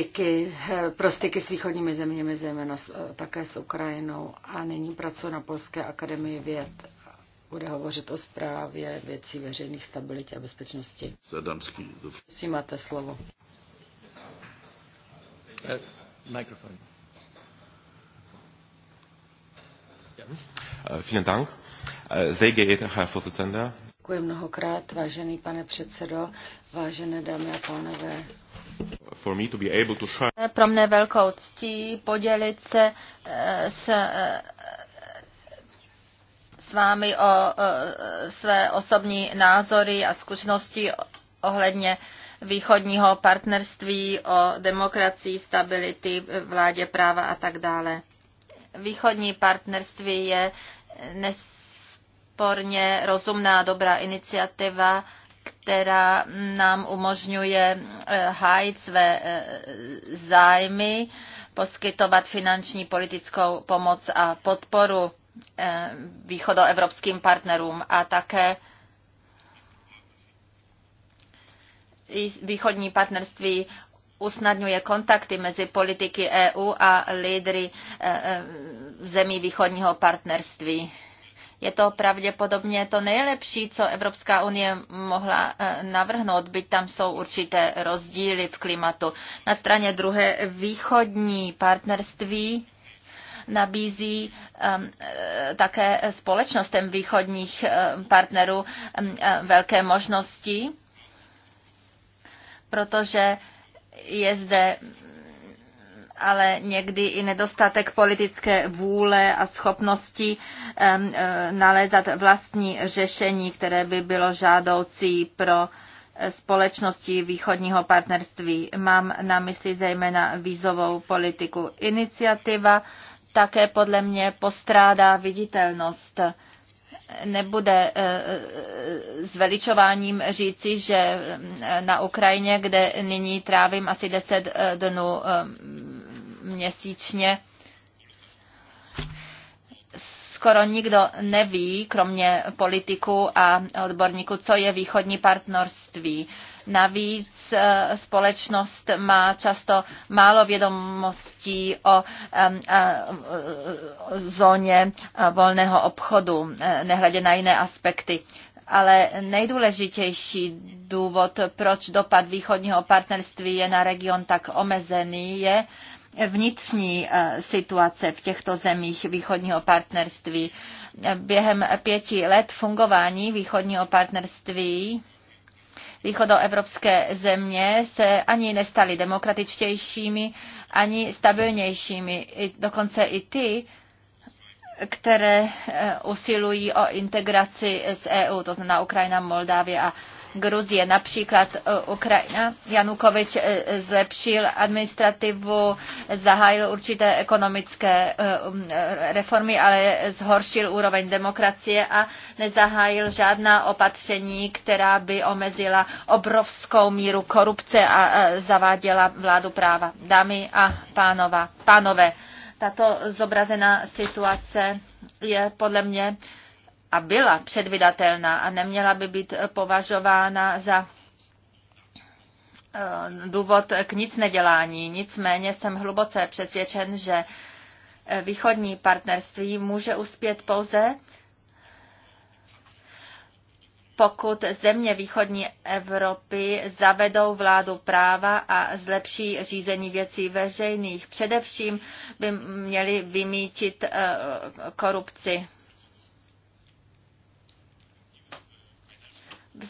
styky, eh, pro styky s východními zeměmi, zejména eh, také s Ukrajinou a nyní pracuje na Polské akademii věd. Bude hovořit o zprávě věcí veřejných stabilitě a bezpečnosti. Zadamský. Prosím, máte slovo. Eh, mikrofon. Vielen Dank. Sehr geehrter Herr Vorsitzender. Děkuji mnohokrát, vážený pane předsedo, vážené dámy a pánové. Pro mne velkou ctí podělit se eh, s, eh, s vámi o své osobní názory a zkušenosti ohledně východního partnerství, o demokracii, stability, vládě práva a tak dále. Východní partnerství je nesporně rozumná dobrá iniciativa, která nám umožňuje eh, hájit své eh, zájmy, poskytovat finanční politickou pomoc a podporu eh, východoevropským partnerům a také východní partnerství usnadňuje kontakty mezi politiky EU a lídry zemí východního partnerství. Je to pravděpodobně to nejlepší, co Evropská unie mohla eh, navrhnout, byť tam jsou určité rozdíly v klimatu. Na straně druhé východní partnerství nabízí um, také společnostem východních ehm, partnerů um, velké možnosti, protože je zde ale někdy i nedostatek politické vůle a schopnosti e, nalézat vlastní řešení, které by bylo žádoucí pro e, společnosti východního partnerství. Mám na mysli zejména vízovou politiku. Iniciativa také podle mě postrádá viditelnost nebude e, veličováním říci, že na Ukrajině, kde nyní trávím asi 10 dnů měsíčně. Skoro nikdo neví, kromě politiků a odborníků, co je východní partnerství. Navíc eh, společnost má často málo vědomostí o eh, zóně eh, volného obchodu, nehledě na jiné aspekty. Ale nejdůležitější důvod, proč dopad východního partnerství je na region tak omezený, je, vnitřní eh, situace v těchto zemích východního partnerství. Během pěti let fungování východního partnerství východoevropské země se ani nestaly demokratičtějšími, ani stabilnějšími. Dokonce i ty, které eh, usilují o integraci s EU, to znamená Ukrajina, Moldávie a Gruzie, například e, Ukrajina. Janukovič e, zlepšil administrativu, zahájil určité ekonomické e, um, reformy, ale zhoršil úroveň demokracie a nezahájil žádná opatření, která by omezila obrovskou míru korupce a zaváděla vládu práva. Dámy a pánova, pánové, tato zobrazená situace je podle mě a byla předvydatelná a neměla by být považována za eh, důvod k nic nedělání. Nicméně jsem hluboce přesvědčen, že eh, východní partnerství může uspět pouze, pokud země východní Evropy zavedou vládu práva a zlepší řízení věcí veřejných. Především by měli vymítit eh, korupci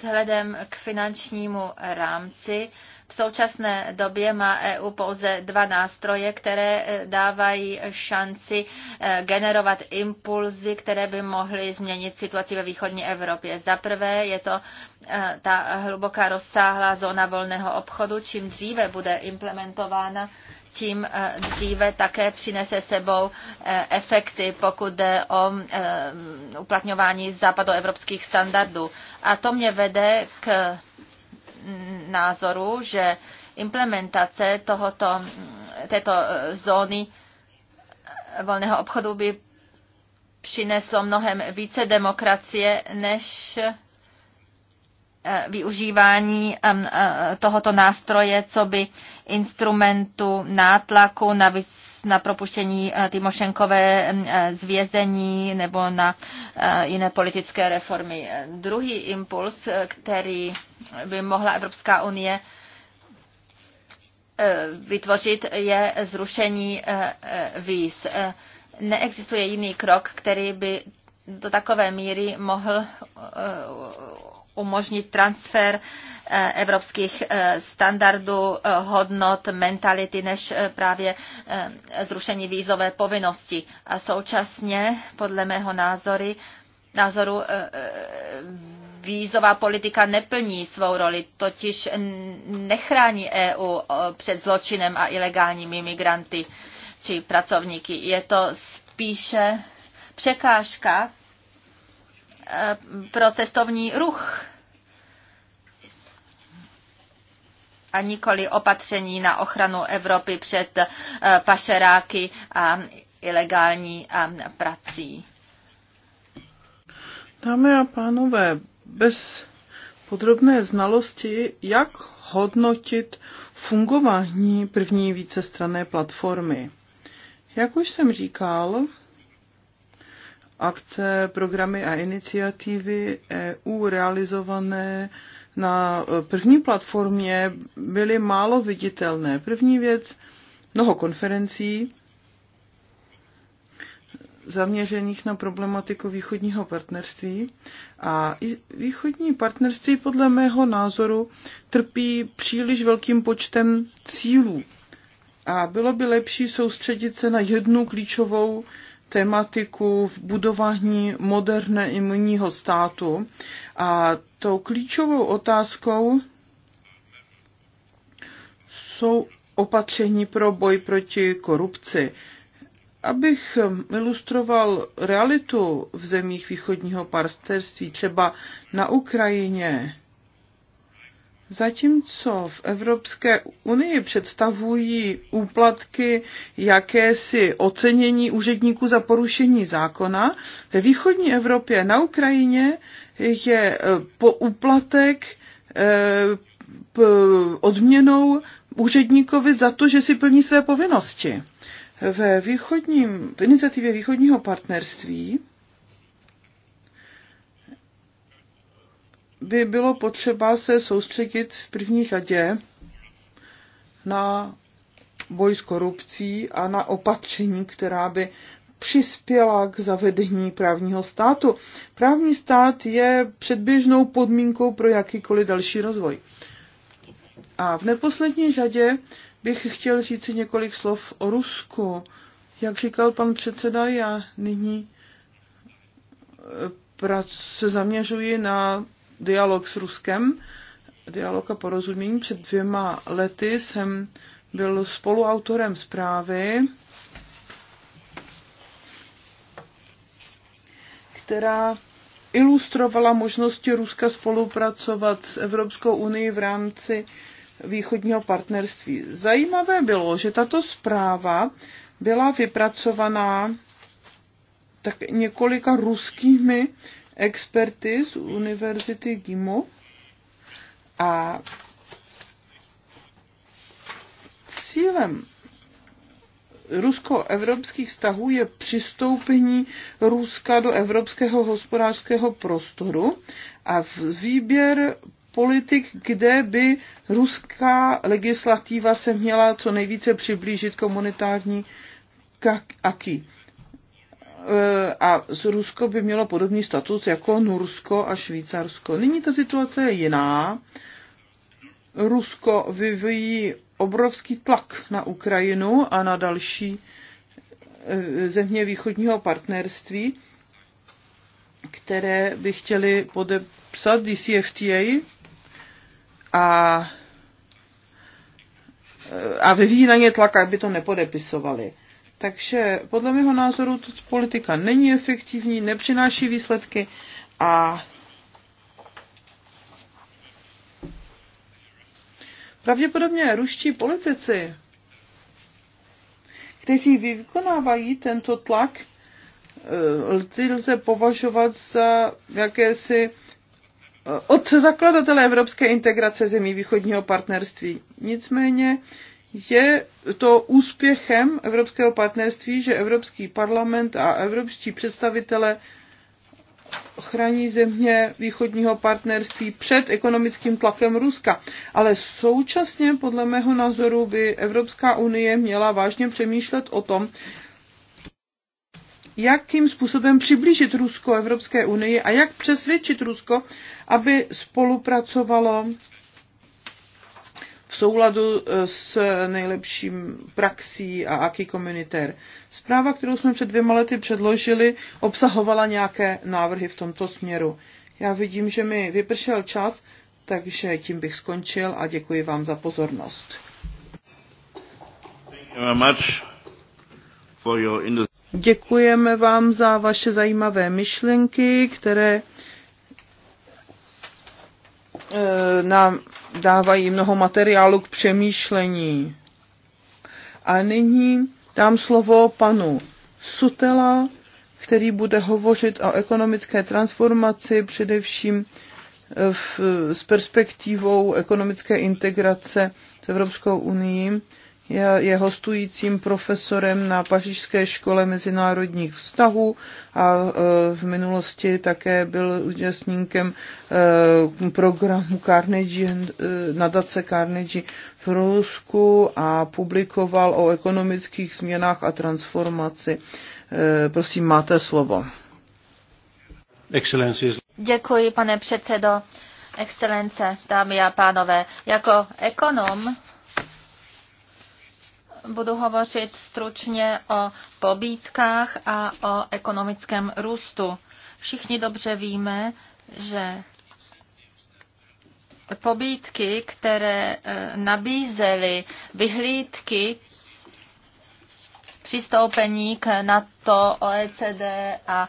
Vzhledem k finančnímu rámci v současné době má EU pouze dva nástroje, které eh, dávají šanci eh, generovat impulzy, které by mohly změnit situaci ve východní Evropě. Za prvé je to eh, ta hluboká rozsáhlá zóna volného obchodu. Čím dříve bude implementována, tím eh, dříve také přinese sebou eh, efekty, pokud jde o eh, uplatňování západoevropských standardů. A to mě vede k názoru, že implementace tohoto, této zóny volného obchodu by přineslo mnohem více demokracie, než Eh, využívání eh, tohoto nástroje, co by instrumentu nátlaku na, vys, na propuštění eh, Timošenkové z vězení nebo na jiné politické reformy. Druhý impuls, který by mohla Evropská unie vytvořit, je zrušení víz. Neexistuje jiný krok, který by do takové míry mohl umožnit transfer eh, evropských eh, standardů, eh, hodnot, mentality, než právě zrušení výzové povinnosti. A současně, podle mého názory, názoru, vízová politika neplní svou roli, totiž nechrání EU před zločinem a ilegálními migranty či pracovníky. Je to spíše překážka Eh, pro cestovní ruch a nikoli opatření na ochranu Evropy před eh, pašeráky a ilegální eh, prací. Dámy a pánové, bez podrobné znalosti, jak hodnotit fungování první vícestranné platformy. Jak už jsem říkal, akce, programy a iniciativy EU realizované na e, první platformě byly málo viditelné. První věc, mnoho konferencí zaměřených na problematiku východního partnerství. A východní partnerství podle mého názoru trpí příliš velkým počtem cílů. A bylo by lepší soustředit se na jednu klíčovou tematiku v budování moderné imunního státu. A tou klíčovou otázkou jsou opatření pro boj proti korupci. Abych ilustroval realitu v zemích východního partnerství, třeba na Ukrajině, Zatímco v Evropské unii představují úplatky jakési ocenění úředníků za porušení zákona, ve východní Evropě na Ukrajině je e, po úplatek e, odměnou úředníkovi za to, že si plní své povinnosti. Ve východním, v iniciativě východního partnerství by bylo potřeba se soustředit v první řadě na boj s korupcí a na opatření, která by přispěla k zavedení právního státu. Právní stát je předběžnou podmínkou pro jakýkoliv další rozvoj. A v neposlední řadě bych chtěl říct několik slov o Rusku. Jak říkal pan předseda, já nyní eh, se zaměřuji na dialog s Ruskem, dialog a porozumění. Před dvěma lety jsem byl spoluautorem zprávy, která ilustrovala možnosti Ruska spolupracovat s Evropskou unii v rámci východního partnerství. Zajímavé bylo, že tato zpráva byla vypracovaná tak několika ruskými experty z Univerzity GIMU a cílem rusko-evropských vztahů je přistoupení Ruska do evropského hospodářského prostoru a výběr politik, kde by ruská legislativa se měla co nejvíce přiblížit komunitární aky. E, a Rusko by mělo podobný status jako Norsko a Švýcarsko. Nyní ta situace je jiná. Rusko vyvíjí obrovský tlak na Ukrajinu a na další e, země východního partnerství, které by chtěli podepsat DCFTA a, e, a vyvíjí na ně tlak, aby to nepodepisovali. Takže podle mého názoru tato politika není efektivní, nepřináší výsledky a pravděpodobně ruští politici, kteří vykonávají tento tlak, eh, ty lze považovat za jakési eh, otce zakladatele evropské integrace zemí východního partnerství. Nicméně je to úspěchem Evropského partnerství, že Evropský parlament a evropští představitele chrání země východního partnerství před ekonomickým tlakem Ruska. Ale současně, podle mého názoru, by Evropská unie měla vážně přemýšlet o tom, jakým způsobem přiblížit Rusko Evropské unii a jak přesvědčit Rusko, aby spolupracovalo v souladu eh, s nejlepším praxí a aký komunitér. Zpráva, kterou jsme před dvěma lety předložili, obsahovala nějaké návrhy v tomto směru. Já vidím, že mi vypršel čas, takže tím bych skončil a děkuji vám za pozornost. Děkujeme vám za vaše zajímavé myšlenky, které Eh, nám dávají mnoho materiálu k přemýšlení. A nyní dám slovo panu Sutela, který bude hovořit o ekonomické transformaci, především eh, v, s perspektivou ekonomické integrace s Evropskou unii je hostujícím profesorem na Pařížské škole mezinárodních vztahů a e, v minulosti také byl účastníkem e, programu Carnegie, e, nadace Carnegie v Rusku a publikoval o ekonomických změnách a transformaci. Prosím, máte slovo. Děkuji, pane předsedo. Excelence, dámy a pánové, jako ekonom budu hovořit stručně o pobítkách a o ekonomickém růstu. Všichni dobře víme, že pobítky, které eh, nabízely vyhlídky přistoupení k NATO, OECD a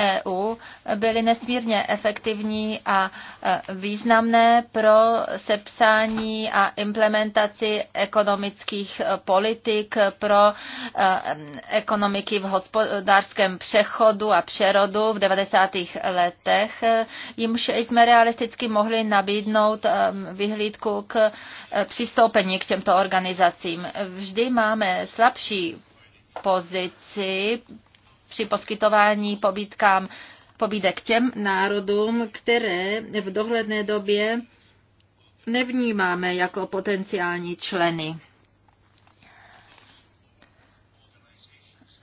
EU byly nesmírně efektivní a e, významné pro sepsání a implementaci ekonomických e, politik pro e, ekonomiky v hospodářském přechodu a přerodu v 90. letech, jimž jsme realisticky mohli nabídnout vyhlídku k přistoupení k těmto organizacím. Vždy máme slabší pozici při poskytování pobídkám, pobídek těm národům, které v dohledné době nevnímáme jako potenciální členy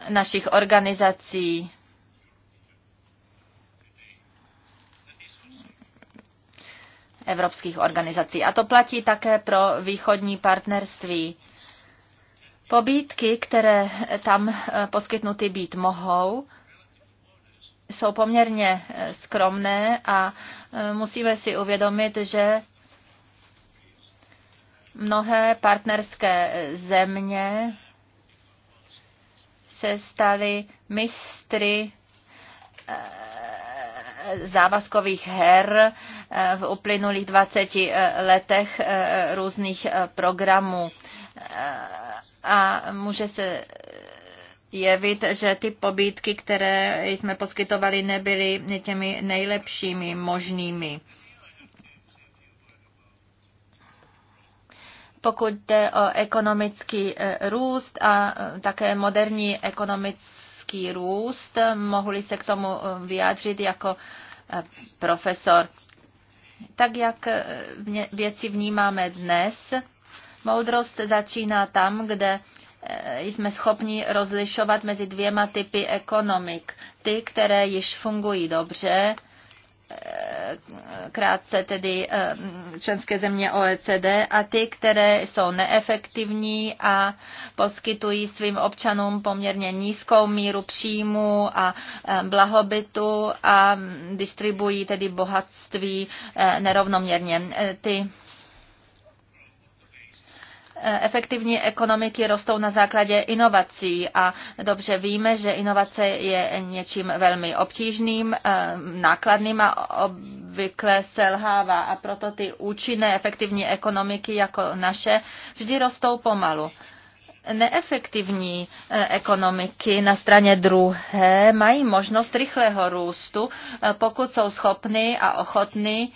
našich organizací. evropských organizací. A to platí také pro východní partnerství. Pobídky, které tam eh, poskytnuty být mohou, jsou poměrně eh, skromné a eh, musíme si uvědomit, že mnohé partnerské země se staly mistry závazkových her v uplynulých 20 letech různých programů a může se jevit, že ty pobídky, které jsme poskytovali, nebyly těmi nejlepšími možnými. Pokud jde o ekonomický eh, růst a eh, také moderní ekonomický růst, mohli se k tomu eh, vyjádřit jako profesor. Tak jak věci vnímáme dnes, Moudrost začíná tam, kde eh, jsme schopni rozlišovat mezi dvěma typy ekonomik. Ty, které již fungují dobře, eh, krátce tedy eh, členské země OECD a ty, které jsou neefektivní a poskytují svým občanům poměrně nízkou míru příjmu a blahobytu a distribuují tedy bohatství nerovnoměrně. Ty efektivní ekonomiky rostou na základě inovací a dobře víme, že inovace je něčím velmi obtížným, eh, nákladným a obvykle selhává a proto ty účinné efektivní ekonomiky jako naše vždy rostou pomalu neefektivní eh, ekonomiky na straně druhé mají možnost rychlého růstu, eh, pokud jsou schopny a ochotny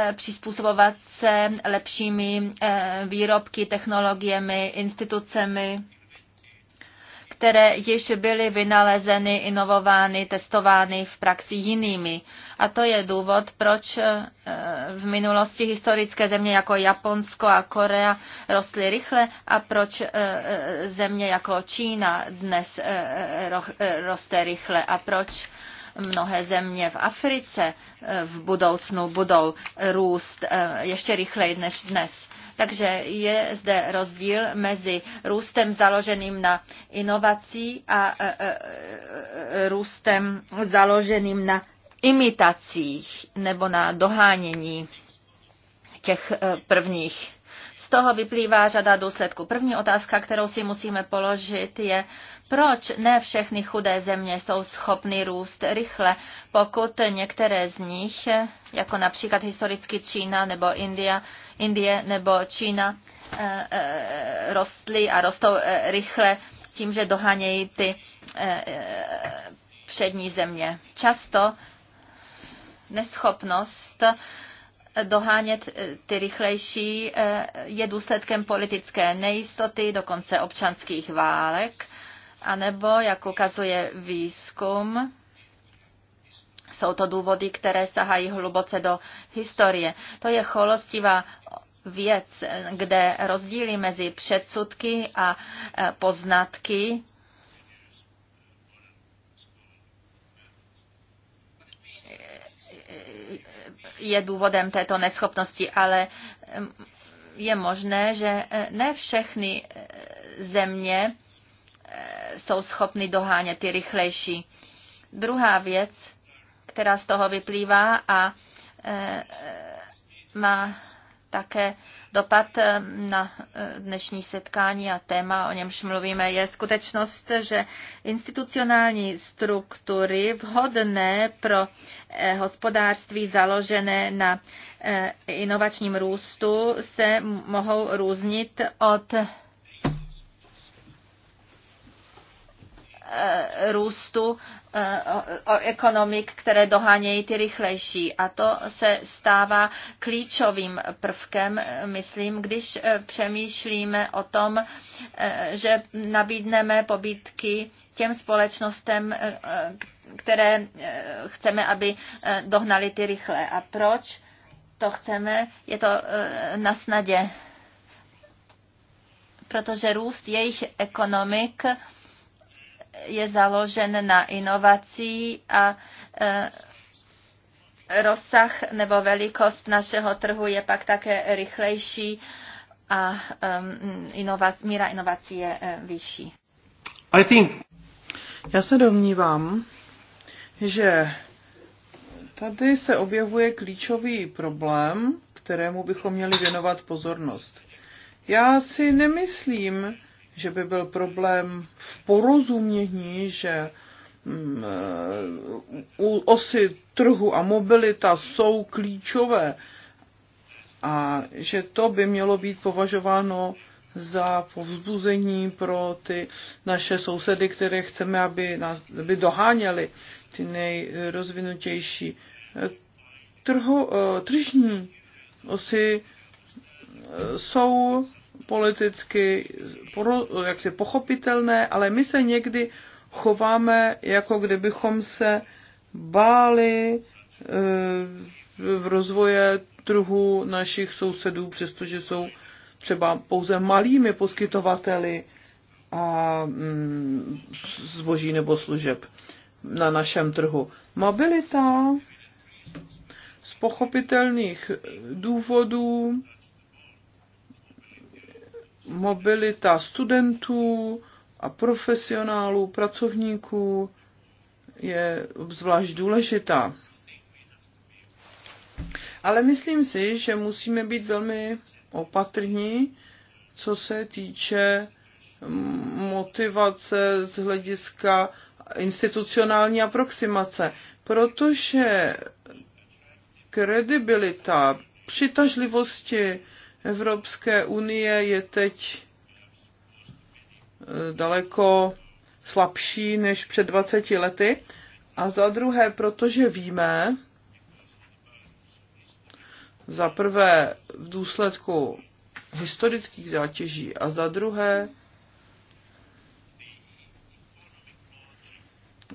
Eh, přizpůsobovat se lepšími eh, výrobky, technologiemi, institucemi, které již byly vynalezeny, inovovány, testovány v praxi jinými. A to je důvod, proč eh, v minulosti historické země jako Japonsko a Korea rostly rychle a proč země jako Čína dnes roste rychle a proč mnohé země v Africe eh, v budoucnu budou růst eh, ještě rychleji než dnes. Takže je zde rozdíl mezi růstem založeným na inovací a eh, růstem založeným na imitacích nebo na dohánění těch prvních z toho vyplývá řada důsledků. První otázka, kterou si musíme položit, je, proč ne všechny chudé země jsou schopny růst rychle, pokud některé z nich, jako například historicky Čína nebo India, Indie nebo Čína, eh, eh, rostly a rostou eh, rychle tím, že dohánějí ty přední země. Často neschopnost dohánět eh, ty rychlejší eh, je důsledkem politické nejistoty, dokonce občanských válek, anebo, jak ukazuje výzkum, jsou to důvody, které sahají hluboce do historie. To je cholostivá věc, kde rozdíly mezi předsudky a eh, poznatky je důvodem této neschopnosti, ale je možné, že eh, ne všechny eh, země eh, jsou schopny dohánět ty rychlejší. Druhá věc, která z toho vyplývá a má také dopad eh, na eh, dnešní setkání a téma, o němž mluvíme, je skutečnost, že institucionální struktury vhodné pro eh, hospodářství založené na inovačním růstu se mohou různit od Eh, růstu eh, ekonomik, které dohánějí ty rychlejší. A to se stává klíčovým prvkem, myslím, když eh, přemýšlíme o tom, že nabídneme pobytky těm společnostem, které chceme, aby dohnali ty rychle. A proč to chceme? Je to na snadě. Protože růst jejich ekonomik je založen na inovací a e, rozsah nebo velikost našeho trhu je pak také rychlejší a e, inovac, míra inovací je e, vyšší. I think... Já se domnívám, že tady se objevuje klíčový problém, kterému bychom měli věnovat pozornost. Já si nemyslím, že by byl problém v porozumění, že mm, eh, osy trhu a mobilita jsou klíčové a že to by mělo být považováno za povzbuzení pro ty naše sousedy, které chceme, aby nás aby doháněli ty nejrozvinutější trhu, eh, tržní osy eh, jsou politicky jaksi pochopitelné, ale my se někdy chováme, jako kdybychom se báli eh, v rozvoje trhu našich sousedů, přestože jsou třeba pouze malými poskytovateli a mm, zboží nebo služeb na našem trhu. Mobilita z pochopitelných důvodů mobilita studentů a profesionálů, pracovníků je zvlášť důležitá. Ale myslím si, že musíme být velmi opatrní, co se týče motivace z hlediska institucionální aproximace, protože kredibilita, přitažlivosti Evropské unie je teď eh, daleko slabší než před 20 lety. A za druhé, protože víme, za prvé v důsledku historických zátěží a za druhé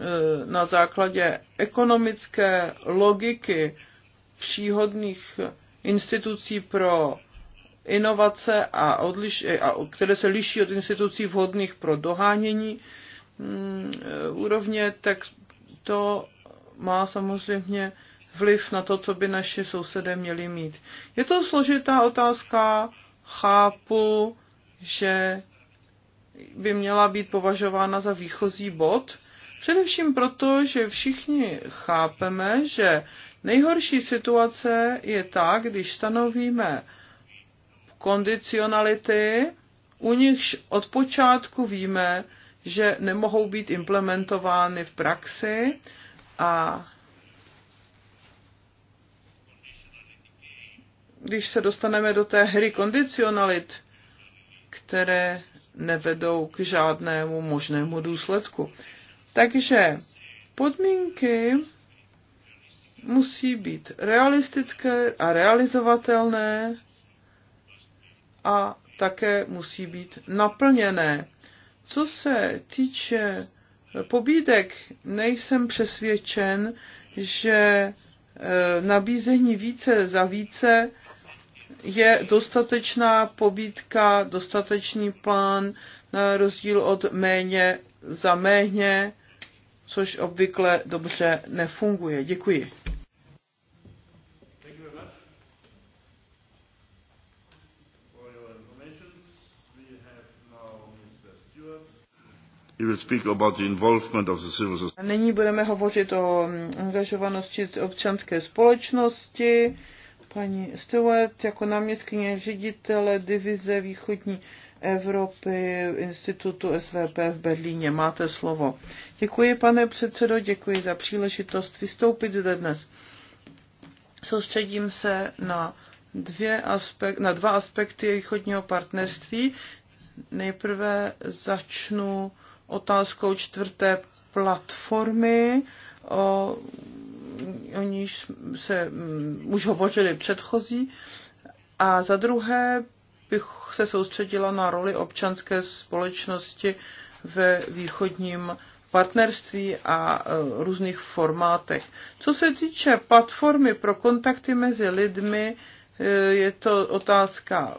eh, na základě ekonomické logiky příhodných institucí pro inovace, a odliš, a, které se liší od institucí vhodných pro dohánění mm, eh, úrovně, tak to má samozřejmě vliv na to, co by naši sousedé měli mít. Je to složitá otázka, chápu, že by měla být považována za výchozí bod, především proto, že všichni chápeme, že nejhorší situace je ta, když stanovíme kondicionality, u nichž od počátku víme, že nemohou být implementovány v praxi a když se dostaneme do té hry kondicionalit, které nevedou k žádnému možnému důsledku. Takže podmínky musí být realistické a realizovatelné a také musí být naplněné. Co se týče pobídek, nejsem přesvědčen, že eh, nabízení více za více je dostatečná pobídka, dostatečný plán, na rozdíl od méně za méně, což obvykle dobře nefunguje. Děkuji. Nyní budeme hovořit o mm, angažovanosti občanské společnosti. Paní Stewart jako náměstkyně ředitele divize východní Evropy institutu SVP v Berlíně. Máte slovo. Děkuji, pane předsedo, děkuji za příležitost vystoupit zde dnes. Soustředím se na, dvě aspek- na dva aspekty východního partnerství. Nejprve začnu otázkou čtvrté platformy, o, o níž se mm, už hovořili předchozí. A za druhé bych se soustředila na roli občanské společnosti ve východním partnerství a e, různých formátech. Co se týče platformy pro kontakty mezi lidmi, Eh, je to otázka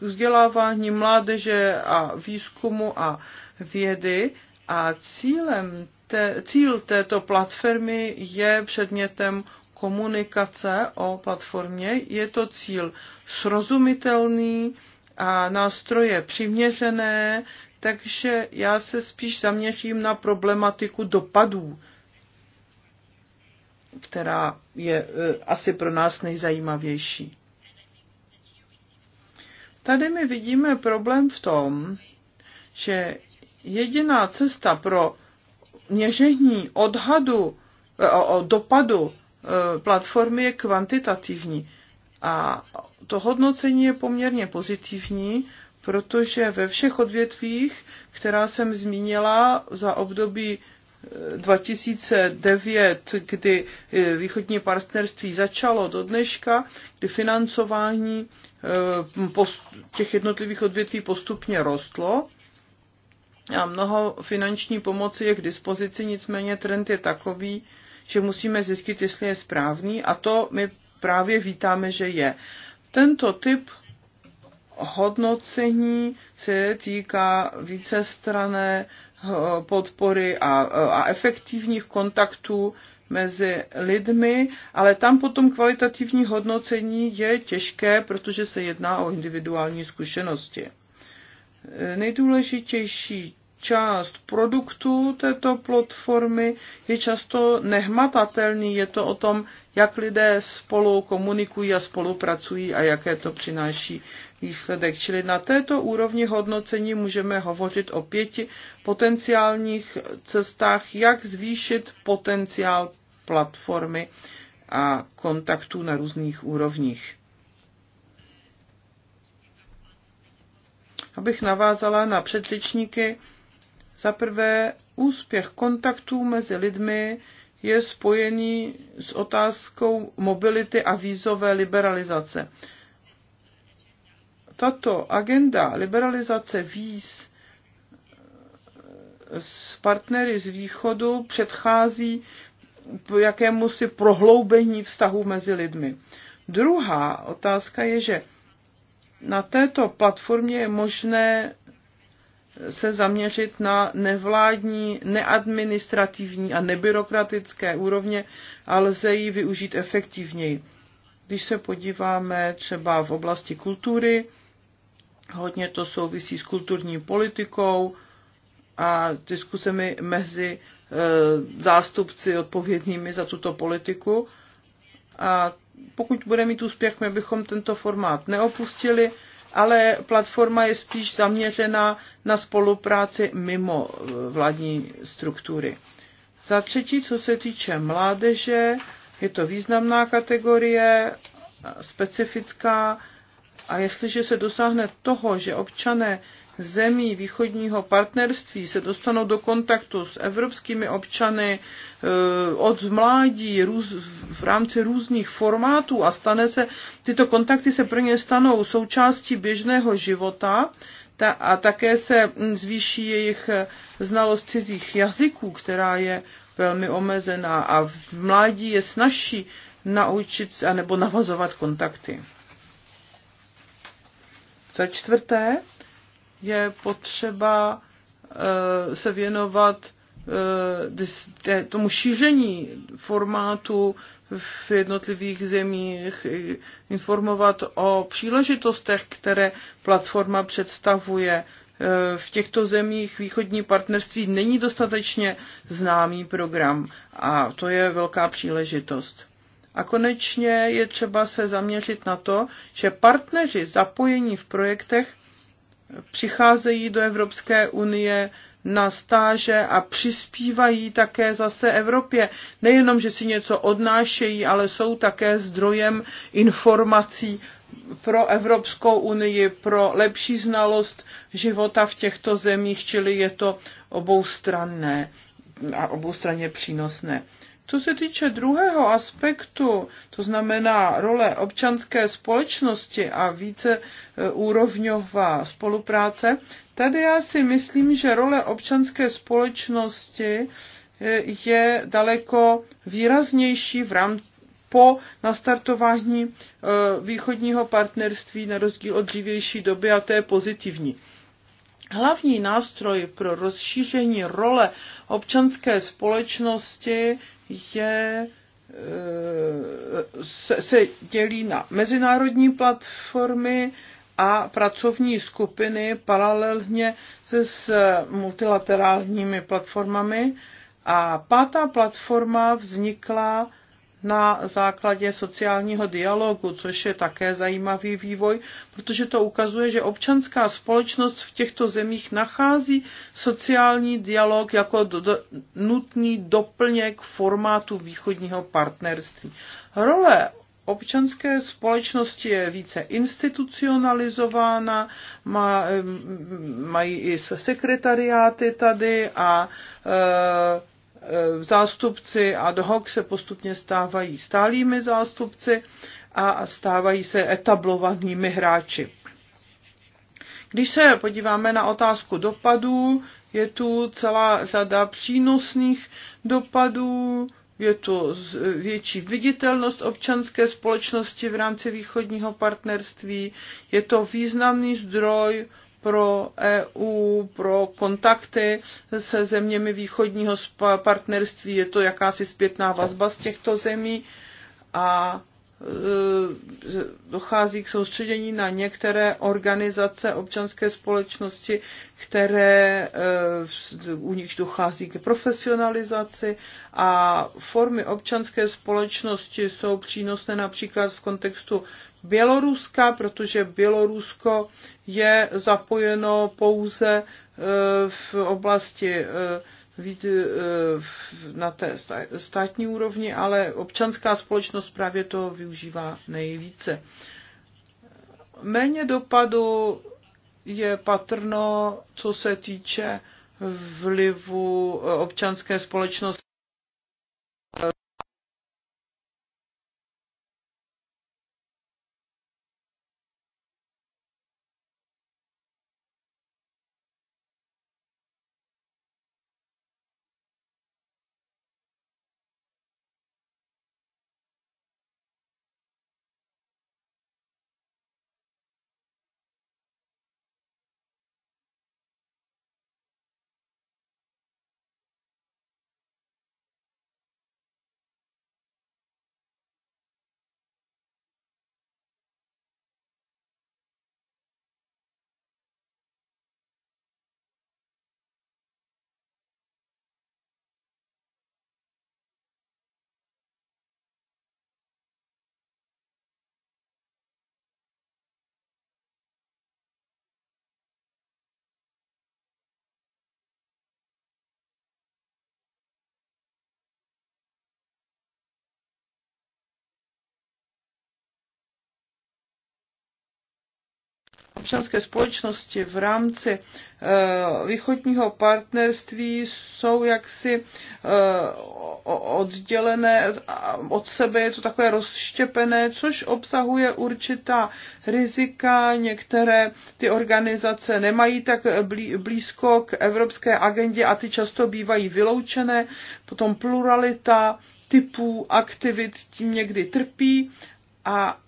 vzdělávání mládeže a výzkumu a vědy. A cílem te, cíl této platformy je předmětem komunikace o platformě. Je to cíl srozumitelný a nástroje přiměřené, takže já se spíš zaměřím na problematiku dopadů která je e, asi pro nás nejzajímavější. Tady my vidíme problém v tom, že jediná cesta pro měření odhadu e, o dopadu e, platformy je kvantitativní. A to hodnocení je poměrně pozitivní, protože ve všech odvětvích, která jsem zmínila za období 2009, kdy eh, východní partnerství začalo do dneška, kdy financování eh, těch jednotlivých odvětví postupně rostlo a mnoho finanční pomoci je k dispozici, nicméně trend je takový, že musíme zjistit, jestli je správný a to my právě vítáme, že je. Tento typ hodnocení se týká vícestrané Eh, podpory a, eh, a efektivních kontaktů mezi lidmi, ale tam potom kvalitativní hodnocení je těžké, protože se jedná o individuální zkušenosti. Eh, nejdůležitější část produktů této platformy je často nehmatatelný. Je to o tom, jak lidé spolu komunikují a spolupracují a jaké to přináší výsledek. Čili na této úrovni hodnocení můžeme hovořit o pěti potenciálních cestách, jak zvýšit potenciál platformy a kontaktů na různých úrovních. Abych navázala na předřečníky, za prvé, úspěch kontaktů mezi lidmi je spojený s otázkou mobility a vízové liberalizace. Tato agenda liberalizace víz eh, s partnery z východu předchází jakému si prohloubení vztahu mezi lidmi. Druhá otázka je, že na této platformě je možné se zaměřit na nevládní, neadministrativní a nebyrokratické úrovně a lze ji využít efektivněji. Když se podíváme třeba v oblasti kultury, hodně to souvisí s kulturní politikou a diskusemi mezi e, zástupci odpovědnými za tuto politiku. A pokud bude mít úspěch, my bychom tento formát neopustili ale platforma je spíš zaměřena na spolupráci mimo eh, vládní struktury. Za třetí, co se týče mládeže, je to významná kategorie, specifická a jestliže se dosáhne toho, že občané zemí východního partnerství se dostanou do kontaktu s evropskými občany e, od mládí růz, v rámci různých formátů a stane se, tyto kontakty se pro ně stanou součástí běžného života ta, a také se zvýší jejich znalost cizích jazyků, která je velmi omezená a v mládí je snažší naučit se nebo navazovat kontakty. Za čtvrté, je potřeba eh, se věnovat eh, tomu šíření formátu v jednotlivých zemích, informovat o příležitostech, které platforma představuje. Eh, v těchto zemích východní partnerství není dostatečně známý program a to je velká příležitost. A konečně je třeba se zaměřit na to, že partneři zapojení v projektech přicházejí do Evropské unie na stáže a přispívají také zase Evropě. Nejenom, že si něco odnášejí, ale jsou také zdrojem informací pro Evropskou unii, pro lepší znalost života v těchto zemích, čili je to oboustranné a oboustranně přínosné. Co se týče druhého aspektu, to znamená role občanské společnosti a více e, úrovňová spolupráce, tady já si myslím, že role občanské společnosti e, je daleko výraznější v rámci po nastartování e, východního partnerství na rozdíl od dřívější doby a to je pozitivní. Hlavní nástroj pro rozšíření role občanské společnosti je eh, se, se dělí na mezinárodní platformy a pracovní skupiny paralelně s multilaterálními platformami. A pátá platforma vznikla na základě sociálního dialogu, což je také zajímavý vývoj, protože to ukazuje, že občanská společnost v těchto zemích nachází sociální dialog jako do, do, nutný doplněk formátu východního partnerství. Role občanské společnosti je více institucionalizována, má, mají i sekretariáty tady a e, Eh, zástupci ad hoc se postupně stávají stálými zástupci a stávají se etablovanými hráči. Když se podíváme na otázku dopadů, je tu celá řada přínosných dopadů, je tu větší viditelnost občanské společnosti v rámci východního partnerství, je to významný zdroj pro EU, pro kontakty se zeměmi východního partnerství. Je to jakási zpětná vazba z těchto zemí a E, dochází k soustředění na některé organizace občanské společnosti, které, e, u nich dochází k profesionalizaci a formy občanské společnosti jsou přínosné například v kontextu Běloruska, protože Bělorusko je zapojeno pouze e, v oblasti víc e, na té státní úrovni, ale občanská společnost právě to využívá nejvíce. Méně dopadu je patrno, co se týče vlivu občanské společnosti občanské společnosti v rámci eh, východního partnerství jsou jaksi eh, oddělené od sebe, je to takové rozštěpené, což obsahuje určitá rizika. Některé ty organizace nemají tak blízko k evropské agendě a ty často bývají vyloučené. Potom pluralita typů aktivit tím někdy trpí a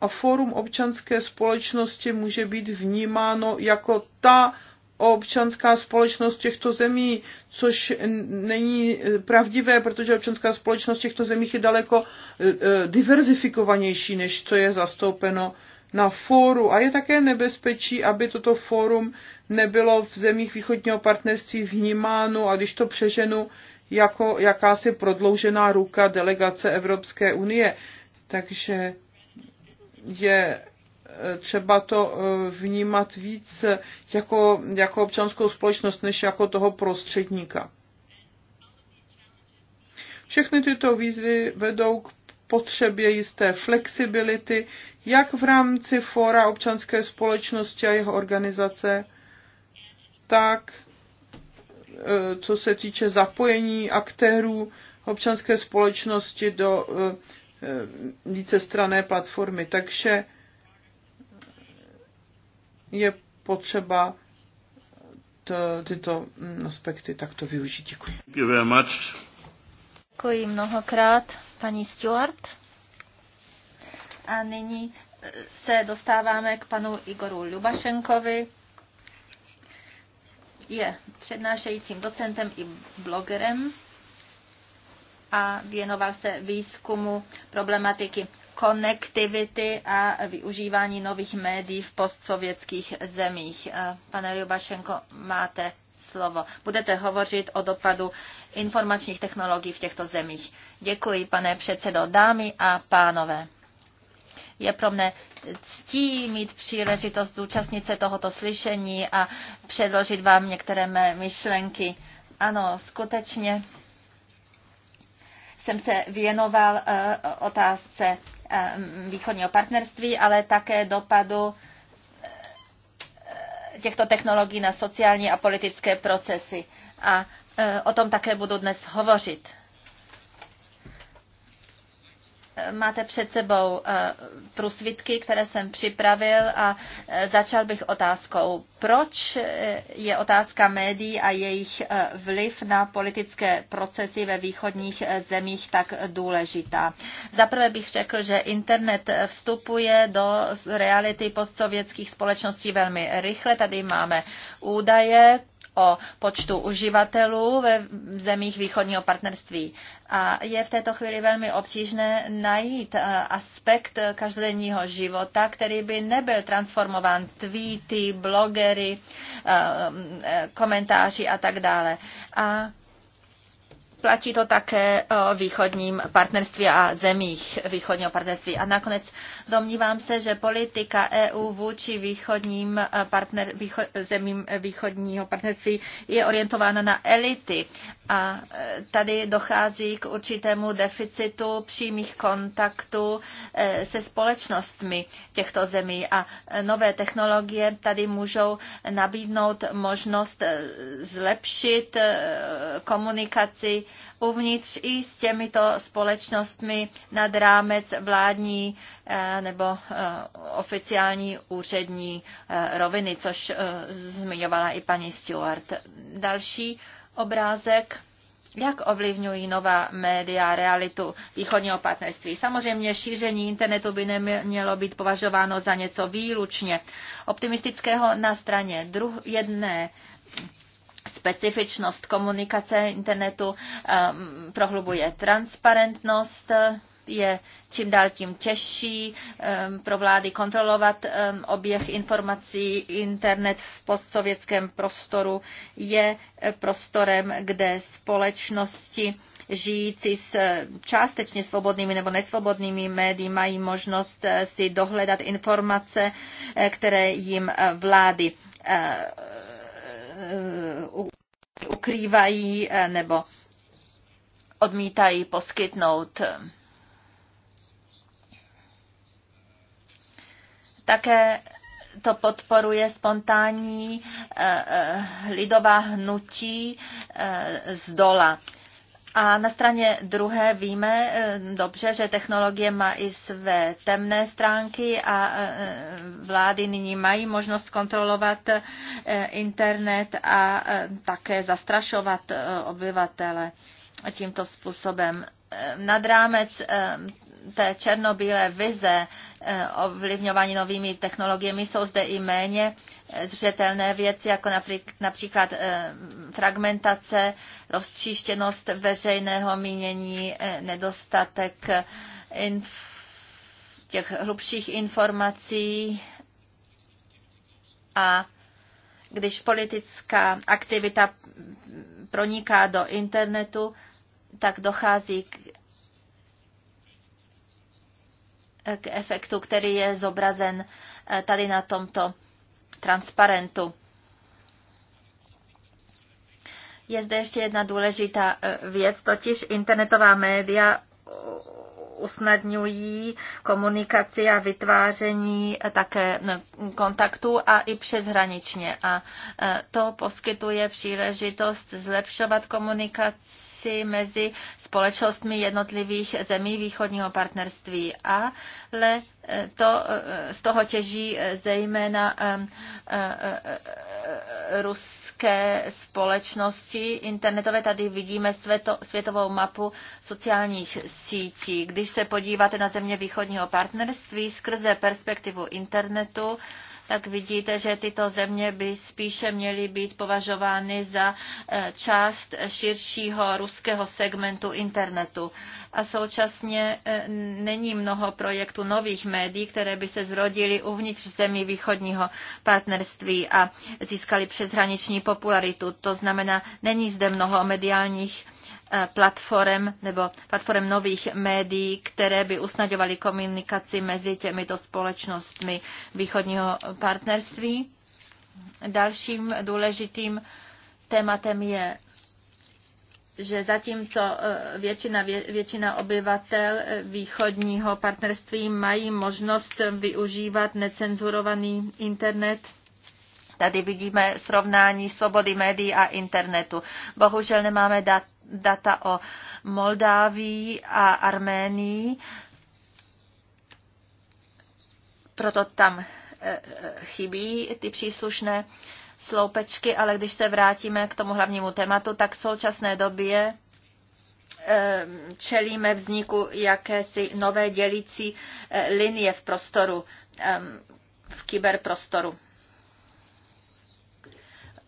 a Fórum občanské společnosti může být vnímáno jako ta občanská společnost těchto zemí, což není pravdivé, protože občanská společnost těchto zemích je daleko eh, eh, diverzifikovanější, než co je zastoupeno na fóru. A je také nebezpečí, aby toto fórum nebylo v zemích východního partnerství vnímáno, a když to přeženu, jako jakási prodloužená ruka delegace Evropské unie. Takže je eh, třeba to eh, vnímat víc jako, jako občanskou společnost, než jako toho prostředníka. Všechny tyto výzvy vedou k potřebě jisté flexibility, jak v rámci fóra občanské společnosti a jeho organizace, tak eh, co se týče zapojení aktérů občanské společnosti do Eh, vícestrané platformy. Takže je potřeba to, tyto mm, aspekty takto využít. Děkuji. Děkuji, mnohokrát, paní Stewart. A nyní eh, se dostáváme k panu Igoru Lubašenkovi. Je přednášejícím docentem i blogerem a věnoval se výzkumu problematiky konektivity a využívání nových médií v postsovětských zemích. Eh, pane Ryubašenko, máte slovo. Budete hovořit o dopadu informačních technologií v těchto zemích. Děkuji, pane předsedo, dámy a pánové. Je pro mne ctí mít příležitost zúčastnit se tohoto slyšení a předložit vám některé mé myšlenky. Ano, skutečně jsem se věnoval eh, otázce eh, východního partnerství, ale také dopadu eh, těchto technologií na sociální a politické procesy. A o tom také budu dnes hovořit. máte před sebou eh, průsvitky, které jsem připravil a eh, začal bych otázkou, proč eh, je otázka médií a jejich vliv na politické procesy ve východních zemích tak důležitá. Zaprvé bych řekl, že internet vstupuje do reality postsovětských společností velmi rychle. Tady máme údaje, o počtu uživatelů ve zemích východního partnerství. A je v této chvíli velmi obtížné najít eh, aspekt eh, každodenního života, který by nebyl transformován tweety, blogery, eh, komentáři a tak dále. A Platí to také o východním partnerství a zemích východního partnerství. A nakonec domnívám se, že politika EU vůči východním eh, partner, výcho, zemím východního partnerství je orientována na elity. A eh, tady dochází k určitému deficitu přímých kontaktů eh, se společnostmi těchto zemí. A nové technologie tady můžou nabídnout možnost zlepšit komunikaci uvnitř i s těmito společnostmi nad rámec vládní eh, nebo eh, oficiální úřední eh, roviny, což zmiňovala i paní Stewart. Další obrázek. Jak ovlivňují nová média realitu východního partnerství? Samozřejmě šíření internetu by nemělo být považováno za něco výlučně optimistického na straně druh jedné specifičnost komunikace internetu ehm, prohlubuje transparentnost, je čím dál tím těžší ehm, pro vlády kontrolovat ehm, oběh informací. Internet v postsovětském prostoru je prostorem, kde společnosti žijící s částečně svobodnými nebo nesvobodnými médii mají možnost eh, si dohledat informace, eh, které jim eh, vlády ukrývají eh, nebo odmítají poskytnout. Eh. Také to podporuje spontánní eh, lidová hnutí z dola a na straně druhé víme eh, dobře, že technologie má i své temné stránky a eh, vlády nyní mají možnost kontrolovat eh, internet a také zastrašovat obyvatele tímto způsobem. Nad rámec té černobílé vize eh, ovlivňování novými technologiemi jsou zde i méně eh, zřetelné věci, jako například eh, fragmentace, roztříštěnost veřejného mínění, nedostatek těch hlubších informací a když politická aktivita proniká do internetu, tak dochází k k efektu, který je zobrazen eh, tady na tomto transparentu. Je zde ještě jedna důležitá eh, věc, totiž internetová média usnadňují komunikaci a vytváření eh, také kontaktů a i přeshraničně. A to poskytuje příležitost zlepšovat komunikaci spolupráci mezi společnostmi jednotlivých zemí východního partnerství. Ale eh, to, eh, z toho těží eh, zejména ruské společnosti internetové. Tady vidíme světo, světovou mapu sociálních sítí. Když se podíváte na země východního partnerství skrze perspektivu internetu, tak vidíte, že tyto země by spíše měly být považovány za eh, část širšího ruského segmentu internetu. A současně eh, není mnoho projektů nových médií, které by se zrodily uvnitř zemí východního partnerství a získaly přeshraniční popularitu. To znamená, není zde mnoho mediálních Eh, platform nebo platform nových médií, které by usnadňovaly komunikaci mezi těmito společnostmi východního partnerství. Dalším důležitým tématem je že zatímco eh, většina, většina obyvatel eh, východního partnerství mají možnost využívat necenzurovaný internet, Tady vidíme srovnání svobody médií a internetu. Bohužel nemáme dat, data o Moldávii a Arménii, proto tam e, e, chybí ty příslušné sloupečky, ale když se vrátíme k tomu hlavnímu tématu, tak v současné době e, čelíme vzniku jakési nové dělící linie v prostoru, v kyberprostoru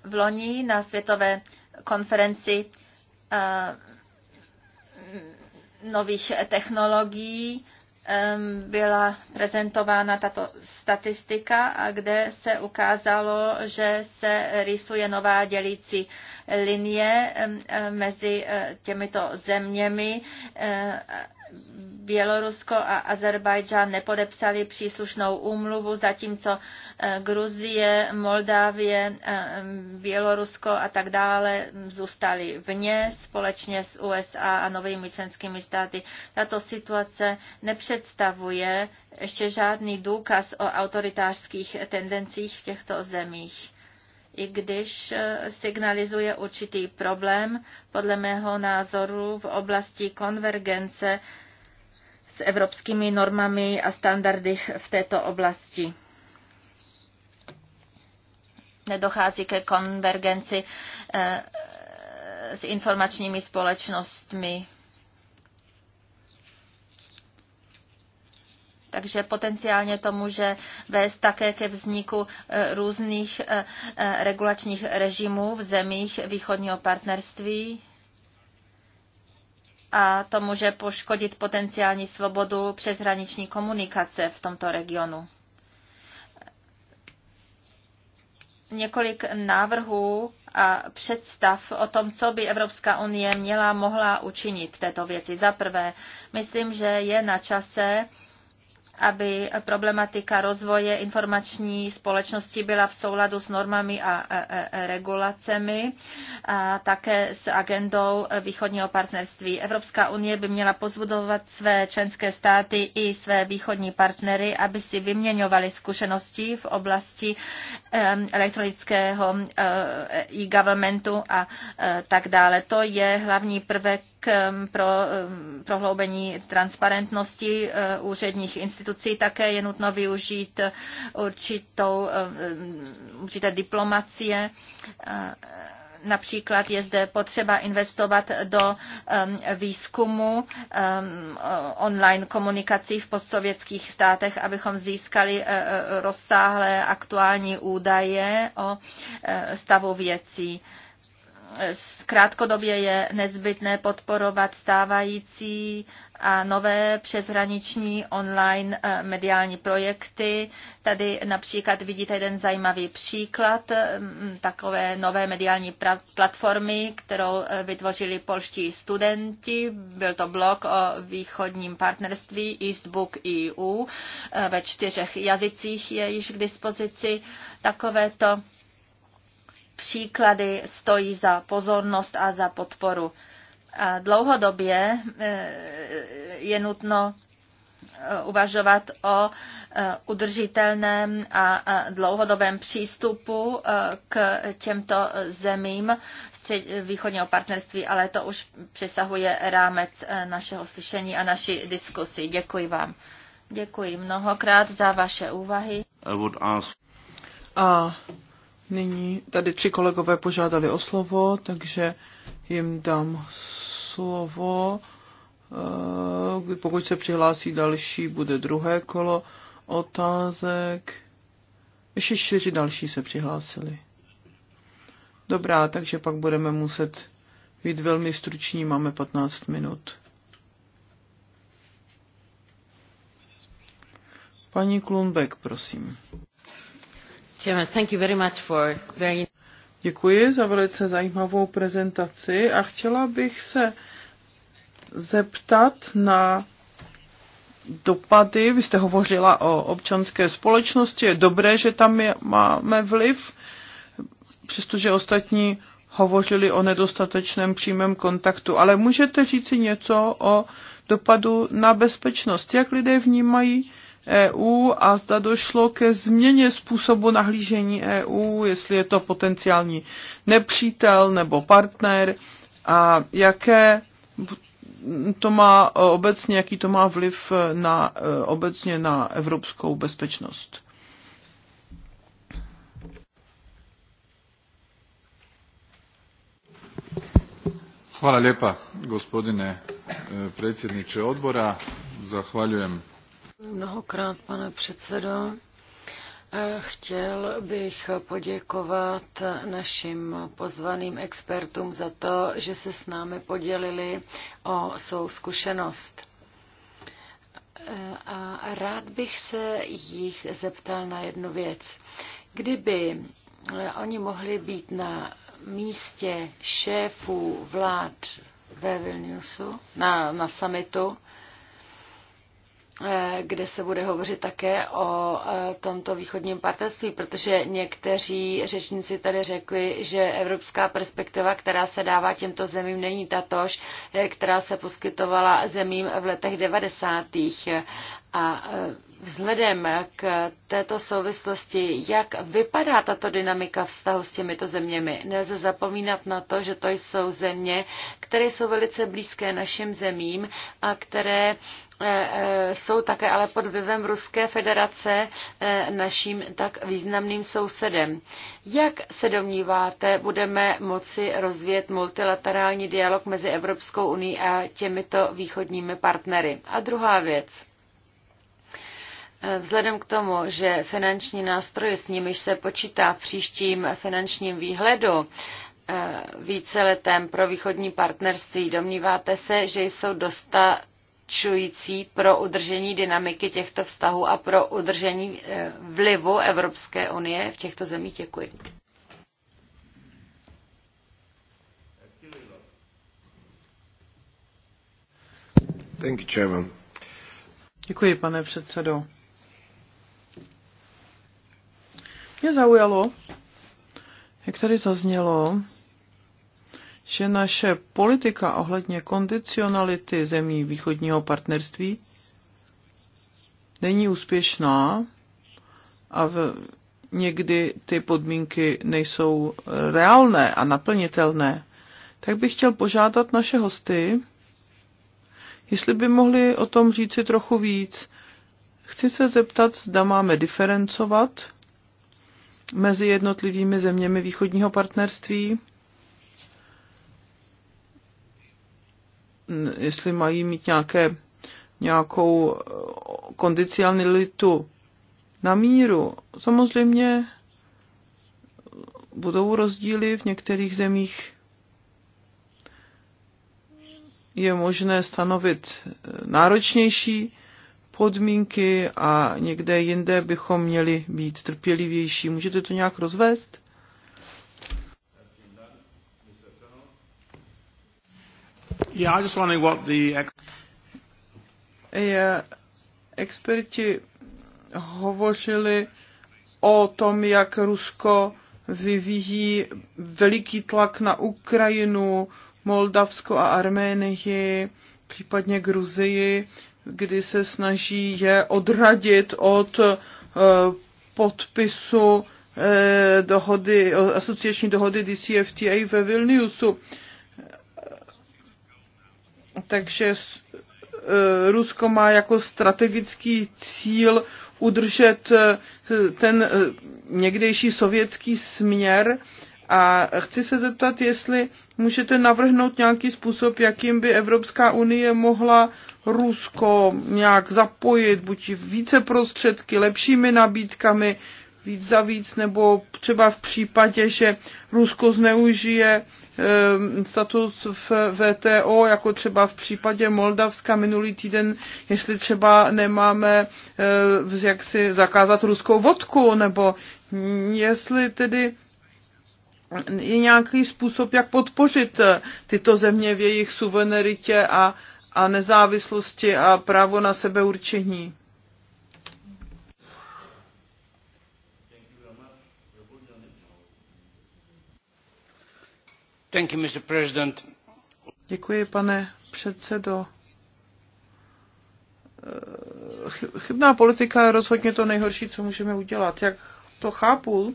v loni na světové konferenci eh, nových technologií eh, byla prezentována tato statistika, kde se ukázalo, že se rysuje nová dělící linie eh, mezi těmito zeměmi Bělorusko a Azerbajdžán nepodepsali příslušnou úmluvu, zatímco eh, Gruzie, Moldávie, eh, Bělorusko a tak dále zůstali vně společně s USA a novými členskými státy. Tato situace nepředstavuje ještě žádný důkaz o autoritářských tendencích v těchto zemích i když eh, signalizuje určitý problém, podle mého názoru, v oblasti konvergence s evropskými normami a standardy v této oblasti. Nedochází ke konvergenci eh, s informačními společnostmi Takže potenciálně to může vést také ke vzniku e, různých e, e, regulačních režimů v zemích východního partnerství a to může poškodit potenciální svobodu přeshraniční komunikace v tomto regionu. Několik návrhů a představ o tom, co by Evropská unie měla mohla učinit této věci. Za prvé, myslím, že je na čase aby problematika rozvoje informační společnosti byla v souladu s normami a regulacemi a také s agendou východního partnerství. Evropská unie by měla pozbudovat své členské státy i své východní partnery, aby si vyměňovali zkušenosti v oblasti elektronického eh, e-governmentu a eh, tak dále. To je hlavní prvek pro prohloubení transparentnosti eh, úředních institucí institucí také je nutno využít určitou, eh, určité diplomacie eh, Například je zde potřeba investovat do eh, výzkumu online komunikací v postsovětských státech, abychom získali rozsáhlé aktuální údaje o stavu věcí krátkodobě je nezbytné podporovat stávající a nové přeshraniční online eh, mediální projekty. Tady například vidíte jeden zajímavý příklad eh, takové nové mediální platformy, kterou eh, vytvořili polští studenti. Byl to blog o východním partnerství Eastbook EU. Ve čtyřech jazycích je již k dispozici takovéto příklady stojí za pozornost a za podporu. A dlouhodobě e, je nutno e, uvažovat o e, udržitelném a dlouhodobém přístupu k těmto zemím východního partnerství, ale to už přesahuje rámec našeho slyšení a naší diskusy. Děkuji vám. Děkuji mnohokrát za vaše úvahy. Nyní tady tři kolegové požádali o slovo, takže jim dám slovo. Eh, pokud se přihlásí další, bude druhé kolo otázek. Ještě čtyři další se přihlásili. Dobrá, takže pak budeme muset být velmi struční, máme 15 minut. Paní Klunbek, prosím. Děkuji za velice zajímavou prezentaci a chtěla bych se zeptat na dopady. Vy jste hovořila o občanské společnosti. Je dobré, že tam je, máme vliv, přestože ostatní hovořili o nedostatečném přímém kontaktu. Ale můžete říci něco o dopadu na bezpečnost? Jak lidé vnímají EU a zda došlo ke změně způsobu nahlížení EU, jestli je to potenciální nepřítel nebo partner a jaké to má e, obecně, jaký to má vliv na, e, obecně na evropskou bezpečnost. Hvala lijepa gospodine e, predsjedniče odbora. Zahvaljujem Mnohokrát, pane předsedo. Eh, chtěl bych poděkovat našim pozvaným expertům za to, že se s námi podělili o svou zkušenost. Eh, a rád bych se jich zeptal na jednu věc. Kdyby eh, oni mohli být na místě šéfů vlád ve Vilniusu, na, na summitu, Eh, kde se bude hovořit také o eh, tomto východním partnerství, protože někteří řečníci tady řekli, že evropská perspektiva, která se dává těmto zemím, není tatož, eh, která se poskytovala zemím v letech 90. A Vzhledem k této souvislosti, jak vypadá tato dynamika vztahu s těmito zeměmi? Nelze zapomínat na to, že to jsou země, které jsou velice blízké našim zemím a které eh, eh, jsou také ale pod vlivem Ruské federace eh, naším tak významným sousedem. Jak se domníváte, budeme moci rozvíjet multilaterální dialog mezi Evropskou unii a těmito východními partnery? A druhá věc. Vzhledem k tomu, že finanční nástroje, s nimiž se počítá v příštím finančním výhledu, eh, letem pro východní partnerství, domníváte se, že jsou dostačující pro udržení dynamiky těchto vztahů a pro udržení eh, vlivu Evropské unie v těchto zemích? Děkuji. Děkuji, pane předsedo. Mě zaujalo, jak tady zaznělo, že naše politika ohledně kondicionality zemí východního partnerství není úspěšná a v, někdy ty podmínky nejsou reálné a naplnitelné, tak bych chtěl požádat naše hosty, jestli by mohli o tom říci trochu víc. Chci se zeptat, zda máme diferencovat mezi jednotlivými zeměmi východního partnerství, jestli mají mít nějaké, nějakou eh, kondicionalitu na míru. Samozřejmě budou rozdíly v některých zemích. Je možné stanovit eh, náročnější podmínky a někde jinde bychom měli být trpělivější. Můžete to nějak rozvést? Yeah, I just wondering what the... yeah, experti hovořili o tom, jak Rusko vyvíjí veliký tlak na Ukrajinu, Moldavsko a Arménii, případně Gruzii kdy se snaží je odradit od eh, podpisu eh, dohody, asociační dohody DCFTA ve Vilniusu. Takže eh, Rusko má jako strategický cíl udržet ten někdejší sovětský směr a chci se zeptat, jestli můžete navrhnout nějaký způsob, jakým by Evropská unie mohla Rusko nějak zapojit, buď více prostředky, lepšími nabídkami, víc za víc, nebo třeba v případě, že Rusko zneužije ehm, status v VTO, jako třeba v případě Moldavska minulý týden, jestli třeba nemáme eh, jak si zakázat ruskou vodku, nebo jestli tedy je nějaký způsob, jak podpořit eh, tyto země v jejich suverenitě a, a nezávislosti a právo na sebeurčení. Thank you, Mr. President. Děkuji, pane předsedo. Eh, chybná politika je rozhodně to nejhorší, co můžeme udělat. Jak to chápu,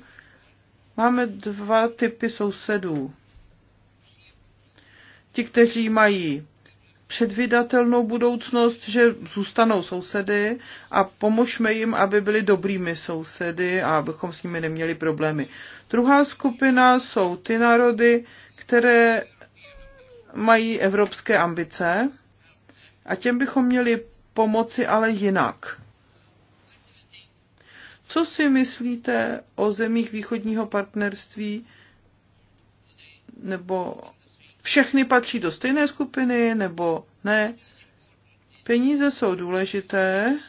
Máme dva typy sousedů. Ti, kteří mají předvydatelnou budoucnost, že zůstanou sousedy a pomožme jim, aby byli dobrými sousedy a abychom s nimi neměli problémy. Druhá skupina jsou ty národy, které mají evropské ambice a těm bychom měli pomoci ale jinak. Co si myslíte o zemích východního partnerství? Nebo všechny patří do stejné skupiny, nebo ne? Peníze jsou důležité,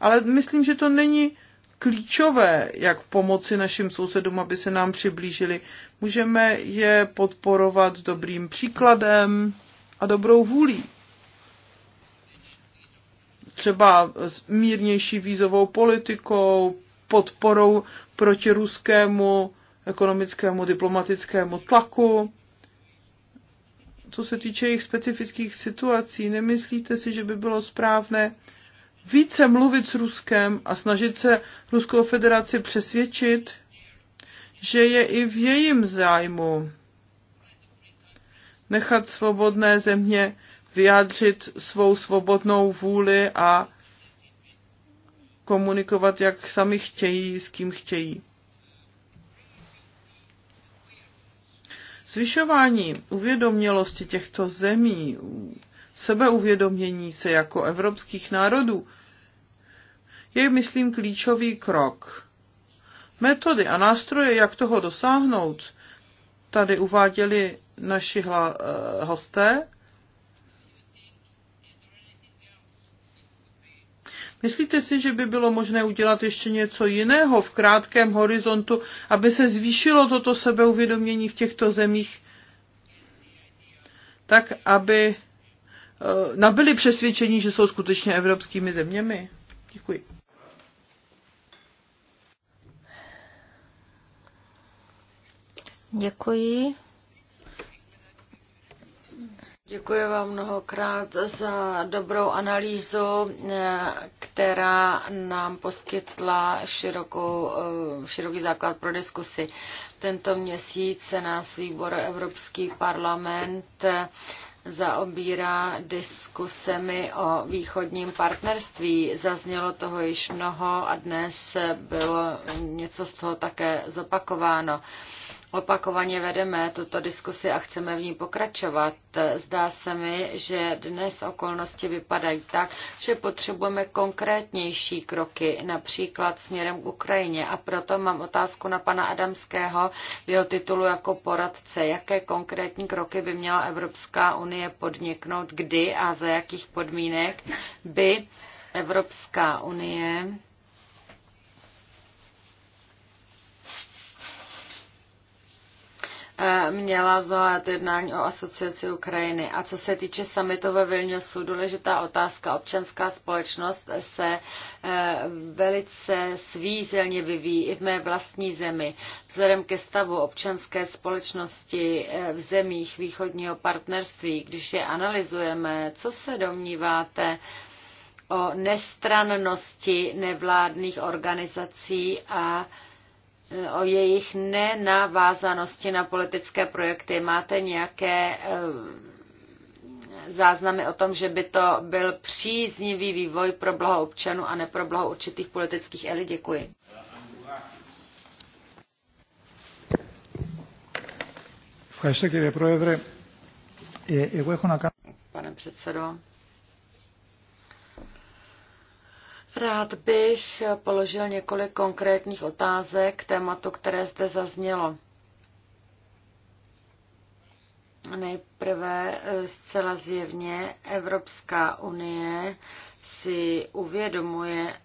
ale myslím, že to není klíčové, jak pomoci našim sousedům, aby se nám přiblížili. Můžeme je podporovat dobrým příkladem a dobrou vůlí třeba s mírnější vízovou politikou, podporou proti ruskému ekonomickému diplomatickému tlaku. Co se týče jejich specifických situací, nemyslíte si, že by bylo správné více mluvit s Ruskem a snažit se Ruskou federaci přesvědčit, že je i v jejím zájmu nechat svobodné země vyjádřit svou svobodnou vůli a komunikovat, jak sami chtějí, s kým chtějí. Zvyšování uvědomělosti těchto zemí, sebeuvědomění se jako evropských národů, je, myslím, klíčový krok. Metody a nástroje, jak toho dosáhnout, tady uváděli naši hla, eh, hosté, Myslíte si, že by bylo možné udělat ještě něco jiného v krátkém horizontu, aby se zvýšilo toto sebeuvědomění v těchto zemích, tak aby eh, nabyli přesvědčení, že jsou skutečně evropskými zeměmi? Děkuji. Děkuji. Děkuji vám mnohokrát za dobrou analýzu, eh, která nám poskytla širokou, eh, široký základ pro diskusi. Tento měsíc se nás výbor Evropský parlament eh, zaobírá diskusemi o východním partnerství. Zaznělo toho již mnoho a dnes bylo něco z toho také zopakováno. Opakovaně vedeme tuto diskusi a chceme v ní pokračovat. Zdá se mi, že dnes okolnosti vypadají tak, že potřebujeme konkrétnější kroky, například směrem k Ukrajině. A proto mám otázku na pana Adamského v jeho titulu jako poradce. Jaké konkrétní kroky by měla Evropská unie podniknout, kdy a za jakých podmínek by Evropská unie Eh, měla zahájit jednání o asociaci Ukrajiny. A co se týče samitu ve Vilniusu, důležitá otázka. Občanská společnost se eh, velice svízelně vyvíjí i v mé vlastní zemi. Vzhledem ke stavu občanské společnosti eh, v zemích východního partnerství, když je analyzujeme, co se domníváte, o nestrannosti nevládných organizací a o jejich nenavázanosti na politické projekty. Máte nějaké eh, záznamy o tom, že by to byl příznivý vývoj pro blaho občanů a ne pro blaho určitých politických elit? Děkuji. Pane předsedo, Rád bych položil několik konkrétních otázek k tématu, které zde zaznělo. Nejprve eh, zcela zjevně Evropská unie si uvědomuje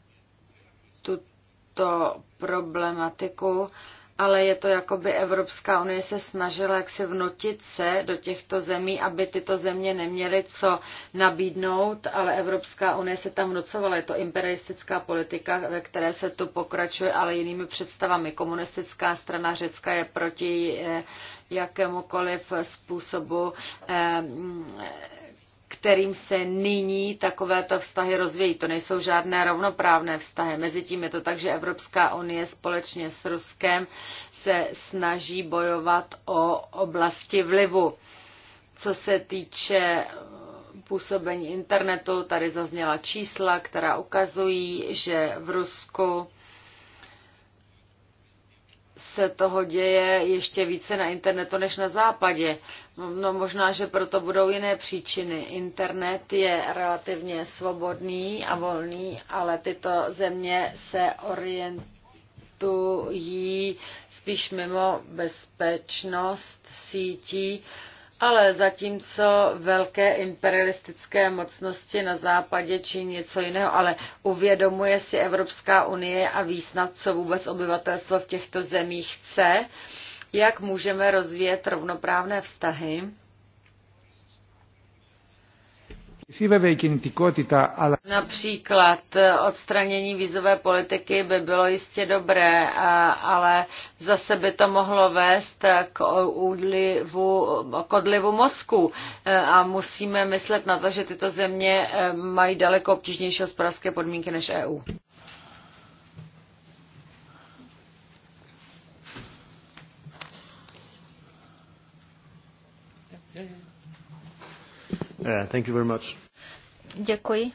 tuto problematiku ale je to jako by Evropská unie se snažila jaksi vnutit se do těchto zemí, aby tyto země neměly co nabídnout, ale Evropská unie se tam vnucovala. Je to imperialistická politika, ve které se tu pokračuje, ale jinými představami. Komunistická strana Řecka je proti eh, jakémukoliv způsobu eh, kterým se nyní takovéto vztahy rozvíjí. To nejsou žádné rovnoprávné vztahy. Mezitím je to tak, že Evropská unie společně s Ruskem se snaží bojovat o oblasti vlivu. Co se týče působení internetu, tady zazněla čísla, která ukazují, že v Rusku se toho děje ještě více na internetu než na západě. No možná, že proto budou jiné příčiny. Internet je relativně svobodný a volný, ale tyto země se orientují spíš mimo bezpečnost sítí ale zatímco velké imperialistické mocnosti na západě či něco jiného, ale uvědomuje si Evropská unie a snad, co vůbec obyvatelstvo v těchto zemích chce, jak můžeme rozvíjet rovnoprávné vztahy Například eh, odstranění vízové politiky by bylo jistě dobré, eh, ale zase by to mohlo vést eh, k, údlivu, k odlivu mozku a musíme myslet na to, že tyto země mají daleko obtížnější hospodářské podmínky než EU. Thank you very much. Děkuji.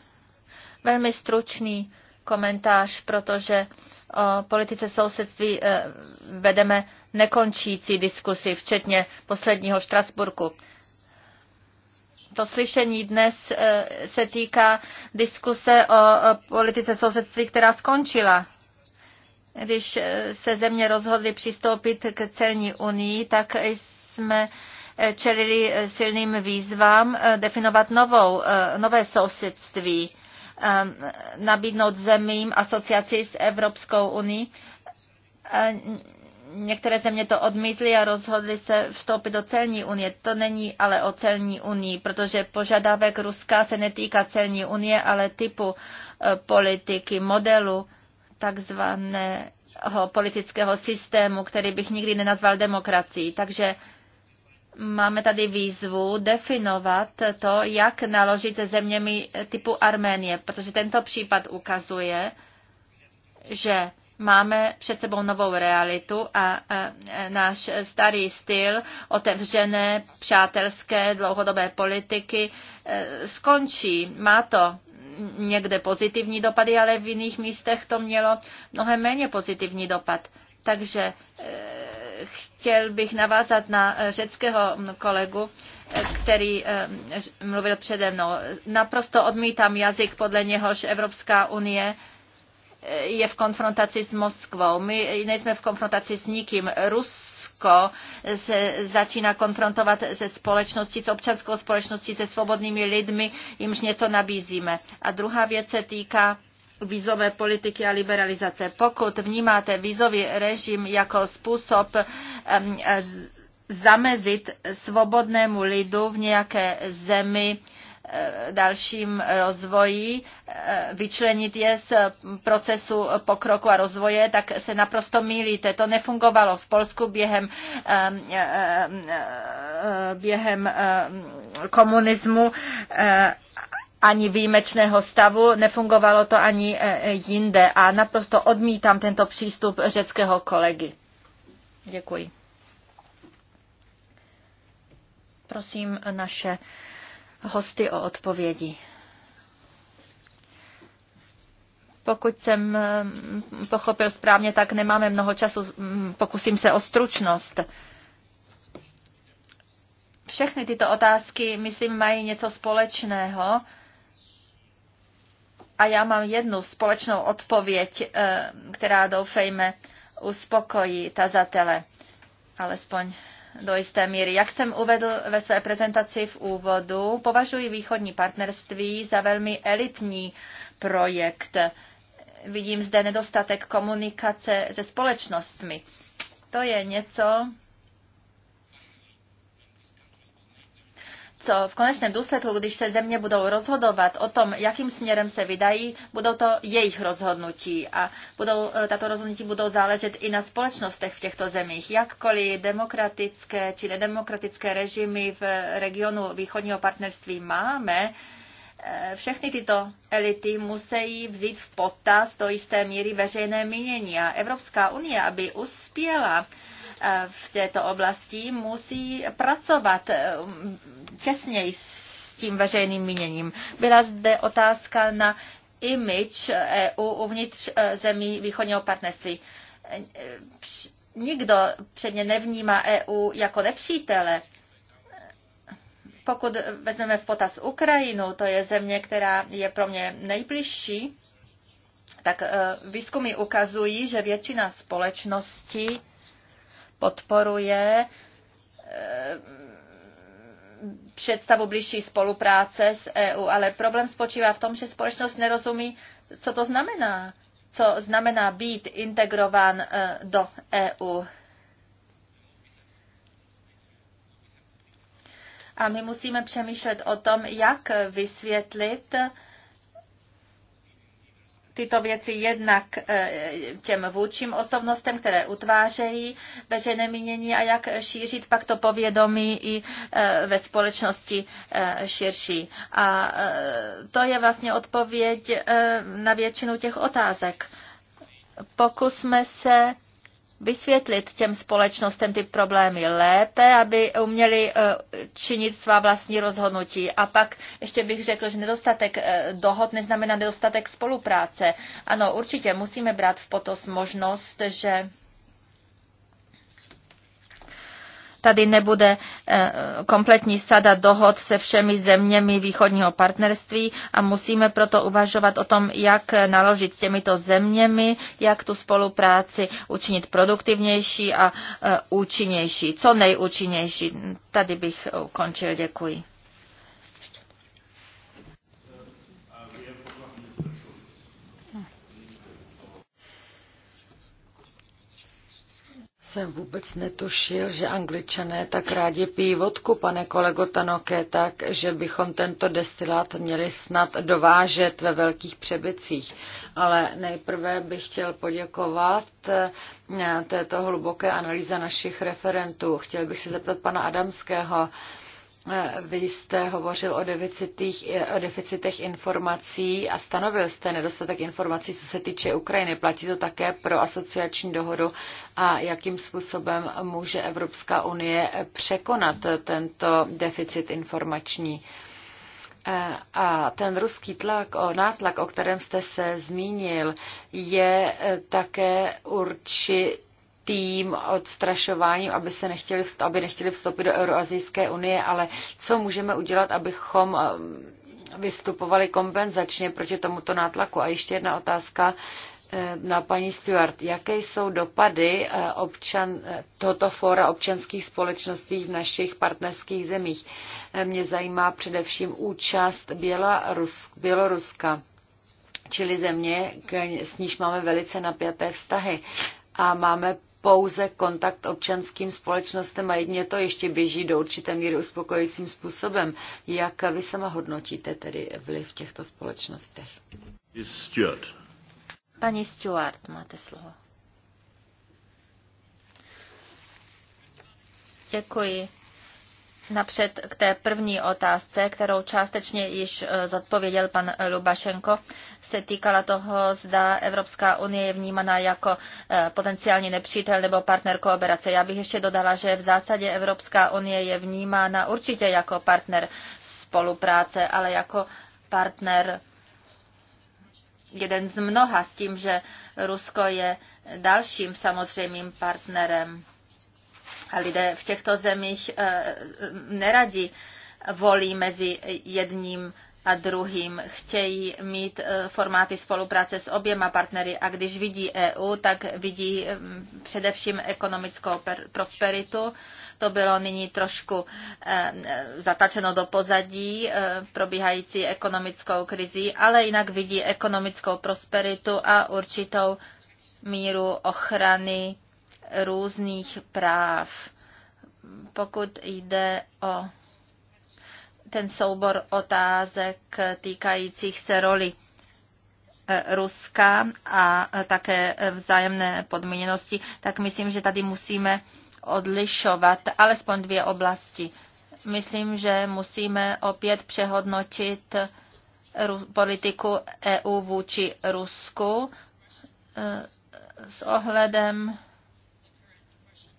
Velmi stručný komentář, protože o politice sousedství eh, vedeme nekončící diskusy, včetně posledního Štrasburku. To slyšení dnes eh, se týká diskuse o politice sousedství, která skončila. Když eh, se země rozhodly přistoupit k celní unii, tak jsme čelili eh, silným výzvám eh, definovat novou, eh, nové sousedství, nabídnout zemím asociaci s Evropskou unii. Některé země to odmítly a rozhodly se vstoupit do celní unie. To není ale o celní unii, protože požadavek Ruska se netýká celní unie, ale typu politiky, modelu takzvaného politického systému, který bych nikdy nenazval demokracií. Takže Máme tady výzvu definovat to, jak naložit se zeměmi typu Arménie, protože tento případ ukazuje, že máme před sebou novou realitu a náš starý styl otevřené, přátelské, dlouhodobé politiky e, skončí. Má to někde pozitivní dopady, ale v jiných místech to mělo mnohem méně pozitivní dopad. Takže e, chtěl bych navázat na eh, řeckého mm, kolegu, eh, který eh, mluvil přede mnou. Naprosto odmítám jazyk, podle něhož Evropská unie je v konfrontaci s Moskvou. My nejsme v konfrontaci s nikým. Rus Rusko se začíná konfrontovat se společností, s občanskou společností, se svobodnými lidmi, jimž něco nabízíme. A druhá věc se týká vízové politiky a liberalizace. Pokud vnímáte vízový režim jako způsob zamezit svobodnému lidu v nějaké zemi e, dalším rozvoji, e, vyčlenit je z procesu pokroku a rozvoje, tak se naprosto mílíte. To nefungovalo v Polsku během, e, během komunismu ani výjimečného stavu, nefungovalo to ani e, e, jinde a naprosto odmítám tento přístup řeckého kolegy. Děkuji. Prosím naše hosty o odpovědi. Pokud jsem e, pochopil správně, tak nemáme mnoho času. Pokusím se o stručnost. Všechny tyto otázky, myslím, mají něco společného. A já mám jednu společnou odpověď, eh, která doufejme uspokojí tazatele, alespoň do jisté míry. Jak jsem uvedl ve své prezentaci v úvodu, považuji východní partnerství za velmi elitní projekt. Vidím zde nedostatek komunikace se společnostmi. To je něco, co v konečném důsledku, když se země budou rozhodovat o tom, jakým směrem se vydají, budou to jejich rozhodnutí a budou, e, tato rozhodnutí budou záležet i na společnostech v těchto zemích. Jakkoliv demokratické či nedemokratické režimy v regionu východního partnerství máme, e, všechny tyto elity musí vzít v potaz do jisté míry veřejné mínění a Evropská unie, aby uspěla e, v této oblasti, musí pracovat těsněji s tím veřejným míněním. Byla zde otázka na image EU uvnitř e, zemí východního partnerství. E, nikdo předně nevnímá EU jako nepřítele. Pokud vezmeme v potaz Ukrajinu, to je země, která je pro mě nejbližší, tak e, výzkumy ukazují, že většina společnosti podporuje představu blížší spolupráce s EU, ale problém spočívá v tom, že společnost nerozumí, co to znamená, co znamená být integrován e, do EU. A my musíme přemýšlet o tom, jak vysvětlit tyto věci jednak eh, těm vůdčím osobnostem, které utvářejí veřejné mínění a jak šířit pak to povědomí i eh, ve společnosti eh, širší. A to je vlastně odpověď na většinu těch otázek. Pokusme se vysvětlit těm společnostem ty problémy lépe, aby uměli eh, činit svá vlastní rozhodnutí. A pak ještě bych řekl, že nedostatek eh, dohod neznamená nedostatek spolupráce. Ano, určitě musíme brát v potos možnost, že Tady nebude eh, kompletní sada dohod se všemi zeměmi východního partnerství a musíme proto uvažovat o tom, jak naložit s těmito zeměmi, jak tu spolupráci učinit produktivnější a eh, účinnější, co nejúčinnější. Tady bych ukončil. Děkuji. jsem vůbec netušil, že angličané tak rádi pijí vodku, pane kolego Tanoke, tak, že bychom tento destilát měli snad dovážet ve velkých přebycích. Ale nejprve bych chtěl poděkovat eh, této hluboké analýze našich referentů. Chtěl bych se zeptat pana Adamského, Eh, vy jste hovořil o deficitech, eh, o deficitech informací a stanovil jste nedostatek informací, co se týče Ukrajiny. Platí to také pro asociační dohodu a jakým způsobem může Evropská unie překonat tento deficit informační? Eh, a ten ruský tlak, o nátlak, o kterém jste se zmínil, je také určitý tým odstrašováním, aby, se nechtěli, aby nechtěli vstoupit do Euroazijské unie, ale co můžeme udělat, abychom um, vystupovali kompenzačně proti tomuto nátlaku. A ještě jedna otázka eh, na paní Stuart: Jaké jsou dopady eh, občan, eh, tohoto fóra občanských společností v našich partnerských zemích? Mě zajímá především účast Bělorus, Běloruska, čili země, k, s níž máme velice napjaté vztahy. A máme pouze kontakt občanským společnostem a jedně to ještě běží do určité míry uspokojícím způsobem. Jak vy sama hodnotíte tedy vliv v těchto společnostech? Stuart. Paní Stuart, máte slovo. Děkuji napřed k té první otázce, kterou částečně již eh, zodpověděl pan eh, Lubašenko, se týkala toho, zda Evropská unie je vnímaná jako eh, potenciální nepřítel nebo partner kooperace. Já bych ještě dodala, že v zásadě Evropská unie je vnímána určitě jako partner spolupráce, ale jako partner jeden z mnoha s tím, že Rusko je dalším samozřejmým partnerem lidé v těchto zemích eh, neradi volí mezi jedním a druhým. Chtějí mít eh, formáty spolupráce s oběma partnery a když vidí EU, tak vidí mm, především ekonomickou prosperitu. To bylo nyní trošku eh, zatačeno do pozadí probíhající ekonomickou krizi, ale jinak vidí ekonomickou prosperitu a určitou míru ochrany různých práv, pokud jde o ten soubor otázek týkajících se roli eh, Ruska a eh, také vzájemné podmíněnosti, tak myslím, že tady musíme odlišovat alespoň dvě oblasti. Myslím, že musíme opět přehodnotit politiku EU vůči Rusku eh, s ohledem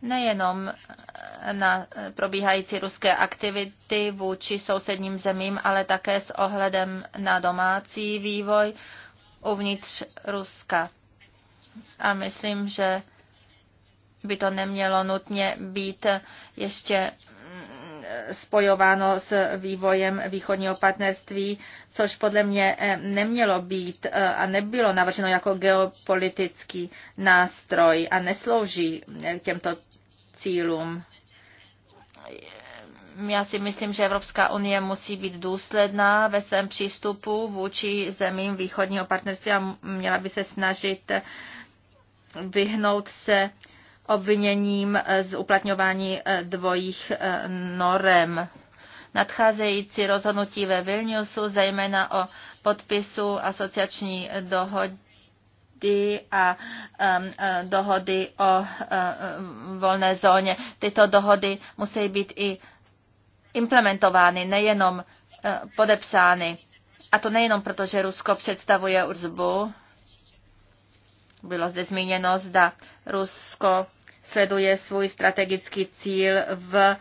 nejenom eh, na eh, probíhající ruské aktivity vůči sousedním zemím, ale také s ohledem na domácí vývoj uvnitř Ruska. A myslím, že by to nemělo nutně být ještě mm, spojováno s vývojem východního partnerství, což podle mě eh, nemělo být a nebylo navrženo jako geopolitický nástroj a neslouží těmto cílům. Já si myslím, že Evropská unie musí být důsledná ve svém přístupu vůči zemím východního partnerství a měla by se snažit vyhnout se obviněním z uplatňování eh, dvojích eh, norem. Nadcházející rozhodnutí ve Vilniusu, zejména o podpisu asociační dohody, dohody a e, dohody o e, volné zóně. Tyto dohody musí být i implementovány, nejenom e, podepsány. A to nejenom proto, že Rusko představuje urzbu. Bylo zde zmíněno, zda Rusko sleduje svůj strategický cíl v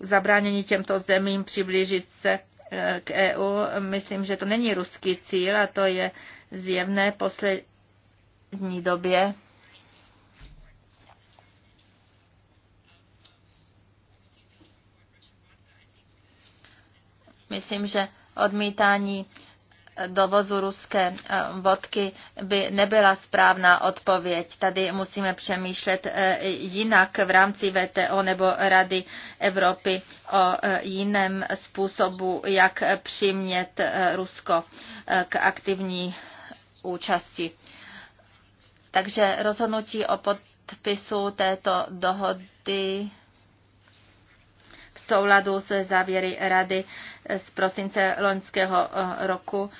zabránění těmto zemím přiblížit se k EU. Myslím, že to není ruský cíl a to je zjevné. Posled, dní době. Myslím, že odmítání dovozu ruské eh, vodky by nebyla správná odpověď. Tady musíme přemýšlet eh, jinak v rámci VTO nebo Rady Evropy o eh, jiném způsobu, jak přimět Rusko k aktivní účasti. Takže rozhodnutí o podpisu této dohody v souladu se závěry Rady z prosince loňského eh, roku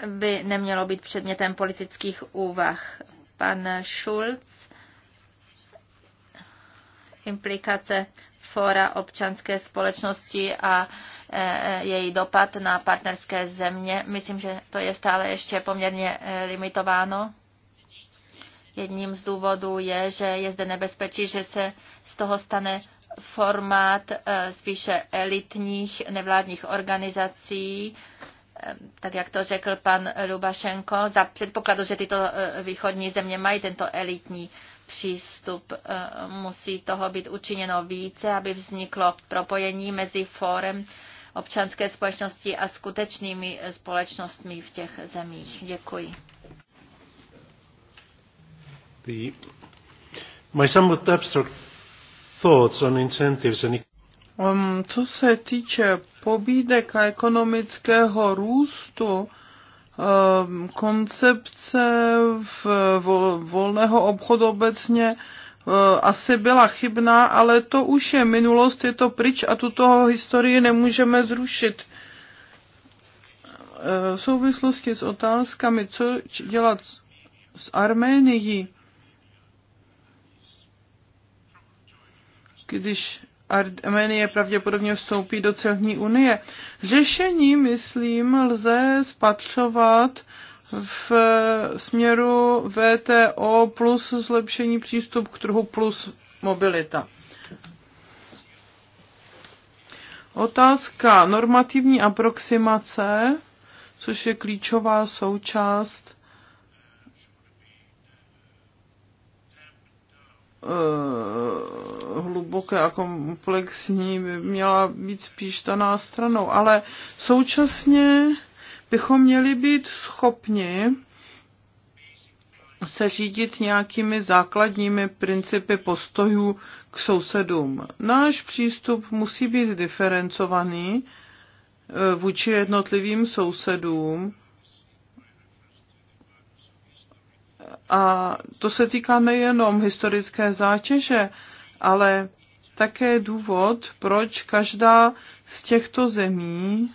eh, by nemělo být předmětem politických úvah. Pan Schulz, implikace fora občanské společnosti a Eh, eh, její dopad na partnerské země. Myslím, že to je stále ještě poměrně eh, limitováno. Jedním z důvodů je, že je zde nebezpečí, že se z toho stane formát spíše elitních nevládních organizací, tak jak to řekl pan Lubašenko, za předpokladu, že tyto východní země mají tento elitní přístup. Musí toho být učiněno více, aby vzniklo propojení mezi fórem občanské společnosti a skutečnými společnostmi v těch zemích. Děkuji. The, my somewhat abstract thoughts on incentives and um, co se týče pobídek a ekonomického růstu, um, koncepce v volného obchodu obecně Eh, asi byla chybná, ale to už je minulost, je to pryč a tuto historii nemůžeme zrušit. Eh, v souvislosti s otázkami, co dělat s Arménií, když Arménie pravděpodobně vstoupí do celní unie. Řešení, myslím, lze spatřovat v eh, směru VTO plus zlepšení přístup k trhu plus mobilita. Otázka normativní aproximace, což je klíčová součást eh, hluboké a komplexní, by měla být spíš ta nástranou, ale současně bychom měli být schopni se řídit nějakými základními principy postojů k sousedům. Náš přístup musí být diferencovaný eh, vůči jednotlivým sousedům a to se týká nejenom historické zátěže, ale také důvod, proč každá z těchto zemí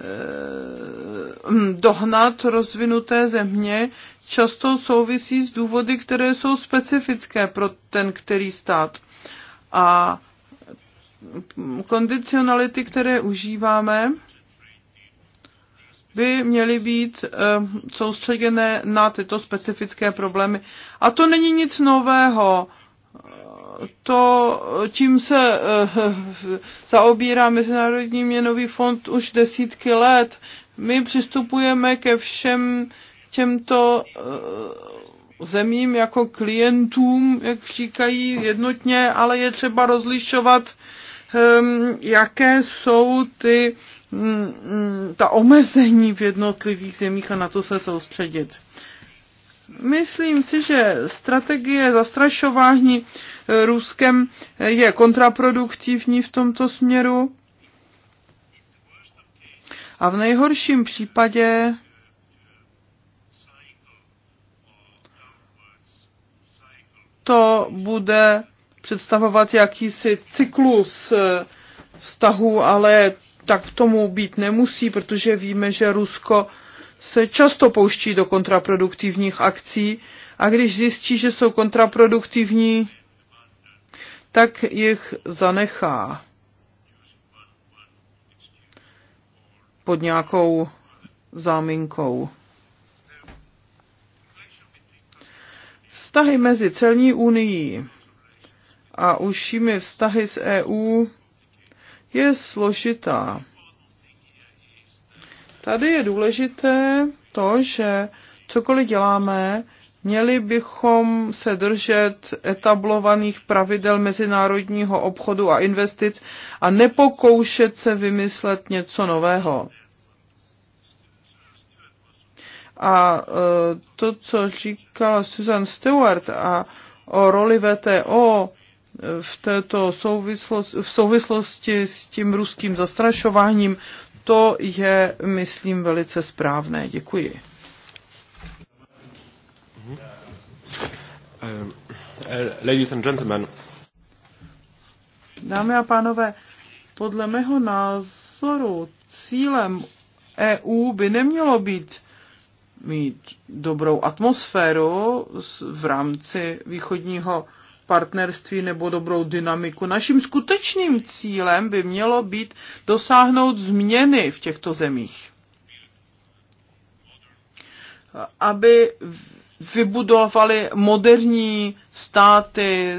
Eh, dohnat rozvinuté země často souvisí s důvody, které jsou specifické pro ten který stát. A kondicionality, které užíváme, by měly být eh, soustředěné na tyto specifické problémy. A to není nic nového to, tím se eh, zaobírá Mezinárodní měnový fond už desítky let. My přistupujeme ke všem těmto eh, zemím jako klientům, jak říkají jednotně, ale je třeba rozlišovat, ehm, jaké jsou ty, mm, mm, ta omezení v jednotlivých zemích a na to se soustředit. Myslím si, že strategie zastrašování eh, Ruskem eh, je kontraproduktivní v tomto směru. A v nejhorším případě to bude představovat jakýsi cyklus eh, vztahu, ale tak tomu být nemusí, protože víme, že Rusko se často pouští do kontraproduktivních akcí a když zjistí, že jsou kontraproduktivní, tak jich zanechá pod nějakou záminkou. Vztahy mezi celní unii a užšími vztahy s EU je složitá. Tady je důležité to, že cokoliv děláme, Měli bychom se držet etablovaných pravidel mezinárodního obchodu a investic a nepokoušet se vymyslet něco nového. A e, to, co říkala Susan Stewart a o roli VTO v této souvislosti, v souvislosti s tím ruským zastrašováním, to je, myslím, velice správné. Děkuji. Eh, ladies and gentlemen. Dámy a pánové, podle mého názoru cílem EU by nemělo být mít dobrou atmosféru v rámci východního partnerství nebo dobrou dynamiku. Naším skutečným cílem by mělo být dosáhnout změny v těchto zemích. Aby vybudovali moderní státy,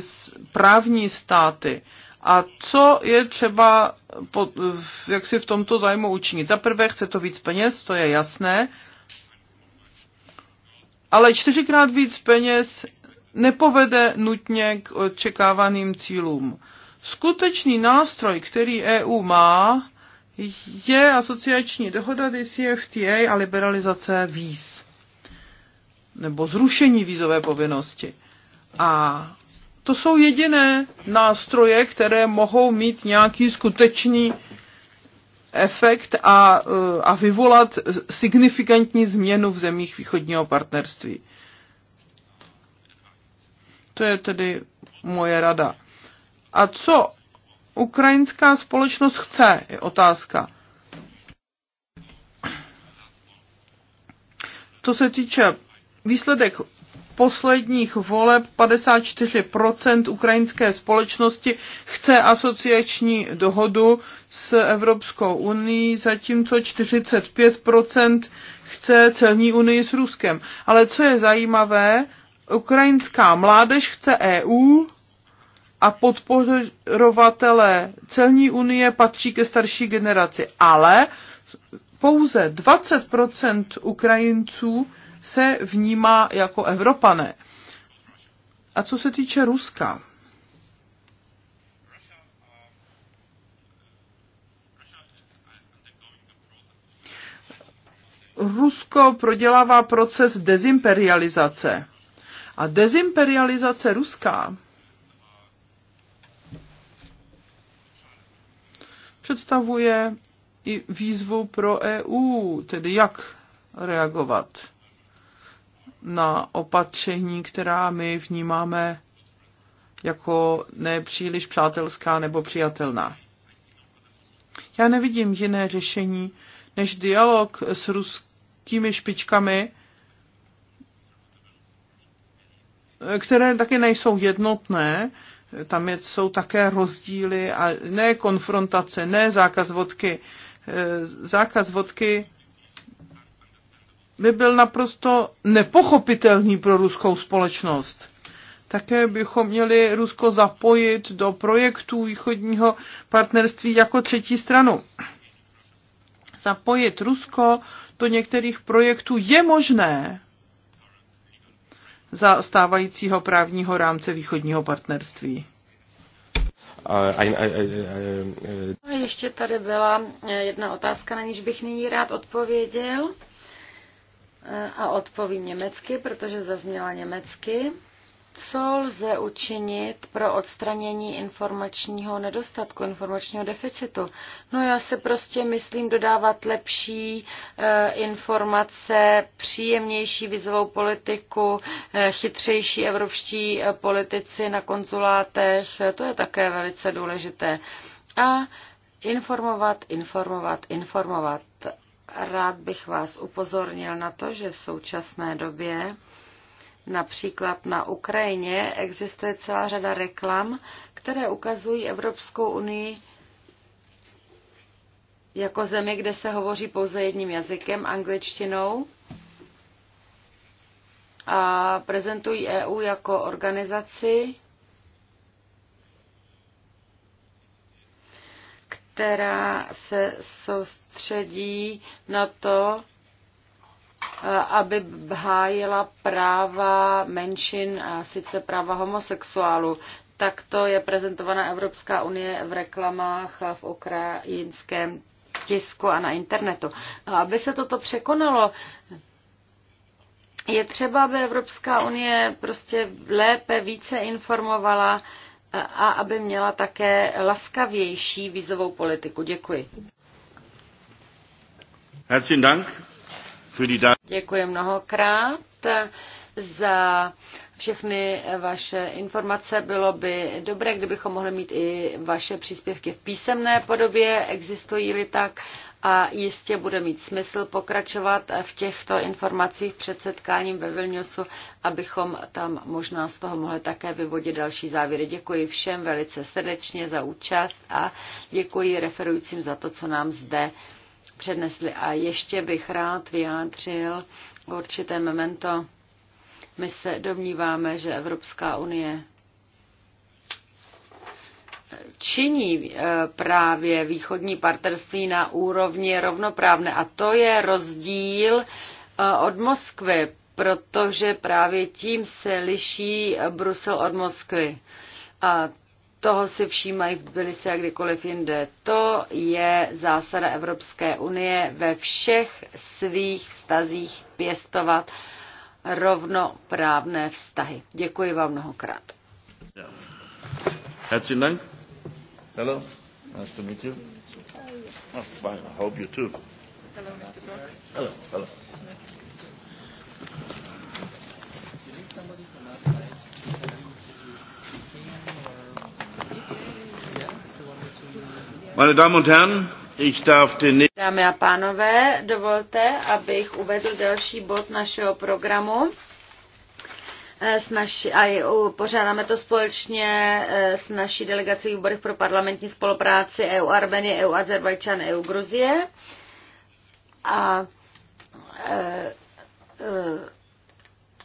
právní státy. A co je třeba, jak si v tomto zájmu učinit? Za prvé chce to víc peněz, to je jasné, ale čtyřikrát víc peněz nepovede nutně k očekávaným cílům. Skutečný nástroj, který EU má, je asociační dohoda DCFTA a liberalizace víz nebo zrušení vízové povinnosti. A to jsou jediné nástroje, které mohou mít nějaký skutečný efekt a, a vyvolat signifikantní změnu v zemích východního partnerství. To je tedy moje rada. A co ukrajinská společnost chce, je otázka. Co se týče výsledek posledních voleb 54% ukrajinské společnosti chce asociační dohodu s Evropskou unii, zatímco 45% chce celní unii s Ruskem. Ale co je zajímavé, Ukrajinská mládež chce EU a podporovatelé celní unie patří ke starší generaci, ale pouze 20 Ukrajinců se vnímá jako Evropané. A co se týče Ruska, Rusko prodělává proces dezimperializace. A dezimperializace ruská představuje i výzvu pro EU, tedy jak reagovat na opatření, která my vnímáme jako nepříliš přátelská nebo přijatelná. Já nevidím jiné řešení než dialog s ruskými špičkami které taky nejsou jednotné, tam je, jsou také rozdíly a ne konfrontace, ne zákaz vodky. E, zákaz vodky by byl naprosto nepochopitelný pro ruskou společnost. Také bychom měli Rusko zapojit do projektů východního partnerství jako třetí stranu. Zapojit Rusko do některých projektů je možné, za stávajícího právního rámce východního partnerství. A Ještě tady byla eh, jedna otázka, na níž bych nyní rád odpověděl. Eh, a odpovím německy, protože zazněla německy. Co lze učinit pro odstranění informačního nedostatku, informačního deficitu? No já se prostě myslím dodávat lepší e, informace, příjemnější vizovou politiku, e, chytřejší evropští e, politici na konzulátech, to je také velice důležité. A informovat, informovat, informovat. Rád bych vás upozornil na to, že v současné době Například na Ukrajině existuje celá řada reklam, které ukazují Evropskou unii jako zemi, kde se hovoří pouze jedním jazykem, angličtinou, a prezentují EU jako organizaci, která se soustředí na to, Eh, aby hájila práva menšin, a sice práva homosexuálu. Takto je prezentovaná Evropská unie v reklamách v ukrajinském tisku a na internetu. aby se toto překonalo, je třeba, aby Evropská unie prostě lépe více informovala a aby měla také laskavější vízovou politiku. Děkuji. Herzlichen Dank. Děkuji mnohokrát za všechny vaše informace. Bylo by dobré, kdybychom mohli mít i vaše příspěvky v písemné podobě, existují-li tak a jistě bude mít smysl pokračovat v těchto informacích před setkáním ve Vilniusu, abychom tam možná z toho mohli také vyvodit další závěry. Děkuji všem velice srdečně za účast a děkuji referujícím za to, co nám zde přednesli. A ještě bych rád vyjádřil určité memento. My se domníváme, že Evropská unie činí eh, právě východní partnerství na úrovni rovnoprávné. A to je rozdíl eh, od Moskvy, protože právě tím se liší Brusel od Moskvy. A toho si všímají v Tbilisi a kdykoliv jinde. To je zásada Evropské unie ve všech svých vztazích pěstovat rovnoprávné vztahy. Děkuji vám mnohokrát. Herzlichen Dank. Hello. Nice to meet you. Oh, I hope you too. Hello, Mr. Brock. Hello. Hello. Meine Damen und Herren, ich darf den... Dámy a pánové, dovolte, abych uvedl další bod našeho programu eh, s naši, a pořádáme to společně eh, s naší delegací výborech pro parlamentní spolupráci EU Armenie, EU azerbajdžan EU Gruzie. A e, e,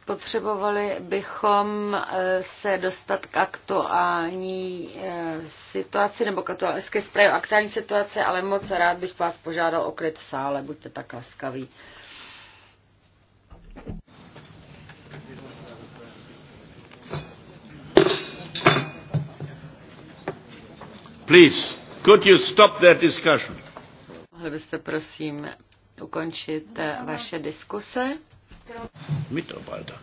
Potřebovali bychom eh, se dostat k aktuální eh, situaci nebo k aktuální, zprávě aktuální situace, ale moc rád bych vás požádal o klid v sále, buďte tak laskaví. Please, could you stop that discussion? Mohli byste prosím ukončit eh, vaše diskuse? Mitarbeiter.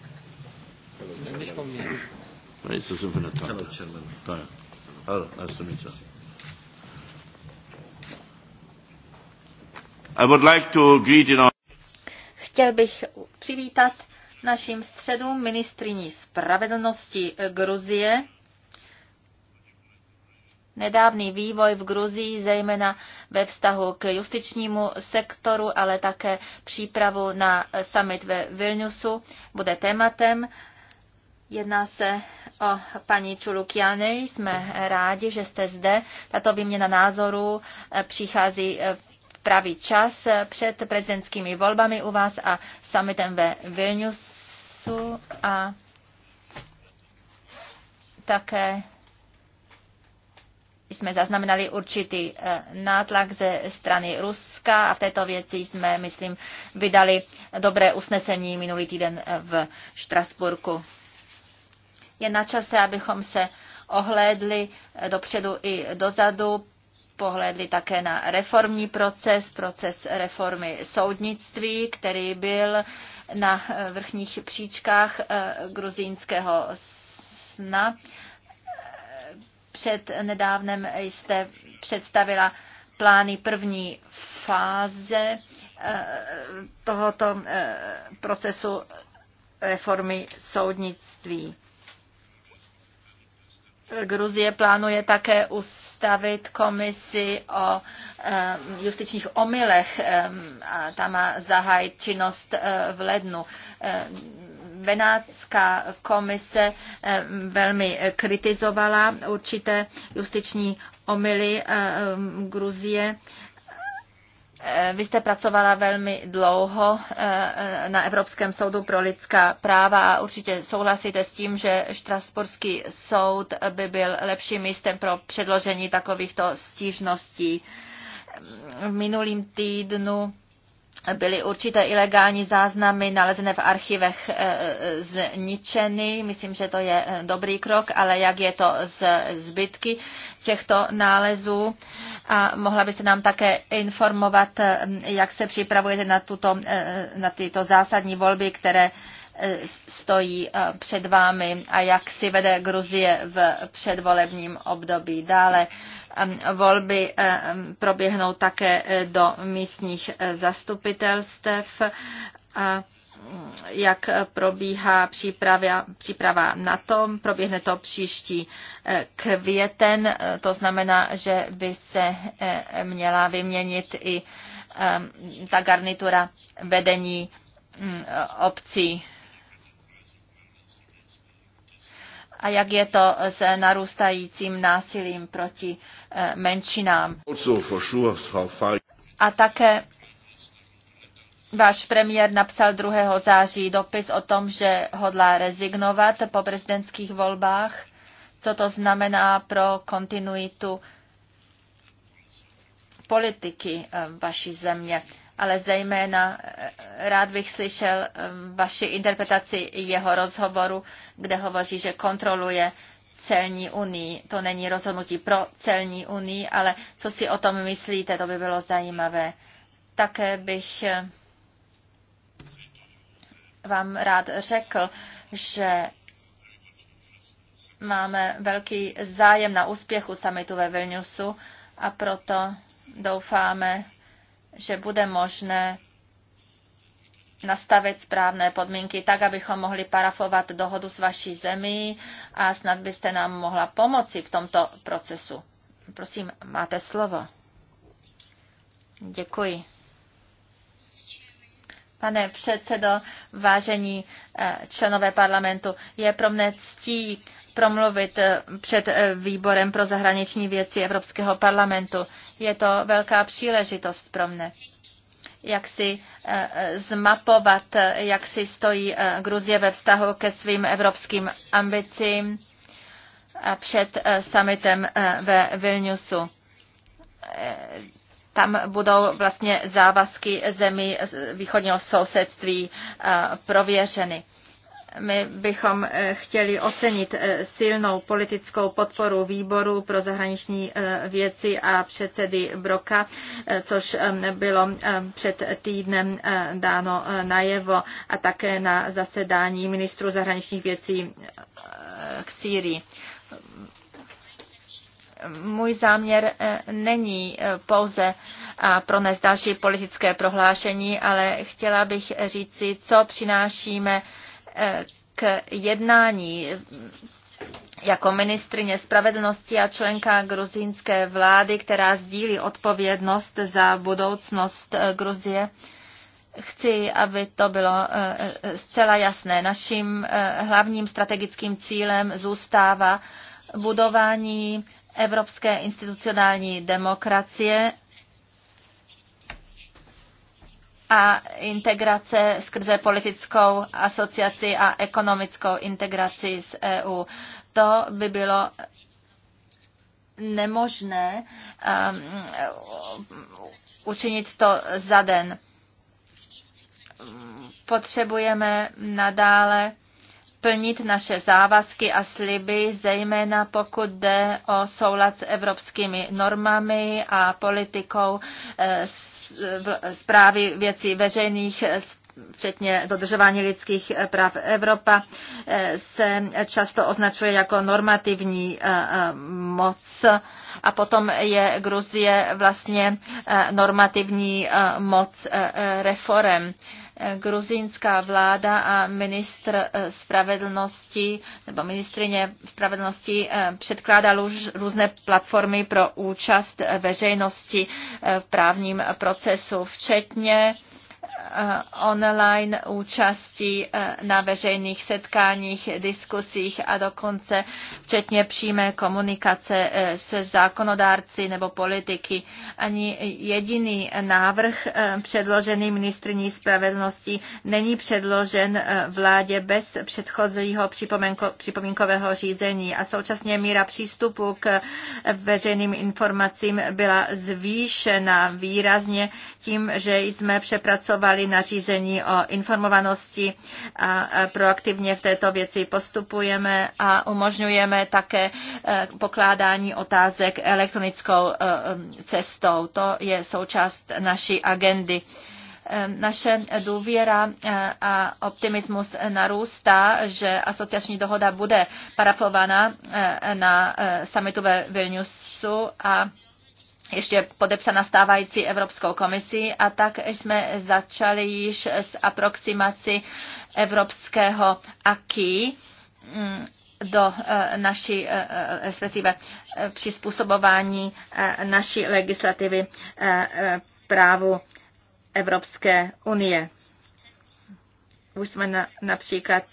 Nicht von mir. Na, ist das so von der Tante? Da, ja. Also, nice to meet I would like to greet you Chtěl bych přivítat naším středům ministriní spravedlnosti Gruzie, Nedávný vývoj v Gruzii, zejména ve vztahu k justičnímu sektoru, ale také přípravu na summit ve Vilniusu, bude tématem. Jedná se o paní Čulukiany. Jsme rádi, že jste zde. Tato výměna názorů eh, přichází eh, v pravý čas před prezidentskými volbami u vás a summitem ve Vilniusu a také jsme zaznamenali určitý eh, nátlak ze strany Ruska a v této věci jsme, myslím, vydali dobré usnesení minulý týden eh, v Štrasburku. Je na čase, abychom se ohlédli eh, dopředu i dozadu, pohlédli také na reformní proces, proces reformy soudnictví, který byl na vrchních příčkách gruzínského sna před nedávnem jste představila plány první fáze eh, tohoto eh, procesu reformy soudnictví. Gruzie plánuje také ustavit komisi o eh, justičních omylech a ta má zahájit činnost v lednu. Benátská komise eh, velmi kritizovala určité justiční omily eh, eh, Gruzie. Vy jste pracovala velmi dlouho na Evropském soudu pro lidská práva a určitě souhlasíte s tím, že Štrasburský soud by byl lepším místem pro předložení takovýchto stížností. V minulým týdnu byly určité ilegální záznamy nalezené v archivech eh, eh, zničeny. Myslím, že to je eh, dobrý krok, ale jak je to z zbytky těchto nálezů? A mohla byste nám také informovat, jak se připravujete na, tuto, na tyto zásadní volby, které stojí před vámi a jak si vede Gruzie v předvolebním období. Dále Eh, volby eh, proběhnou také eh, do místních zastupitelstev a mm, jak probíhá příprava, příprava na tom? Proběhne to příští květen, to znamená, že by se měla vyměnit i ta garnitura vedení mm, obcí a jak je to s narůstajícím násilím proti eh, menšinám. A také Váš premiér napsal 2. září dopis o tom, že hodlá rezignovat po prezidentských volbách. Co to znamená pro kontinuitu politiky eh, vaší země? ale zejména eh, rád bych slyšel eh, vaši interpretaci jeho rozhovoru, kde hovoří, že kontroluje celní unii. To není rozhodnutí pro celní unii, ale co si o tom myslíte, to by bylo zajímavé. Také bych eh, vám rád řekl, že máme velký zájem na úspěchu samitu ve Vilniusu a proto doufáme, že bude možné nastavit správné podmínky tak, abychom mohli parafovat dohodu s vaší zemí a snad byste nám mohla pomoci v tomto procesu. Prosím, máte slovo. Děkuji. Pane předsedo, vážení eh, členové parlamentu, je pro mne ctí promluvit eh, před eh, výborem pro zahraniční věci Evropského parlamentu. Je to velká příležitost pro mne jak si eh, zmapovat, jak si stojí Gruzie ve vztahu ke svým evropským ambicím před summitem ve Vilniusu. Tam budou vlastně závazky zemí východního sousedství prověřeny. My bychom eh, chtěli ocenit eh, silnou politickou podporu výboru pro zahraniční eh, věci a předsedy Broka, což bylo před týdnem dáno najevo a také na zasedání ministru zahraničních věcí k Sýrii můj záměr není pouze pronést další politické prohlášení, ale chtěla bych říci, co přinášíme Eh, k jednání jako ministrině spravedlnosti a členka gruzínské vlády, která sdílí odpovědnost za budoucnost eh, Gruzie. Chci, aby to bylo eh, zcela jasné. Naším hlavním strategickým cílem zůstává budování evropské institucionální demokracie a integrace skrze politickou asociaci a ekonomickou integraci s EU. To by bylo nemožné um, učinit to za den. Potřebujeme nadále plnit naše závazky a sliby, zejména pokud jde o soulad s evropskými normami a politikou eh, s zprávy věcí veřejných, včetně dodržování lidských práv. Evropa eh, se často označuje jako normativní eh, eh, moc a potom je Gruzie vlastně normativní moc reform gruzínská vláda a ministr eh, spravedlnosti nebo ministrině spravedlnosti eh, předkládá různé platformy pro účast veřejnosti eh, v právním procesu, včetně Eh, online účasti eh, na veřejných setkáních, diskusích a dokonce včetně přímé komunikace eh, se zákonodárci nebo politiky. Ani jediný návrh předložený ministrní spravedlnosti není předložen vládě bez předchozího připomínkového řízení a současně míra přístupu k veřejným informacím byla zvýšena výrazně tím, že jsme přepracovali novelizovali nařízení o informovanosti a proaktivně v této věci postupujeme a umožňujeme také e, pokládání otázek elektronickou e, e, cestou. To je součást naší agendy naše důvěra a optimismus narůstá, že asociační dohoda bude parafována na summitu ve Vilniusu a ještě podepsaná stávající Evropskou komisí a tak jsme začali již s aproximací evropského AKI mm, do e, naší, e, e, respektive přizpůsobování naší legislativy právu Evropské unie. Už jsme na, například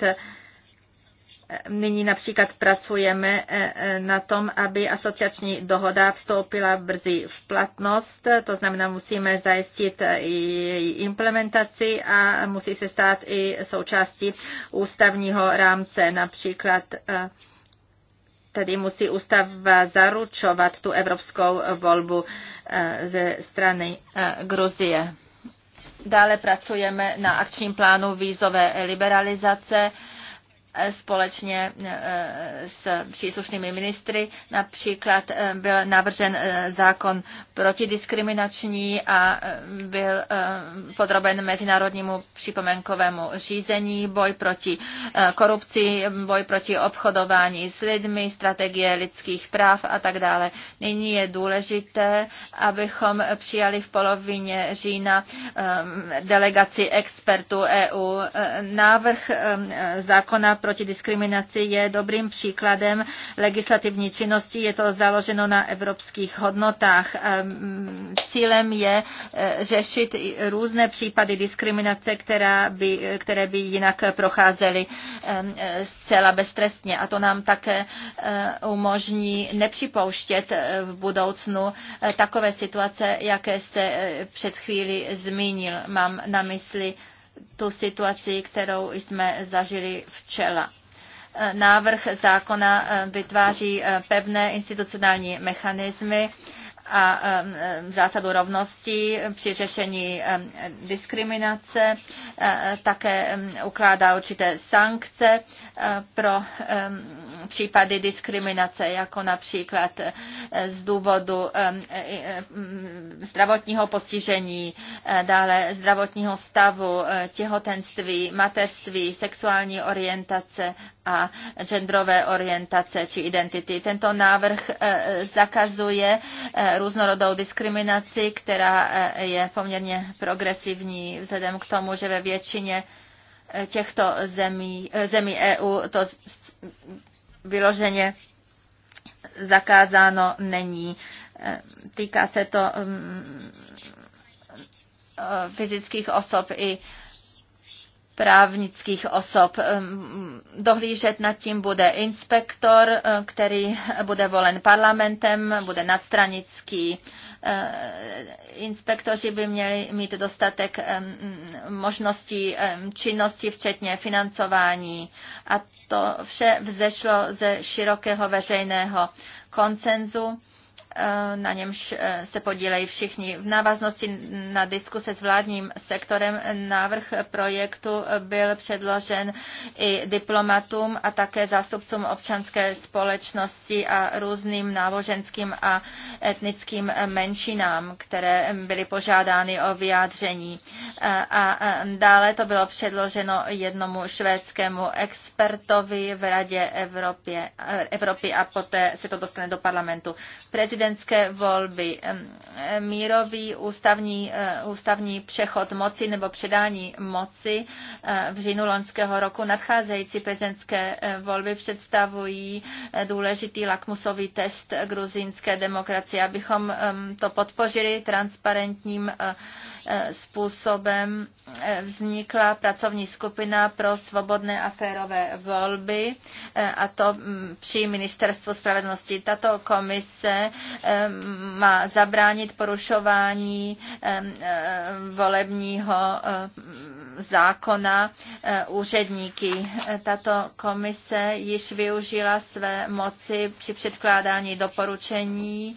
Nyní například pracujeme eh, eh, na tom, aby asociační dohoda vstoupila brzy v platnost, to znamená, musíme zajistit eh, její implementaci a musí se stát i součástí ústavního rámce, například Tady musí ústava zaručovat tu evropskou volbu ze strany Gruzie. Dále pracujeme na akčním plánu vízové liberalizace společně eh, s příslušnými ministry. Například eh, byl navržen eh, zákon protidiskriminační a byl podroben mezinárodnímu připomenkovému řízení, boj proti korupci, boj proti obchodování s lidmi, strategie lidských práv a tak dále. Nyní je důležité, abychom přijali v polovině října delegaci expertů EU návrh zákona proti diskriminaci je dobrým příkladem legislativní činnosti. Je to založeno na evropských hodnotách. Ehm, cílem je eh, řešit různé případy diskriminace, která by, které by jinak procházely ehm, zcela beztrestně. A to nám také eh, umožní nepřipouštět eh, v budoucnu takové situace, jaké jste před chvíli zmínil. Mám na mysli tu situaci, kterou jsme zažili včela. Návrh zákona eh, vytváří eh, pevné institucionální mechanismy, a e, zásadu rovnosti při řešení e, diskriminace. E, také ukládá určité sankce pro případy diskriminace, jako například z důvodu zdravotního postižení, dále zdravotního stavu, těhotenství, mateřství, sexuální orientace, a genderové orientace či identity. Tento návrh e, zakazuje e, různorodou diskriminaci, která e, je poměrně progresivní vzhledem k tomu, že ve většině těchto zemí, zemí EU to vyloženě zakázáno není. Týká se to mm, fyzických osob i právnických osob. Ehm, dohlížet nad tím bude inspektor, eh, který bude volen parlamentem, bude nadstranický. Eh, inspektoři by měli mít dostatek ehm, možností ehm, činnosti, včetně financování. A to vše vzešlo ze širokého veřejného koncenzu Eh, na němž eh, se podílejí všichni. V návaznosti na diskuse s vládním sektorem návrh projektu byl předložen i diplomatům a také zástupcům občanské společnosti a různým náboženským a etnickým menšinám, které byly požádány o vyjádření. Eh, a dále to bylo předloženo jednomu švédskému expertovi v Radě Evropě, Evropy a poté se to dostane do parlamentu. Prezident prezidentské volby, mírový ústavní, eh, ústavní přechod moci nebo předání moci eh, v říjnu loňského roku. Nadcházející prezidentské eh, volby představují důležitý lakmusový test gruzínské demokracie. Abychom to podpořili transparentním způsobem, vznikla pracovní skupina pro svobodné a férové volby a to mm, při ministerstvu spravedlnosti. Tato komise má zabránit porušování volebního zákona e, úředníky. Tato komise již využila své moci při předkládání doporučení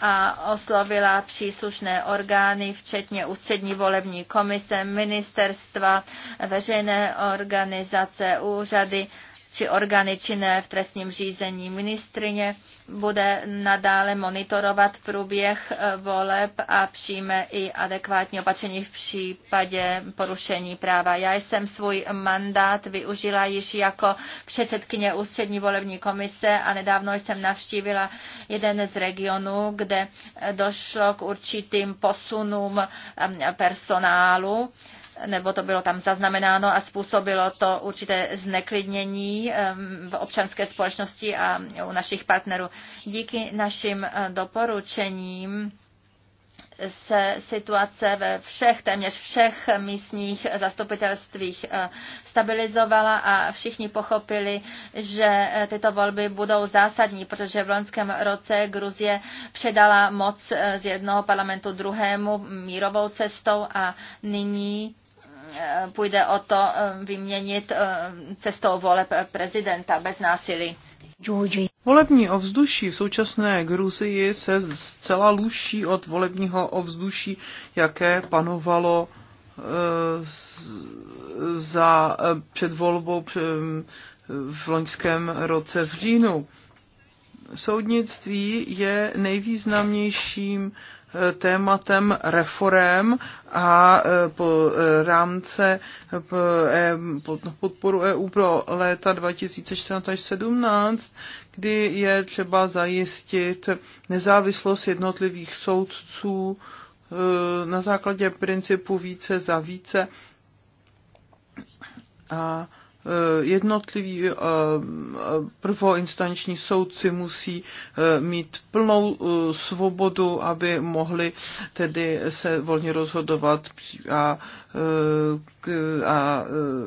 a oslovila příslušné orgány, včetně ústřední volební komise, ministerstva, veřejné organizace, úřady, či orgány činné v trestním řízení. Ministrině bude nadále monitorovat průběh eh, voleb a přijme i adekvátní opatření v případě porušení práva. Já jsem svůj mandát využila již jako předsedkyně ústřední volební komise a nedávno jsem navštívila jeden z regionů, kde eh, došlo k určitým posunům eh, personálu nebo to bylo tam zaznamenáno a způsobilo to určité zneklidnění v občanské společnosti a u našich partnerů. Díky našim eh, doporučením se situace ve všech, téměř všech místních zastupitelstvích eh, stabilizovala a všichni pochopili, že eh, tyto volby budou zásadní, protože v loňském roce Gruzie předala moc z jednoho parlamentu druhému mírovou cestou a nyní Eh, půjde o to eh, vyměnit eh, cestou voleb prezidenta bez násilí. Volební ovzduší v současné Gruzii se zcela luší od volebního ovzduší, jaké panovalo za, před volbou v loňském roce v říjnu. Soudnictví je nejvýznamnějším tématem reform a eh, po eh, rámce eh, podporu EU pro léta 2014 17 2017, kdy je třeba zajistit nezávislost jednotlivých soudců na základě principu více za více. A Eh, jednotliví eh, eh, prvoinstanční soudci musí mít plnou svobodu, aby mohli tedy se volně rozhodovat a, a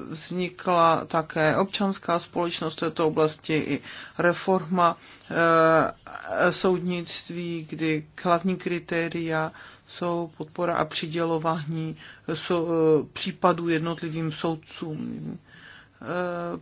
vznikla také občanská společnost v této oblasti i reforma soudnictví, kdy hlavní kritéria jsou podpora a přidělování případů jednotlivým soudcům. Eh,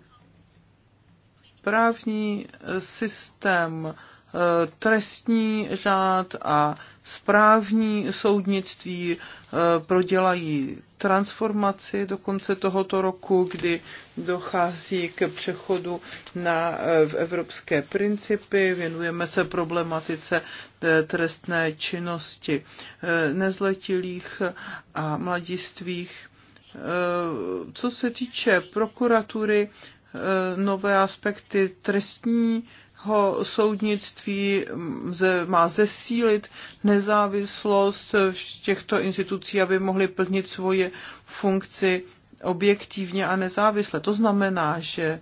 právní systém, eh, trestní řád a správní soudnictví eh, prodělají transformaci do konce tohoto roku, kdy dochází k přechodu na evropské principy, věnujeme se problematice trestné činnosti nezletilých a mladistvých Eh, co se týče prokuratury, eh, nové aspekty trestního soudnictví má zesílit nezávislost těchto institucí, aby mohly plnit svoje funkci objektivně a nezávisle. To znamená, že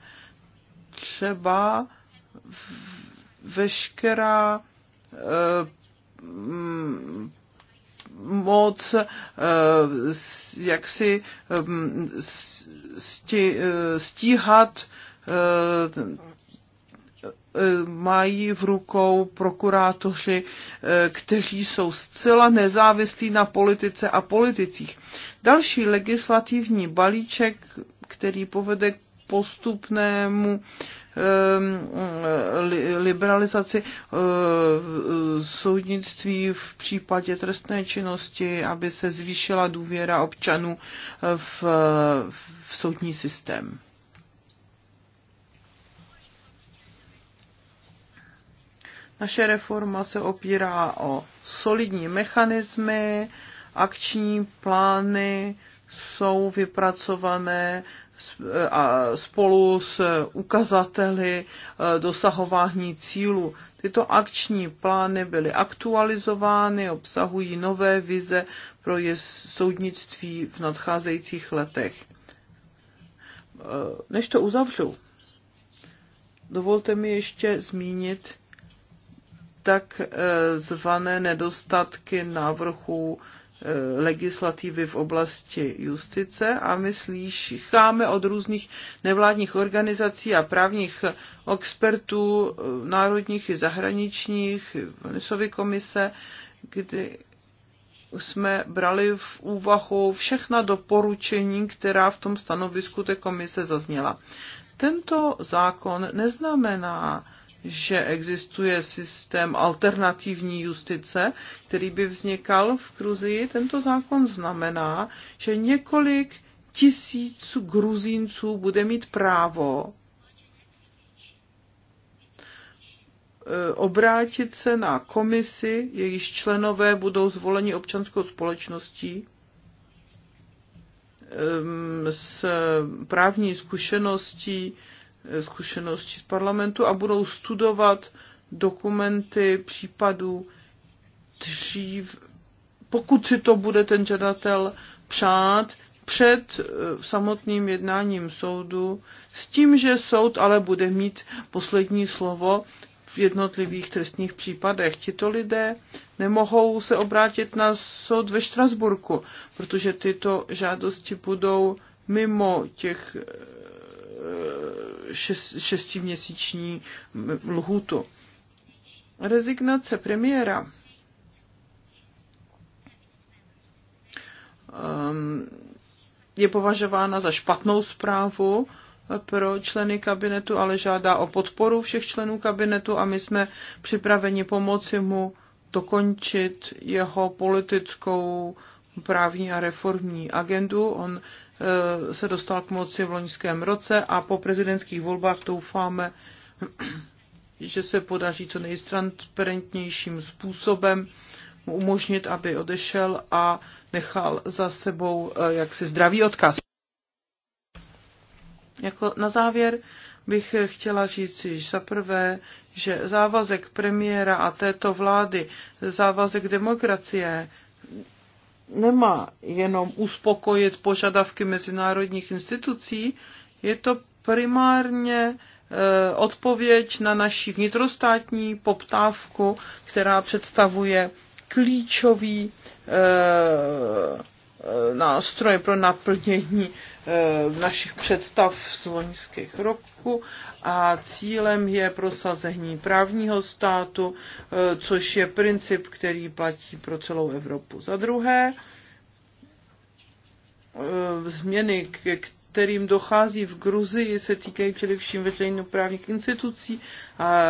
třeba veškerá eh, moc eh, jak si ehm, eh, stíhat eh, mají v rukou prokurátoři, kteří jsou zcela nezávislí na politice a politicích. Další legislativní balíček, který povede k postupnému Ehm, liberalizaci eh, soudnictví v případě trestné činnosti, aby se zvýšila důvěra občanů v, v soudní systém. Naše reforma se opírá o solidní mechanismy, akční plány, jsou vypracované spolu s ukazateli e, dosahování cílů. Tyto akční plány byly aktualizovány, obsahují nové vize pro soudnictví v nadcházejících letech. E, než to uzavřu, dovolte mi ještě zmínit tak e, zvané nedostatky návrhu Eh, legislativy v oblasti justice a my slyšíme od různých nevládních organizací a právních expertů eh, národních i zahraničních, Nisovy komise, kdy jsme brali v úvahu všechna doporučení, která v tom stanovisku té komise zazněla. Tento zákon neznamená, že existuje systém alternativní justice, který by vznikal v Gruzii. Tento zákon znamená, že několik tisíců Gruzínců bude mít právo e, obrátit se na komisi, jejíž členové budou zvoleni občanskou společností s právní zkušeností zkušenosti z parlamentu a budou studovat dokumenty případů dřív, pokud si to bude ten žadatel přát, před eh, samotným jednáním soudu, s tím, že soud ale bude mít poslední slovo v jednotlivých trestních případech. Tito lidé nemohou se obrátit na soud ve Štrasburku, protože tyto žádosti budou mimo těch eh, šest, šestiměsíční lhůtu. Rezignace premiéra um, je považována za špatnou zprávu pro členy kabinetu, ale žádá o podporu všech členů kabinetu a my jsme připraveni pomoci mu dokončit jeho politickou právní a reformní agendu. On Eh, se dostal k moci v loňském roce a po prezidentských volbách doufáme, že se podaří co nejtransparentnějším způsobem mu umožnit, aby odešel a nechal za sebou eh, jaksi zdravý odkaz. Jako na závěr bych chtěla říct, již za prvé, že závazek premiéra a této vlády, závazek demokracie, nemá jenom uspokojit požadavky mezinárodních institucí, je to primárně e, odpověď na naši vnitrostátní poptávku, která představuje klíčový e, Eh, nástroje pro naplnění eh, našich představ z loňských roku a cílem je prosazení právního státu, eh, což je princip, který platí pro celou Evropu. Za druhé, změny, kterým dochází v Gruzii, se týkají především veřejnoprávních institucí a,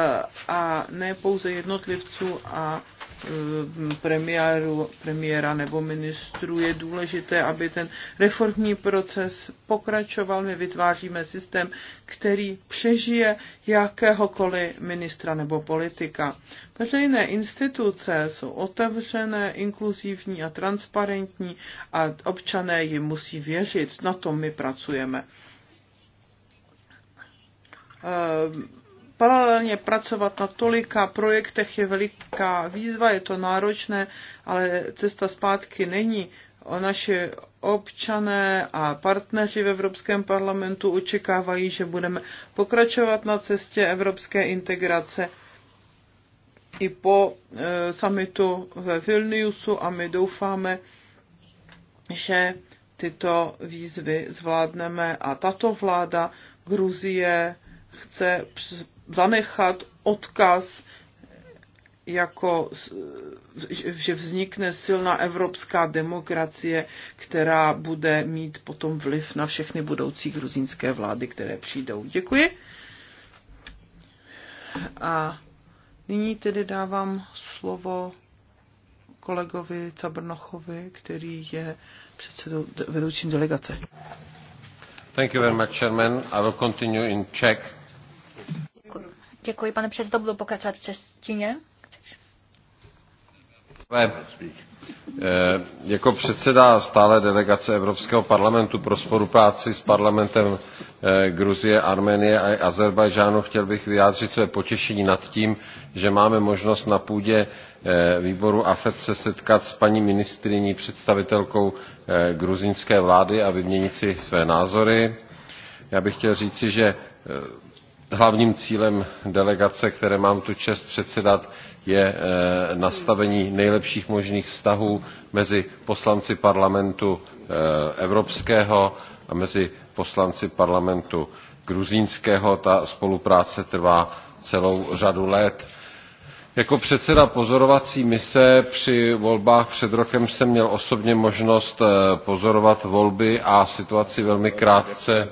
a ne pouze jednotlivců a Eh, premiéru, premiéra nebo ministru je důležité, aby ten reformní proces pokračoval. My vytváříme systém, který přežije jakéhokoliv ministra nebo politika. Veřejné instituce jsou otevřené, inkluzivní a transparentní a občané jim musí věřit. Na tom my pracujeme. Eh, paralelně pracovat na tolika projektech je veliká výzva, je to náročné, ale cesta zpátky není. O naše občané a partneři v Evropském parlamentu očekávají, že budeme pokračovat na cestě evropské integrace i po e, summitu ve Vilniusu a my doufáme, že tyto výzvy zvládneme a tato vláda Gruzie chce zanechat odkaz jako, že vznikne silná evropská demokracie, která bude mít potom vliv na všechny budoucí gruzínské vlády, které přijdou. Děkuji. A nyní tedy dávám slovo kolegovi Cabrnochovi, který je předsedou vedoucím delegace. Thank you very much, Chairman. I will continue in Czech. Děkuji, pane předsedo, budu pokračovat v češtině. Eh, jako předseda stále delegace Evropského parlamentu pro spolupráci s parlamentem eh, Gruzie, Arménie a Azerbajdžánu chtěl bych vyjádřit své potěšení nad tím, že máme možnost na půdě eh, výboru AFED se setkat s paní ministriní představitelkou gruzínské vlády a vyměnit si své názory. Já bych chtěl říci, že hlavním cílem delegace, které mám tu čest předsedat, je eh, nastavení nejlepších možných vztahů mezi poslanci parlamentu eh, evropského a mezi poslanci parlamentu gruzínského. Ta spolupráce trvá celou řadu let jako předseda pozorovací mise při volbách před rokem jsem měl osobně možnost eh, pozorovat volby a situaci velmi krátce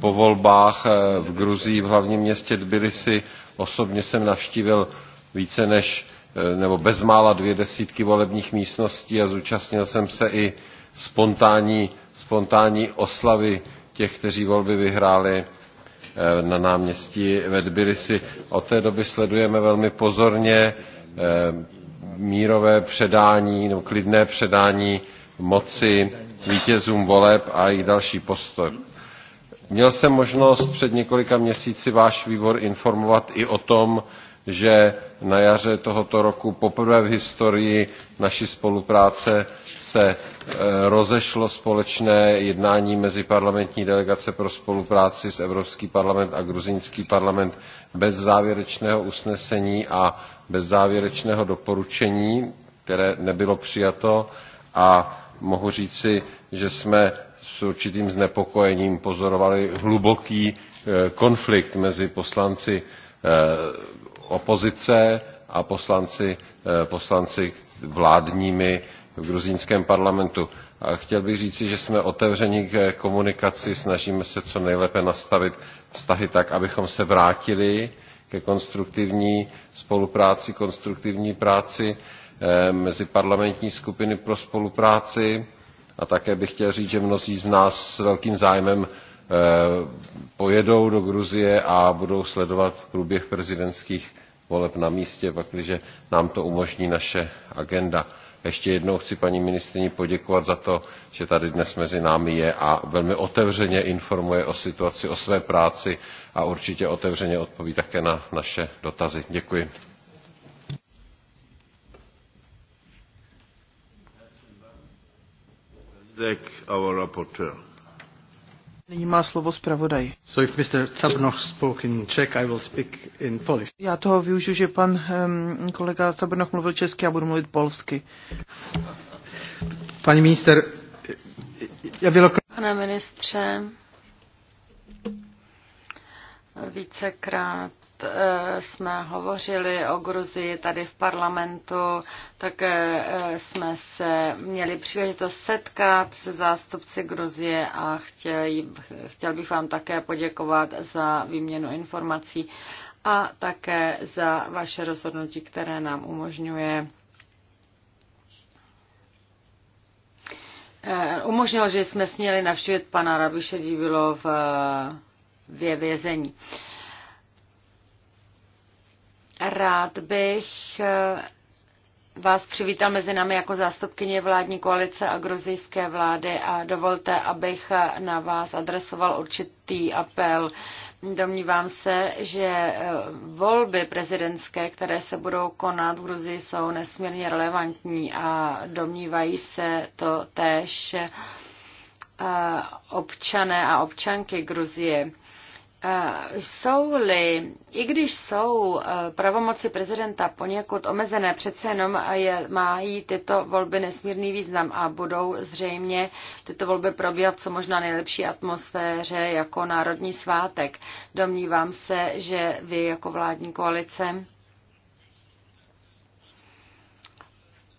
po volbách eh, v Gruzii, v hlavním městě Tbilisi. Osobně jsem navštívil více než eh, nebo bezmála dvě desítky volebních místností a zúčastnil jsem se i spontánní, spontánní oslavy těch, kteří volby vyhráli Eh, na náměstí ve Tbilisi. Od té doby sledujeme velmi pozorně eh, mírové předání, no klidné předání moci vítězům voleb a i další postoj. Měl jsem možnost před několika měsíci váš výbor informovat i o tom, že na jaře tohoto roku poprvé v historii naší spolupráce se Eh, rozešlo společné jednání meziparlamentní delegace pro spolupráci s Evropský parlament a Gruzínský parlament bez závěrečného usnesení a bez závěrečného doporučení, které nebylo přijato a mohu říci, že jsme s určitým znepokojením pozorovali hluboký eh, konflikt mezi poslanci eh, opozice a poslanci, poslanci vládními v gruzínském parlamentu. A chtěl bych říci, že jsme otevřeni k komunikaci, snažíme se co nejlépe nastavit vztahy tak, abychom se vrátili ke konstruktivní spolupráci, konstruktivní práci eh, mezi parlamentní skupiny pro spolupráci. A také bych chtěl říct, že mnozí z nás s velkým zájmem eh, pojedou do Gruzie a budou sledovat průběh prezidentských voleb na místě, pakliže nám to umožní naše agenda. Ještě jednou chci paní ministrině poděkovat za to, že tady dnes mezi námi je a velmi otevřeně informuje o situaci, o své práci a určitě otevřeně odpoví také na naše dotazy. Děkuji. Our rapporteur. Nyní má slovo zpravodaj. So if Mr. Cabrnoch spoke in Czech, I will speak in Polish. Já toho využiju, že pan um, kolega Cabrnoch mluvil česky a budu mluvit polsky. Pani minister, já bylo... Pane ministře, vícekrát Eh, jsme hovořili o Gruzii tady v parlamentu, tak eh, jsme se měli příležitost setkat se zástupci Gruzie a chtěl, chtěl bych vám také poděkovat za výměnu informací a také za vaše rozhodnutí, které nám umožňuje eh, umožnilo, že jsme směli navštívit pana Rabiše Dívilo v, v vězení. Uh, Rád bych eh, vás přivítal mezi námi jako zástupkyně vládní koalice a gruzijské vlády a dovolte, abych eh, na vás adresoval určitý apel. Domnívám se, že eh, volby prezidentské, které se budou konat v Gruzii, jsou nesmírně relevantní a domnívají se to též občané a občanky Gruzie Eh, jsou-li, i když jsou eh, pravomoci prezidenta poněkud omezené, přece jenom eh, je, mají tyto volby nesmírný význam a budou zřejmě tyto volby probíhat co možná nejlepší atmosféře jako národní svátek. Domnívám se, že vy jako vládní koalice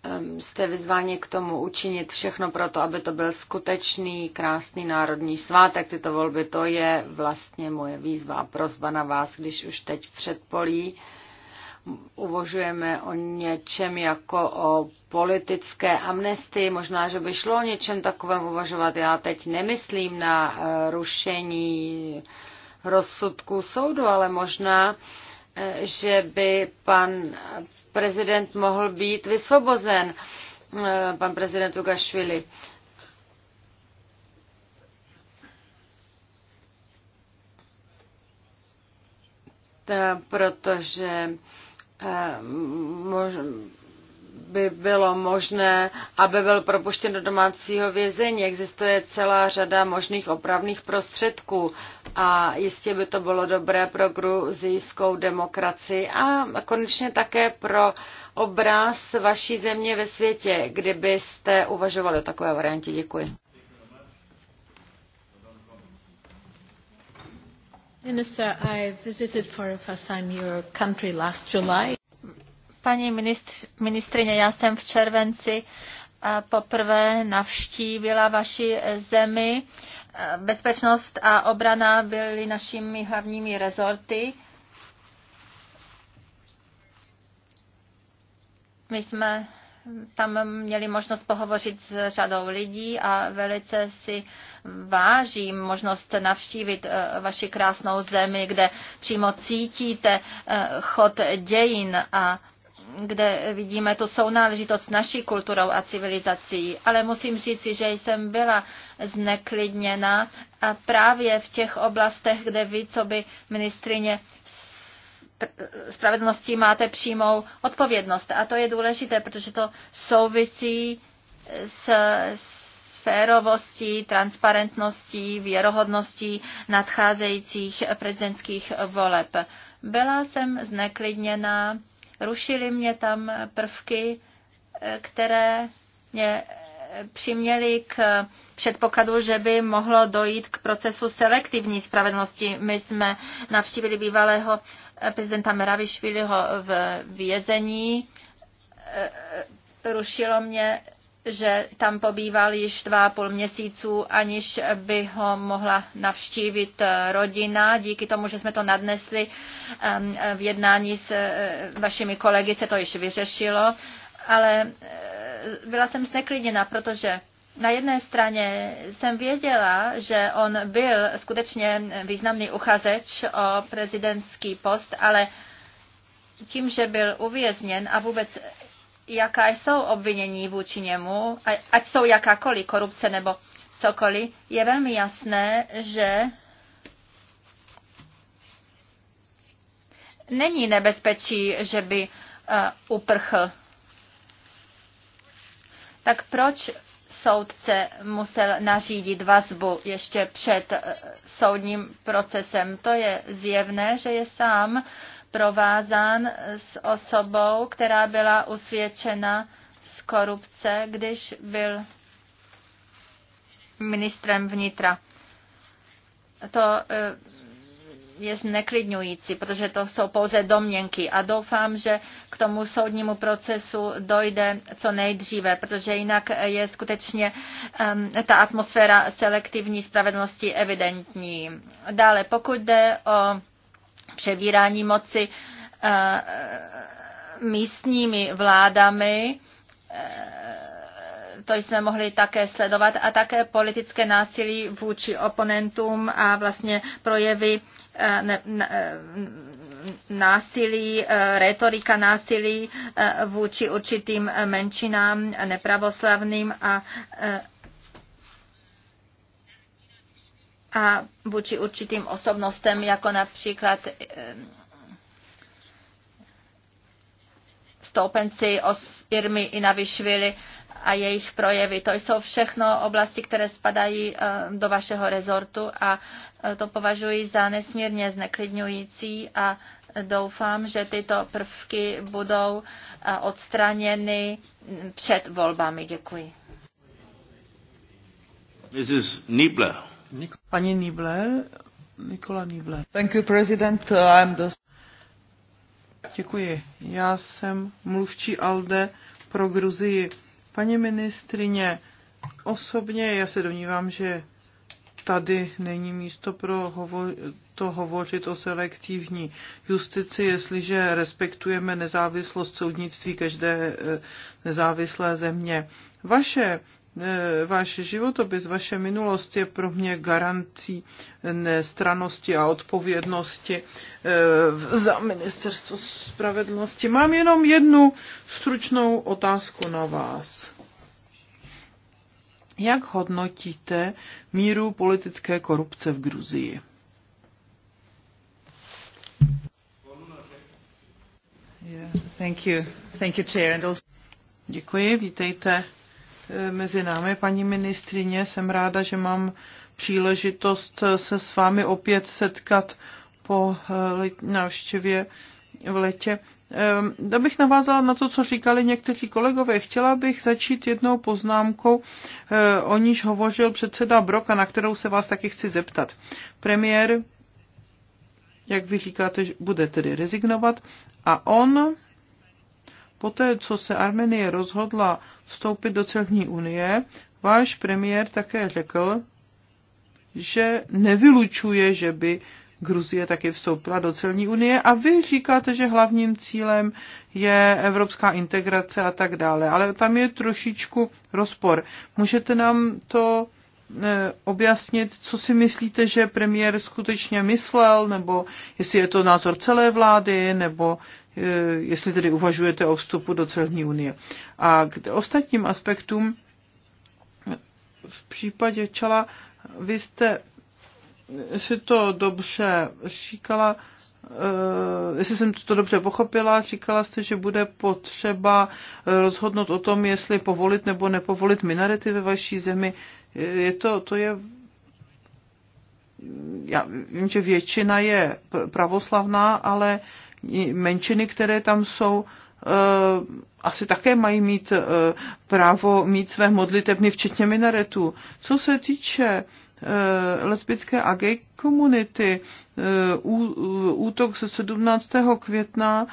Ehm, jste vyzváni k tomu učinit všechno pro to, aby to byl skutečný, krásný národní svátek. Tyto volby, to je vlastně moje výzva a prozba na vás, když už teď v předpolí uvožujeme o něčem jako o politické amnestii. Možná, že by šlo o něčem takovém uvažovat. Já teď nemyslím na eh, rušení rozsudků soudu, ale možná že by pan prezident mohl být vysvobozen, eh, pan prezident Lukašvili. Protože eh, by bylo možné, aby byl propuštěn do domácího vězení. Existuje celá řada možných opravných prostředků a jistě by to bylo dobré pro gruzijskou demokracii a konečně také pro obraz vaší země ve světě, kdybyste uvažovali o takové variantě. Děkuji. Minister, I visited for the first time your country last July. Paní ministrině, já jsem v červenci eh, poprvé navštívila vaši zemi. Eh, bezpečnost a obrana byly našimi hlavními rezorty. My jsme tam měli možnost pohovořit s řadou lidí a velice si vážím možnost navštívit eh, vaši krásnou zemi, kde přímo cítíte chod dějin a kde vidíme tu sounáležitost s naší kulturou a civilizací. Ale musím říci, že jsem byla zneklidněna a právě v těch oblastech, kde vy, co by ministrině spravedlnosti máte přímou odpovědnost. A to je důležité, protože to souvisí s sférovostí, transparentností, věrohodností nadcházejících prezidentských voleb. Byla jsem zneklidněna Rušily mě tam prvky, které mě přiměli k předpokladu, že by mohlo dojít k procesu selektivní spravedlnosti. My jsme navštívili bývalého prezidenta Meravišviliho v vězení. Rušilo mě že tam pobýval již dva půl měsíců, aniž by ho mohla navštívit eh, rodina. Díky tomu, že jsme to nadnesli v jednání s eh, vašimi kolegy, se to již vyřešilo. Ale eh, byla jsem zneklidněna, protože na jedné straně jsem věděla, že on byl skutečně významný uchazeč o prezidentský post, ale tím, že byl uvězněn a vůbec jaká jsou obvinění vůči němu, ať jsou jakákoliv korupce nebo cokoliv, je velmi jasné, že není nebezpečí, že by uh, uprchl. Tak proč soudce musel nařídit vazbu ještě před uh, soudním procesem? To je zjevné, že je sám provázán s osobou, která byla usvědčena z korupce, když byl ministrem vnitra. To eh, je zneklidňující, protože to jsou pouze domněnky a doufám, že k tomu soudnímu procesu dojde co nejdříve, protože jinak je skutečně um, ta atmosféra selektivní spravedlnosti evidentní. Dále, pokud jde o přebírání moci eh, místními vládami. Eh, to jsme mohli také sledovat a také politické násilí vůči oponentům a vlastně projevy eh, násilí, retorika násilí vůči určitým menšinám, nepravoslavným a a vůči určitým osobnostem, jako například eh, stoupenci os Irmy Inavišvili a jejich projevy. To jsou všechno oblasti, které spadají eh, do vašeho rezortu a eh, to považuji za nesmírně zneklidňující a doufám, že tyto prvky budou odstraněny před volbami. Děkuji. Mrs. Niebler. Paní Nibler, Nikola Nibler. Thank you, President. Uh, I'm the... Děkuji. Já jsem mluvčí ALDE pro Gruzii. Paní ministrině, osobně já se domnívám, že tady není místo pro hovo- to hovořit o selektivní justici, jestliže respektujeme nezávislost soudnictví každé eh, nezávislé země. Vaše E, váš životopis, vaše minulost je pro mě garancí nestranosti a odpovědnosti e, za ministerstvo spravedlnosti. Mám jenom jednu stručnou otázku na vás. Jak hodnotíte míru politické korupce v Gruzii? Yeah, thank you. Thank you, Chair. And also... Děkuji, vítejte Eh, mezi námi, paní ministrině. Jsem ráda, že mám příležitost se s vámi opět setkat po eh, návštěvě v letě. Eh, bych navázala na to, co říkali někteří kolegové, chtěla bych začít jednou poznámkou, o níž hovořil předseda Broka, na kterou se vás taky chci zeptat. Premiér, jak vy říkáte, bude tedy rezignovat a on Poté, co se Armenie rozhodla vstoupit do celní unie, váš premiér také řekl, že nevylučuje, že by Gruzie taky vstoupila do celní unie a vy říkáte, že hlavním cílem je evropská integrace a tak dále, ale tam je trošičku rozpor. Můžete nám to e, objasnit, co si myslíte, že premiér skutečně myslel, nebo jestli je to názor celé vlády, nebo Eh, jestli tedy uvažujete o vstupu do celní unie. A k ostatním aspektům v případě čela, vy jste si to dobře říkala, Uh, jestli jsem to dobře pochopila, říkala jste, že bude potřeba eh, rozhodnout o tom, jestli povolit nebo nepovolit minarety ve vaší zemi. Je to, to je já vím, že většina je pravoslavná, ale menšiny, které tam jsou, eh, asi také mají mít eh, právo mít své modlitebny, včetně minaretů. Co se týče eh, lesbické a gay komunity. Útok ze 17. května,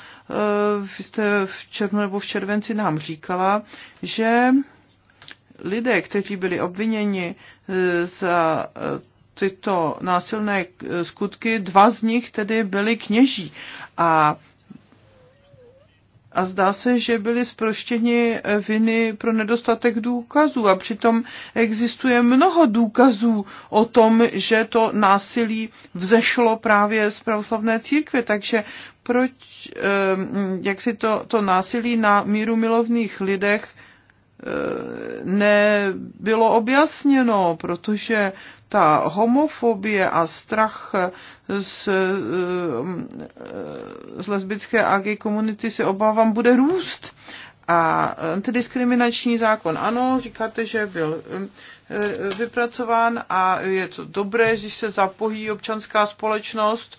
vy jste v červnu nebo v červenci nám říkala, že lidé, kteří byli obviněni za tyto násilné skutky, dva z nich tedy byli kněží. A a zdá se, že byli zproštěni viny pro nedostatek důkazů a přitom existuje mnoho důkazů o tom, že to násilí vzešlo právě z pravoslavné církve, takže proč, eh, jak si to, to násilí na míru milovných lidech nebylo objasněno, protože ta homofobie a strach z, eh, z lesbické gay komunity se obávám bude růst. A antidiskriminační eh, zákon, ano, říkáte, že byl eh, vypracován a je to dobré, že se zapojí občanská společnost,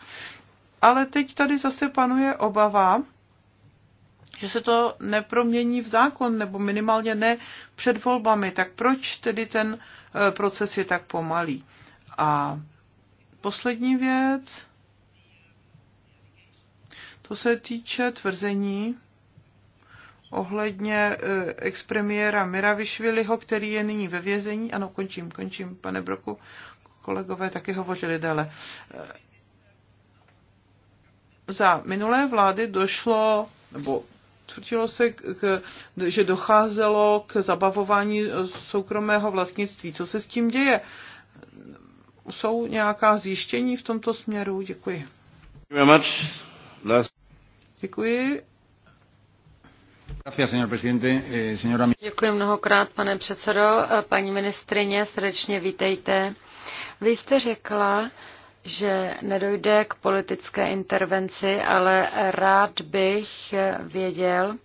ale teď tady zase panuje obava, že se to nepromění v zákon, nebo minimálně ne před volbami. Tak proč tedy ten e, proces je tak pomalý? A poslední věc, to se týče tvrzení ohledně e, expremiéra Miravišviliho, který je nyní ve vězení. Ano, končím, končím, pane Broku. Kolegové taky hovořili dále. E, za minulé vlády došlo, nebo tvrdilo se, k, že docházelo k zabavování soukromého vlastnictví. Co se s tím děje? Jsou nějaká zjištění v tomto směru? Děkuji. Děkuji. Eh, Děkuji mnohokrát, pane předsedo. Paní ministrině, srdečně vítejte. Vy jste řekla, že nedojde k politické intervenci, ale rád bych věděl,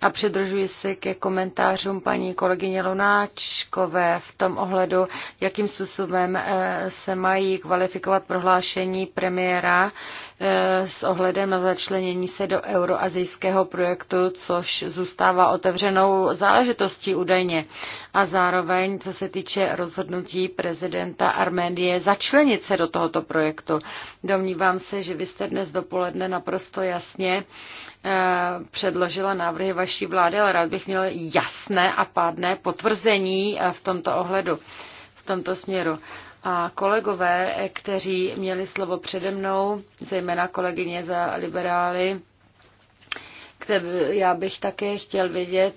a přidržuji se ke komentářům paní kolegyně Lunáčkové v tom ohledu, jakým způsobem eh, se mají kvalifikovat prohlášení premiéra eh, s ohledem na začlenění se do euroazijského projektu, což zůstává otevřenou záležitostí údajně. A zároveň, co se týče rozhodnutí prezidenta Arménie začlenit se do tohoto projektu. Domnívám se, že vy jste dnes dopoledne naprosto jasně Eh, předložila návrhy vaší vlády, ale rád bych měl jasné a pádné potvrzení eh, v tomto ohledu, v tomto směru. A kolegové, eh, kteří měli slovo přede mnou, zejména kolegyně za liberály, já bych také chtěl vědět,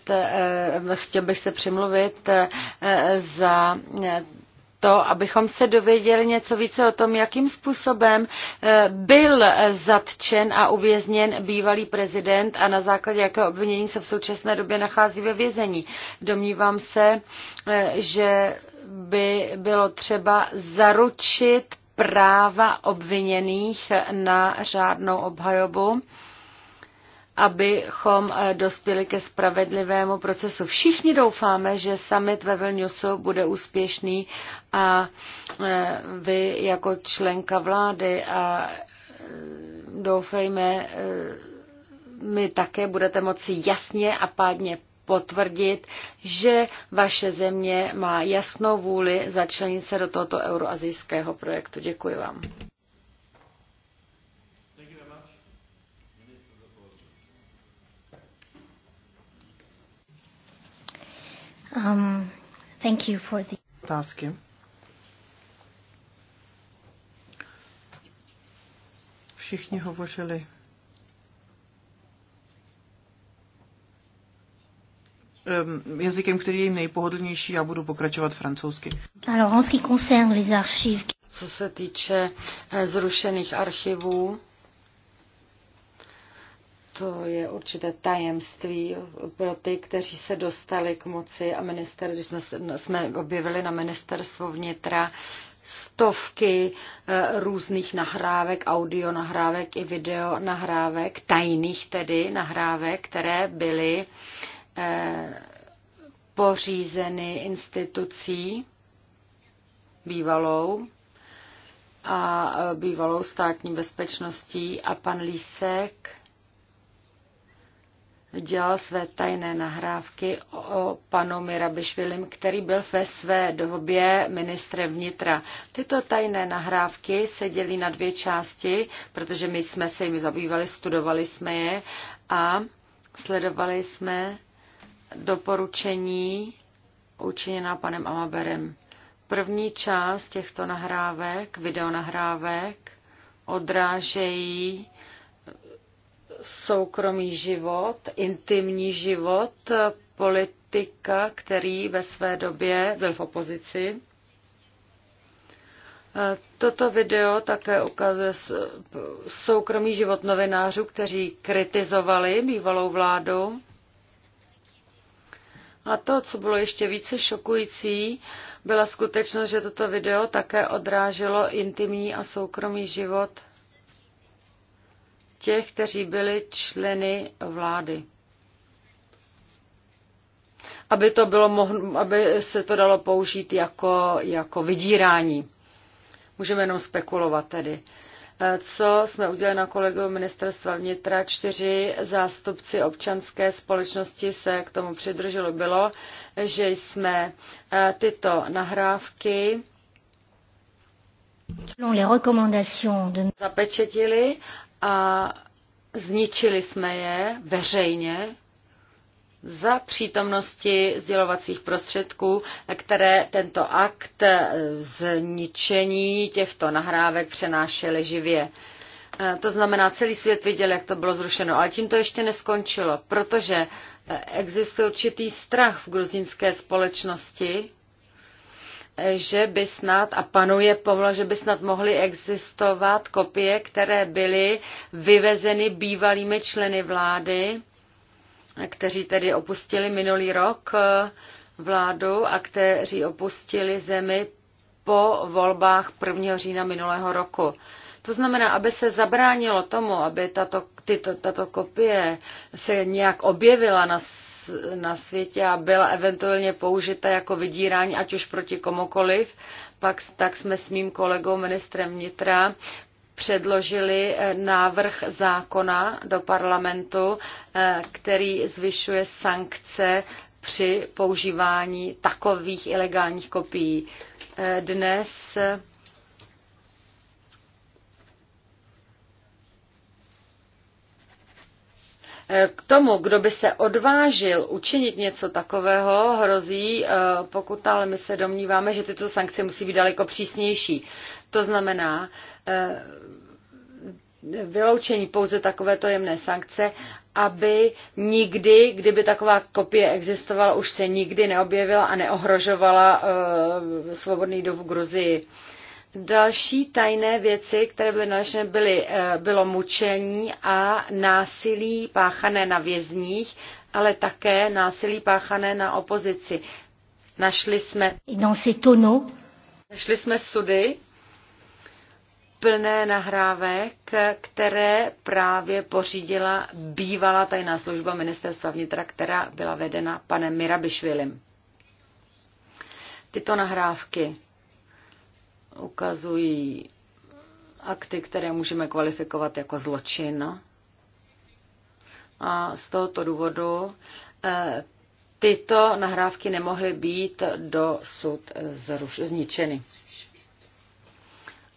chtěl bych se přimluvit za to, abychom se dověděli něco více o tom, jakým způsobem eh, byl zatčen a uvězněn bývalý prezident a na základě jakého obvinění se v současné době nachází ve vězení. Domnívám se, eh, že by bylo třeba zaručit práva obviněných na řádnou obhajobu abychom eh, dospěli ke spravedlivému procesu. Všichni doufáme, že summit ve Vilniusu bude úspěšný a eh, vy jako členka vlády a eh, doufejme, my také budete moci jasně a pádně potvrdit, že vaše země má jasnou vůli začlenit se do tohoto euroazijského projektu. Děkuji vám. Um, thank you for the... Otázky. Všichni hovořili jazykem, který je nejpohodlnější, já budu pokračovat francouzsky. Alors, en ce qui concerne les archives... Co se týče eh, zrušených archivů, to je určité tajemství pro ty, kteří se dostali k moci a minister, když jsme, jsme objevili na ministerstvu vnitra stovky eh, různých nahrávek, audio nahrávek i video nahrávek, tajných tedy nahrávek, které byly eh, pořízeny institucí bývalou a eh, bývalou státní bezpečností a pan Lísek dělal své tajné nahrávky o panu Mirabišvilim, který byl ve své době ministrem vnitra. Tyto tajné nahrávky se dělí na dvě části, protože my jsme se jimi zabývali, studovali jsme je a sledovali jsme doporučení učiněná panem Amaberem. První část těchto nahrávek, videonahrávek, odrážejí soukromý život, intimní život politika, který ve své době byl v opozici. Toto video také ukazuje soukromý život novinářů, kteří kritizovali bývalou vládu. A to, co bylo ještě více šokující, byla skutečnost, že toto video také odráželo intimní a soukromý život těch, kteří byli členy vlády. Aby, to bylo mohno, aby se to dalo použít jako, jako vydírání. Můžeme jenom spekulovat tedy. Eh, co jsme udělali na kolegu ministerstva vnitra, čtyři zástupci občanské společnosti se k tomu přidrželo, bylo, že jsme eh, tyto nahrávky zapečetili a zničili jsme je veřejně za přítomnosti sdělovacích prostředků, které tento akt zničení těchto nahrávek přenášely živě. E, to znamená, celý svět viděl, jak to bylo zrušeno. Ale tím to ještě neskončilo, protože e, existuje určitý strach v gruzínské společnosti, že by snad, a panuje povla, že by snad mohly existovat kopie, které byly vyvezeny bývalými členy vlády, kteří tedy opustili minulý rok eh, vládu a kteří opustili zemi po volbách 1. října minulého roku. To znamená, aby se zabránilo tomu, aby tato, tyto, tato kopie se nějak objevila na na světě a byla eventuálně použita jako vydírání, ať už proti komukoliv, pak tak jsme s mým kolegou ministrem vnitra předložili eh, návrh zákona do parlamentu, eh, který zvyšuje sankce při používání takových ilegálních kopií. Eh, dnes K tomu, kdo by se odvážil učinit něco takového, hrozí eh, pokuta, ale my se domníváme, že tyto sankce musí být daleko přísnější. To znamená, eh, vyloučení pouze takovéto jemné sankce, aby nikdy, kdyby taková kopie existovala, už se nikdy neobjevila a neohrožovala eh, svobodný dov v Gruzii. Další tajné věci, které byly nalezeny, byly, eh, bylo mučení a násilí páchané na vězních, ale také násilí páchané na opozici. Našli jsme, našli jsme sudy plné nahrávek, které právě pořídila bývalá tajná služba ministerstva vnitra, která byla vedena panem Mirabišvilim. Tyto nahrávky ukazují akty, které můžeme kvalifikovat jako zločin. A z tohoto důvodu eh, tyto nahrávky nemohly být dosud zruš, zničeny.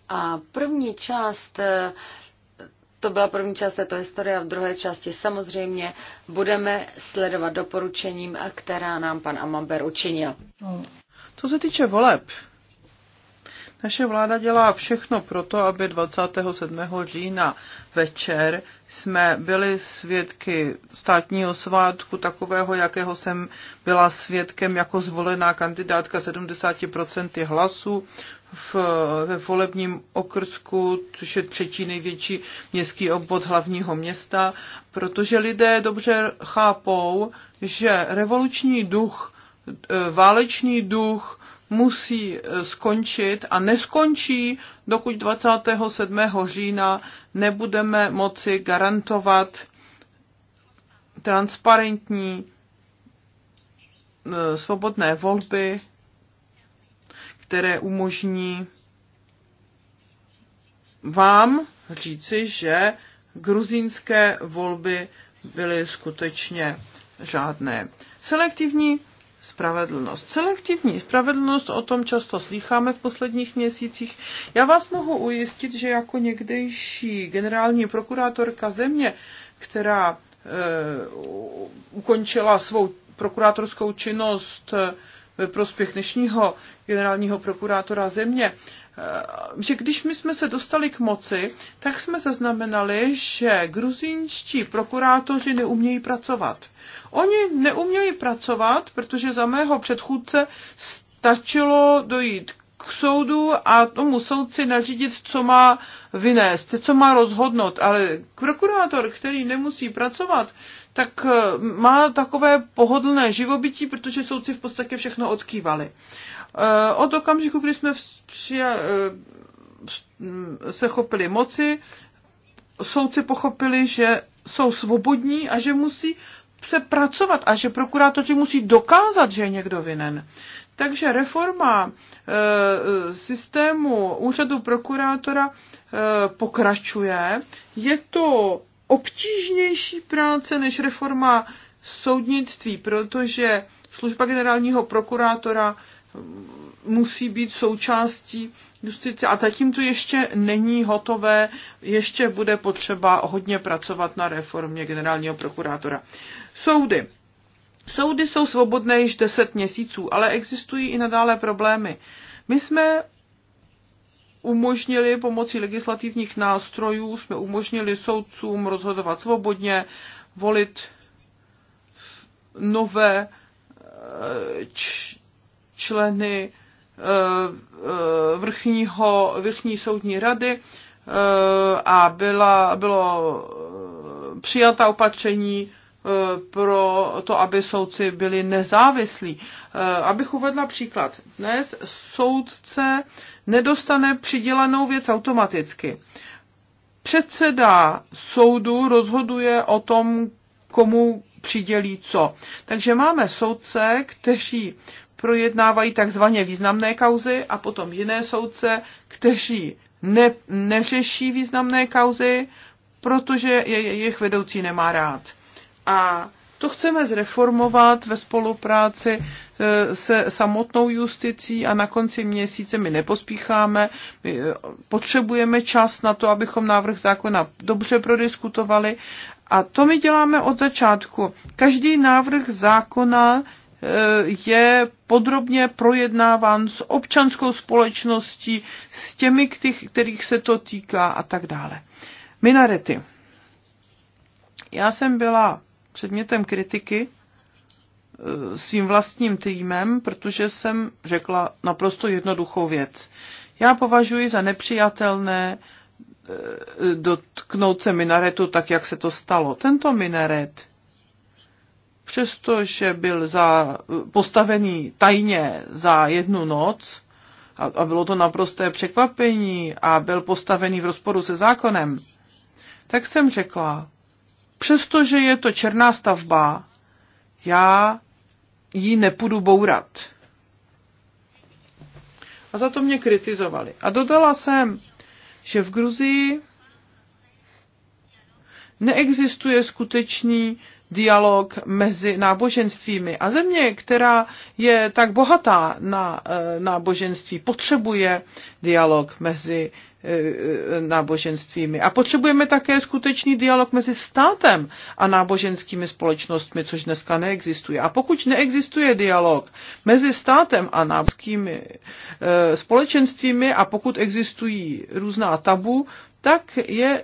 A první část, eh, to byla první část této historie a v druhé části samozřejmě budeme sledovat doporučením, která nám pan Amamber učinil. Co se týče voleb, naše vláda dělá všechno pro to, aby 27. října večer jsme byli svědky státního svátku takového, jakého jsem byla svědkem jako zvolená kandidátka 70% hlasů v, ve volebním okrsku, což je třetí největší městský obvod hlavního města, protože lidé dobře chápou, že revoluční duch, e, válečný duch, musí e, skončit a neskončí, dokud 27. října nebudeme moci garantovat transparentní e, svobodné volby, které umožní vám říci, že gruzínské volby byly skutečně žádné Selektivní spravedlnost. Selektivní spravedlnost, o tom často slýcháme v posledních měsících. Já vás mohu ujistit, že jako někdejší generální prokurátorka země, která e, ukončila svou prokurátorskou činnost e, ve prospěch dnešního generálního prokurátora země, eh, že když my jsme se dostali k moci, tak jsme zaznamenali, že gruzínští prokurátoři neumějí pracovat. Oni neuměli pracovat, protože za mého předchůdce stačilo dojít k soudu a tomu soudci nařídit, co má vynést, co má rozhodnout. Ale prokurátor, který nemusí pracovat, tak eh, má takové pohodlné živobytí, protože soudci v podstatě všechno odkývali. Eh, od okamžiku, kdy jsme eh, mm, se chopili moci, soudci pochopili, že jsou svobodní a že musí se pracovat a že prokurátoři musí dokázat, že je někdo vinen. Takže reforma eh, systému úřadu prokurátora eh, pokračuje. Je to obtížnější práce než reforma soudnictví, protože služba generálního prokurátora mm, musí být součástí justice a zatím to ještě není hotové, ještě bude potřeba hodně pracovat na reformě generálního prokurátora. Soudy. Soudy jsou svobodné již 10 měsíců, ale existují i nadále problémy. My jsme umožnili pomocí legislativních nástrojů, jsme umožnili soudcům rozhodovat svobodně, volit nové eh, členy eh, eh, vrchního, vrchní soudní rady a byla, bylo přijata opatření Eh, pro to, aby soudci byli nezávislí. Eh, abych uvedla příklad. Dnes soudce nedostane přidělanou věc automaticky. Předseda soudu rozhoduje o tom, komu přidělí co. Takže máme soudce, kteří projednávají takzvaně významné kauzy a potom jiné soudce, kteří ne, neřeší významné kauzy, protože je, jejich vedoucí nemá rád. A to chceme zreformovat ve spolupráci e, se samotnou justicí a na konci měsíce my nepospícháme. My e, potřebujeme čas na to, abychom návrh zákona dobře prodiskutovali. A to my děláme od začátku. Každý návrh zákona e, je podrobně projednáván s občanskou společností, s těmi, kterých se to týká a tak dále. Minarety. Já jsem byla předmětem kritiky eh, svým vlastním týmem, protože jsem řekla naprosto jednoduchou věc. Já považuji za nepřijatelné eh, dotknout se minaretu tak, jak se to stalo. Tento minaret, přestože byl za, postavený tajně za jednu noc, a, bylo to naprosté překvapení a byl postavený v rozporu se zákonem, tak jsem řekla, přestože je to černá stavba, já ji nepůjdu bourat. A za to mě kritizovali. A dodala jsem, že v Gruzii neexistuje skutečný dialog mezi náboženstvími. A země, která je tak bohatá na eh, náboženství, potřebuje dialog mezi eh, náboženstvími. A potřebujeme také skutečný dialog mezi státem a náboženskými společnostmi, což dneska neexistuje. A pokud neexistuje dialog mezi státem a náboženskými eh, společenstvími a pokud existují různá tabu, tak je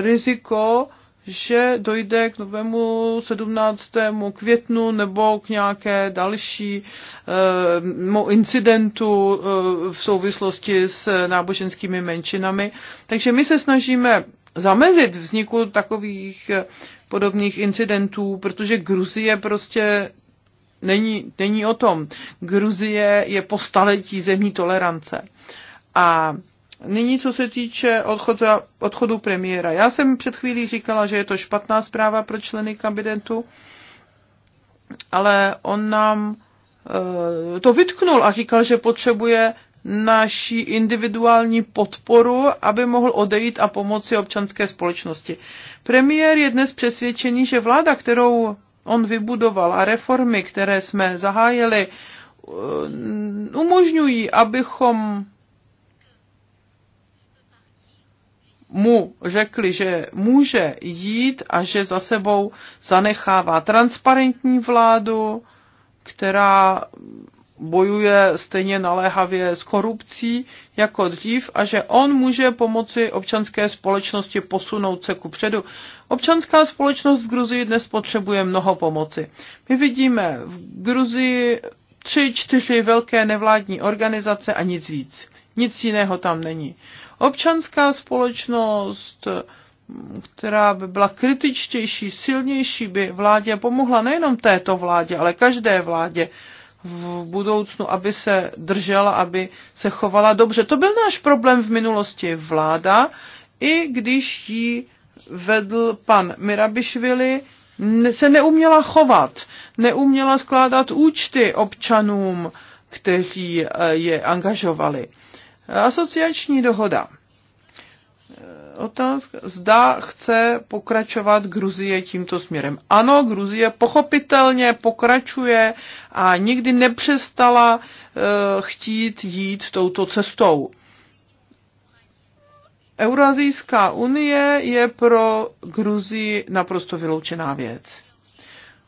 riziko, že dojde k novému 17. květnu nebo k nějaké dalšímu eh, incidentu eh, v souvislosti s náboženskými menšinami. Takže my se snažíme zamezit vzniku takových eh, podobných incidentů, protože Gruzie prostě není, není o tom. Gruzie je po staletí zemní tolerance. A Nyní, co se týče odchodu, odchodu premiéra. Já jsem před chvílí říkala, že je to špatná zpráva pro členy kabinetu, ale on nám eh, to vytknul a říkal, že potřebuje naší individuální podporu, aby mohl odejít a pomoci občanské společnosti. Premiér je dnes přesvědčený, že vláda, kterou on vybudoval a reformy, které jsme zahájili, eh, umožňují, abychom mu řekli, že může jít a že za sebou zanechává transparentní vládu, která bojuje stejně naléhavě s korupcí jako dřív a že on může pomoci občanské společnosti posunout se ku předu. Občanská společnost v Gruzii dnes potřebuje mnoho pomoci. My vidíme v Gruzii tři, čtyři velké nevládní organizace a nic víc. Nic jiného tam není občanská společnost, která by byla kritičtější, silnější, by vládě pomohla nejenom této vládě, ale každé vládě v budoucnu, aby se držela, aby se chovala dobře. To byl náš problém v minulosti. Vláda, i když ji vedl pan Mirabišvili, se neuměla chovat, neuměla skládat účty občanům, kteří eh, je angažovali. Asociační dohoda. Otázka, zda chce pokračovat Gruzie tímto směrem. Ano, Gruzie pochopitelně pokračuje a nikdy nepřestala eh, chtít jít touto cestou. Eurazijská unie je pro Gruzii naprosto vyloučená věc.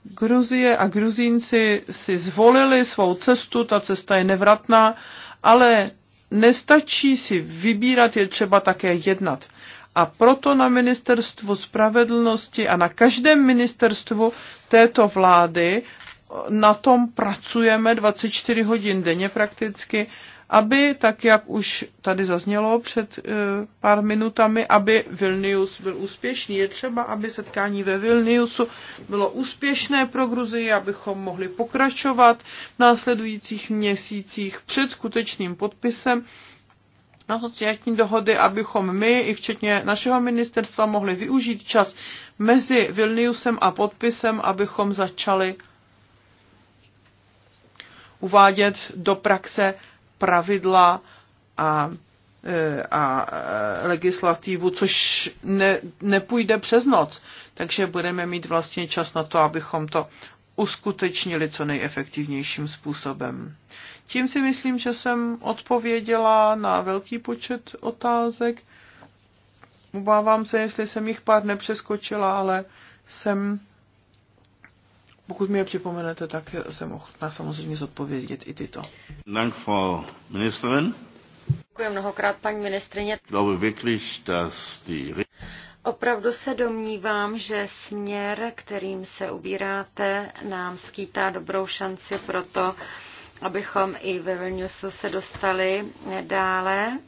Gruzie a Gruzínci si zvolili svou cestu, ta cesta je nevratná, ale nestačí si vybírat, je třeba také jednat. A proto na ministerstvu spravedlnosti a na každém ministerstvu této vlády na tom pracujeme 24 hodin denně prakticky aby, tak jak už tady zaznělo před eh, pár minutami, aby Vilnius byl úspěšný. Je třeba, aby setkání ve Vilniusu bylo úspěšné pro Gruzii, abychom mohli pokračovat v následujících měsících před skutečným podpisem asociační dohody, abychom my, i včetně našeho ministerstva, mohli využít čas mezi Vilniusem a podpisem, abychom začali uvádět do praxe pravidla a, e, a e, legislativu, což ne, nepůjde přes noc. Takže budeme mít vlastně čas na to, abychom to uskutečnili co nejefektivnějším způsobem. Tím si myslím, že jsem odpověděla na velký počet otázek. Obávám se, jestli jsem jich pár nepřeskočila, ale jsem pokud mi je připomenete, tak jsem ochotná samozřejmě zodpovědět i tyto. Dank, Frau Ministerin. Děkuji mnohokrát, paní ministrině. Glaube wirklich, dass die... Opravdu se domnívám, že směr, kterým se ubíráte, nám skýtá dobrou šanci pro to, abychom i ve Vilniusu se dostali dále.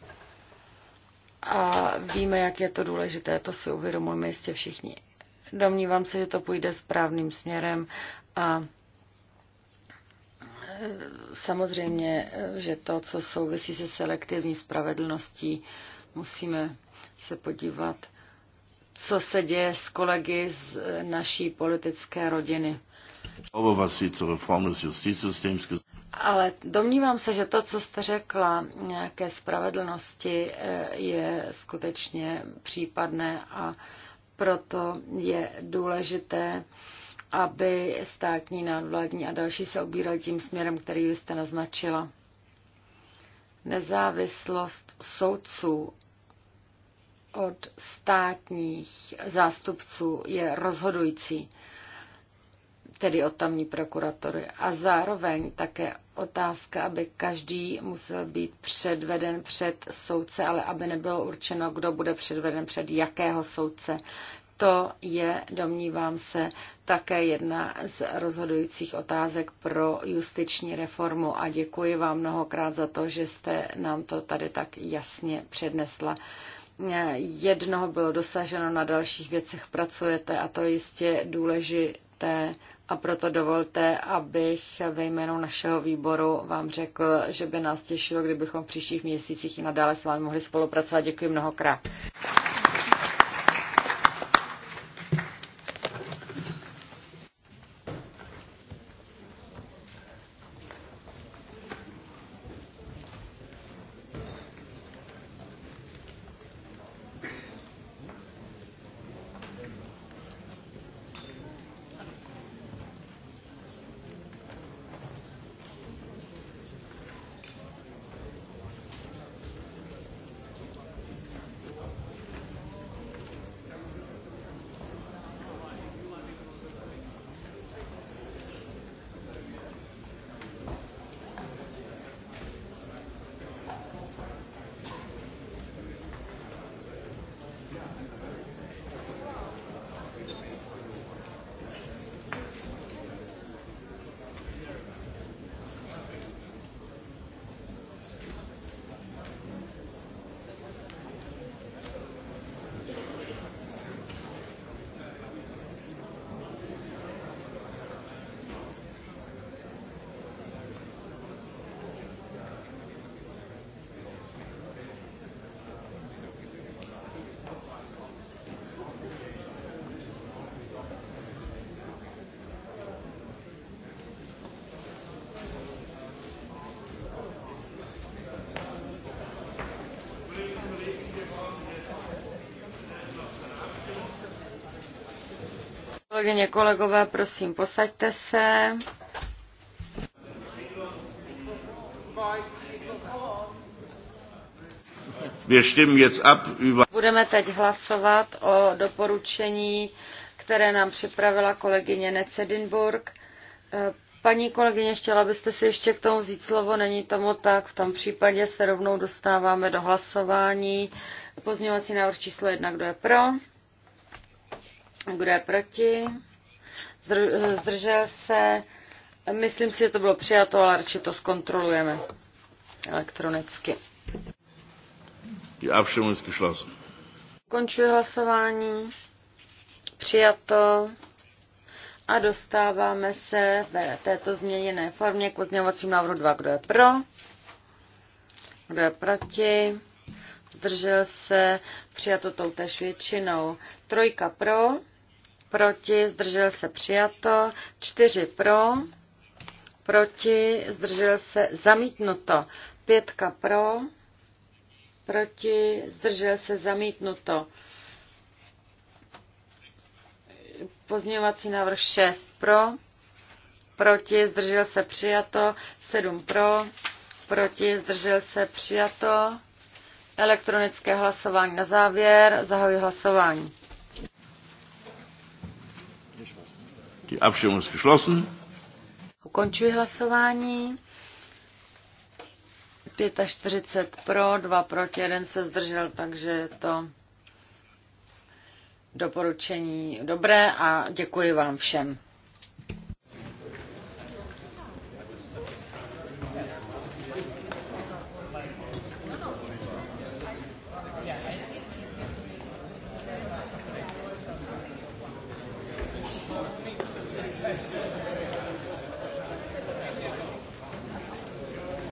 A víme, jak je to důležité, to si uvědomujeme jistě všichni. Domnívám se, že to půjde správným směrem a e, samozřejmě, e, že to, co souvisí se selektivní spravedlností, musíme se podívat, co se děje s kolegy z e, naší politické rodiny. Ale domnívám se, že to, co jste řekla nějaké spravedlnosti, je skutečně případné a proto je důležité, aby státní, nadvládní a další se obírali tím směrem, který vy jste naznačila. Nezávislost soudců od státních zástupců je rozhodující tedy od tamní prokuratury. A zároveň také otázka, aby každý musel být předveden před soudce, ale aby nebylo určeno, kdo bude předveden před jakého soudce. To je, domnívám se, také jedna z rozhodujících otázek pro justiční reformu a děkuji vám mnohokrát za to, že jste nám to tady tak jasně přednesla jednoho bylo dosaženo, na dalších věcech pracujete a to je jistě důležité máte a proto dovolte, abych ve jménu našeho výboru vám řekl, že by nás těšilo, kdybychom v příštích měsících i nadále s vámi mohli spolupracovat. Děkuji mnohokrát. Kolegyně, kolegové, prosím, posaďte se. Budeme teď hlasovat o doporučení, které nám připravila kolegyně Necedinburg. Eh, paní kolegyně, chtěla byste si ještě k tomu vzít slovo? Není tomu tak. V tom případě se rovnou dostáváme do hlasování. Pozměňovací návrh číslo jedna, kdo je pro? Kdo je proti? Zdržel se? Myslím si, že to bylo přijato, ale radši to zkontrolujeme elektronicky. Die Abstimmung ist geschlossen. Končuji hlasování. Přijato. A dostáváme se ve této změněné formě k pozměňovacím návrhu 2. Kdo je pro? Kdo je proti? Zdržel se. Přijato tou též většinou. Trojka pro proti, zdržel se přijato, 4 pro, proti, zdržel se zamítnuto, 5 pro, proti, zdržel se zamítnuto. Pozměňovací návrh 6 pro, proti, zdržel se přijato, 7 pro, proti, zdržel se přijato. Elektronické hlasování na závěr, zahajuji hlasování. Die Abstimmung ist geschlossen. Ukončuji hlasování. 45 pro, 2 proti, 1 se zdržel, takže je to doporučení dobré a děkuji vám všem.